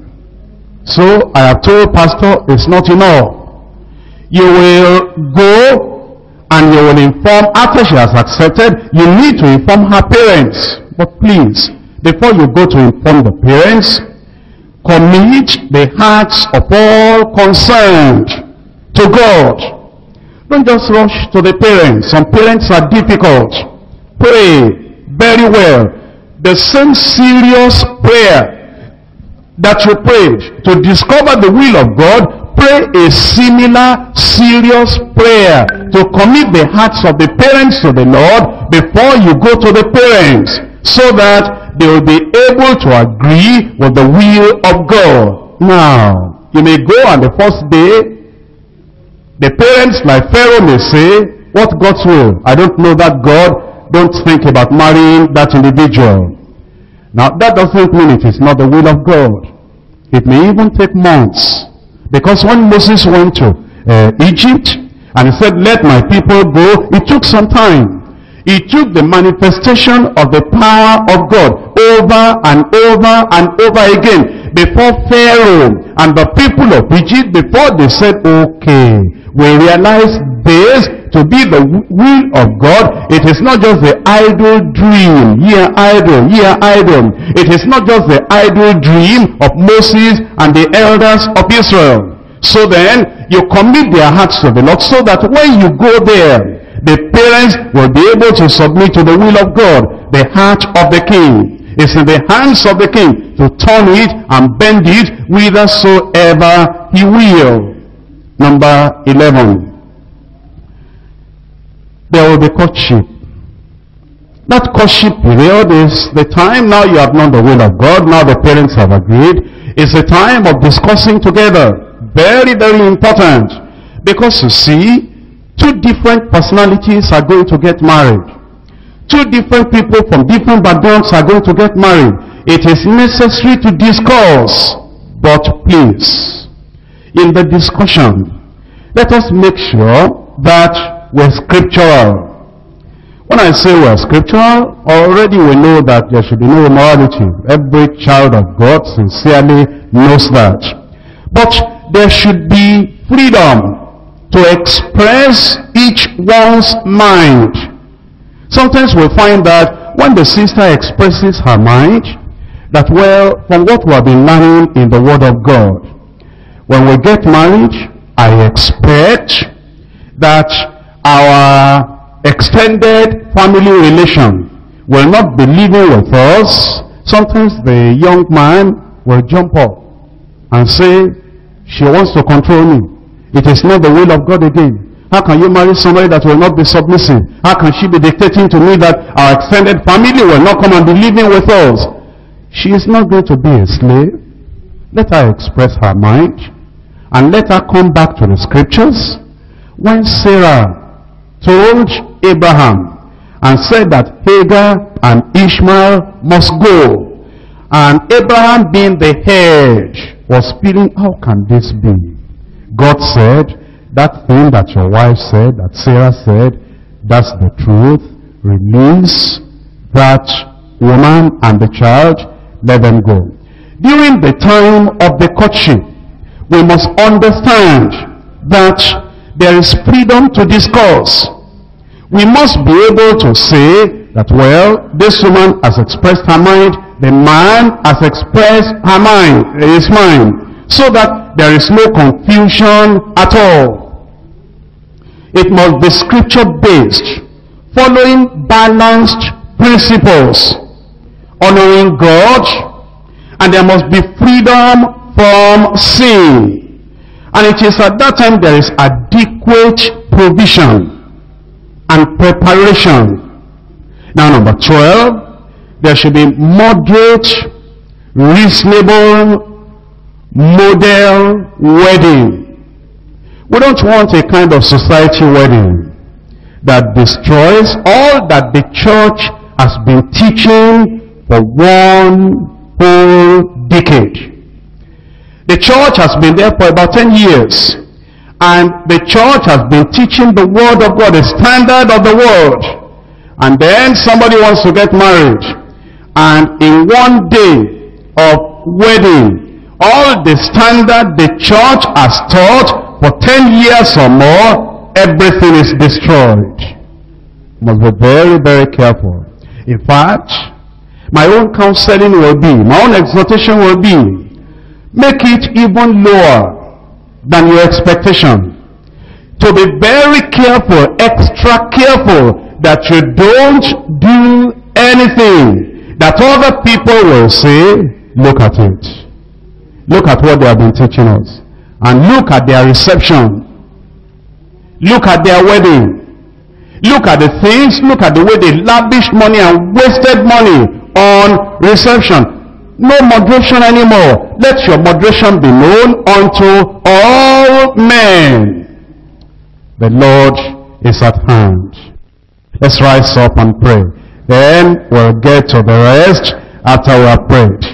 So I have told pastor it's not enough. You will go and you will inform after she has accepted. You need to inform her parents. But please, before you go to inform the parents, Commit the hearts of all concerned to God. Don't just rush to the parents. Some parents are difficult. Pray very well. The same serious prayer that you prayed to discover the will of God pray a similar serious prayer to commit the hearts of the parents to the Lord before you go to the parents so that they will be able to agree with the will of God. Now, you may go on the first day, the parents like Pharaoh may say, what God's will? I don't know that God, don't think about marrying that individual. Now, that doesn't mean it is not the will of God. It may even take months. Because when Moses went to uh, Egypt and he said, let my people go, it took some time. He took the manifestation of the power of God over and over and over again before Pharaoh and the people of Egypt before they said, okay, we realize this to be the will of God. It is not just the idle dream, here idle, here idle. It is not just the idle dream of Moses and the elders of Israel. So then, you commit their hearts to the Lord so that when you go there, the parents will be able to submit to the will of God. The heart of the king is in the hands of the king to turn it and bend it whithersoever he will. Number 11. There will be courtship. That courtship period is the time now you have known the will of God, now the parents have agreed. It's the time of discussing together. Very, very important. Because you see, Two different personalities are going to get married. Two different people from different backgrounds are going to get married. It is necessary to discuss, but please, in the discussion, let us make sure that we're scriptural. When I say we're scriptural, already we know that there should be no immorality. Every child of God sincerely knows that. But there should be freedom to express each one's mind. Sometimes we find that when the sister expresses her mind, that well, from what we have been learning in the Word of God, when we get married, I expect that our extended family relation will not be living with us. Sometimes the young man will jump up and say, she wants to control me. It is not the will of God again. How can you marry somebody that will not be submissive? How can she be dictating to me that our extended family will not come and be living with us? She is not going to be a slave. Let her express her mind and let her come back to the scriptures. When Sarah told Abraham and said that Hagar and Ishmael must go, and Abraham being the head was feeling, how can this be? God said, that thing that your wife said, that Sarah said, that's the truth. Release that woman and the child, let them go. During the time of the courtship, we must understand that there is freedom to discuss. We must be able to say that, well, this woman has expressed her mind, the man has expressed her mind, his mind so that there is no confusion at all. It must be scripture based, following balanced principles, honoring God, and there must be freedom from sin. And it is at that time there is adequate provision and preparation. Now number 12, there should be moderate, reasonable model wedding. We don't want a kind of society wedding that destroys all that the church has been teaching for one whole decade. The church has been there for about 10 years. And the church has been teaching the word of God, the standard of the world. And then somebody wants to get married. And in one day of wedding, all the standard the church has taught for 10 years or more, everything is destroyed. Must be very, very careful. In fact, my own counseling will be, my own exhortation will be, make it even lower than your expectation. To be very careful, extra careful, that you don't do anything that other people will say, look at it. Look at what they have been teaching us. And look at their reception. Look at their wedding. Look at the things. Look at the way they lavished money and wasted money on reception. No moderation anymore. Let your moderation be known unto all men. The Lord is at hand. Let's rise up and pray. Then we'll get to the rest after we have prayed.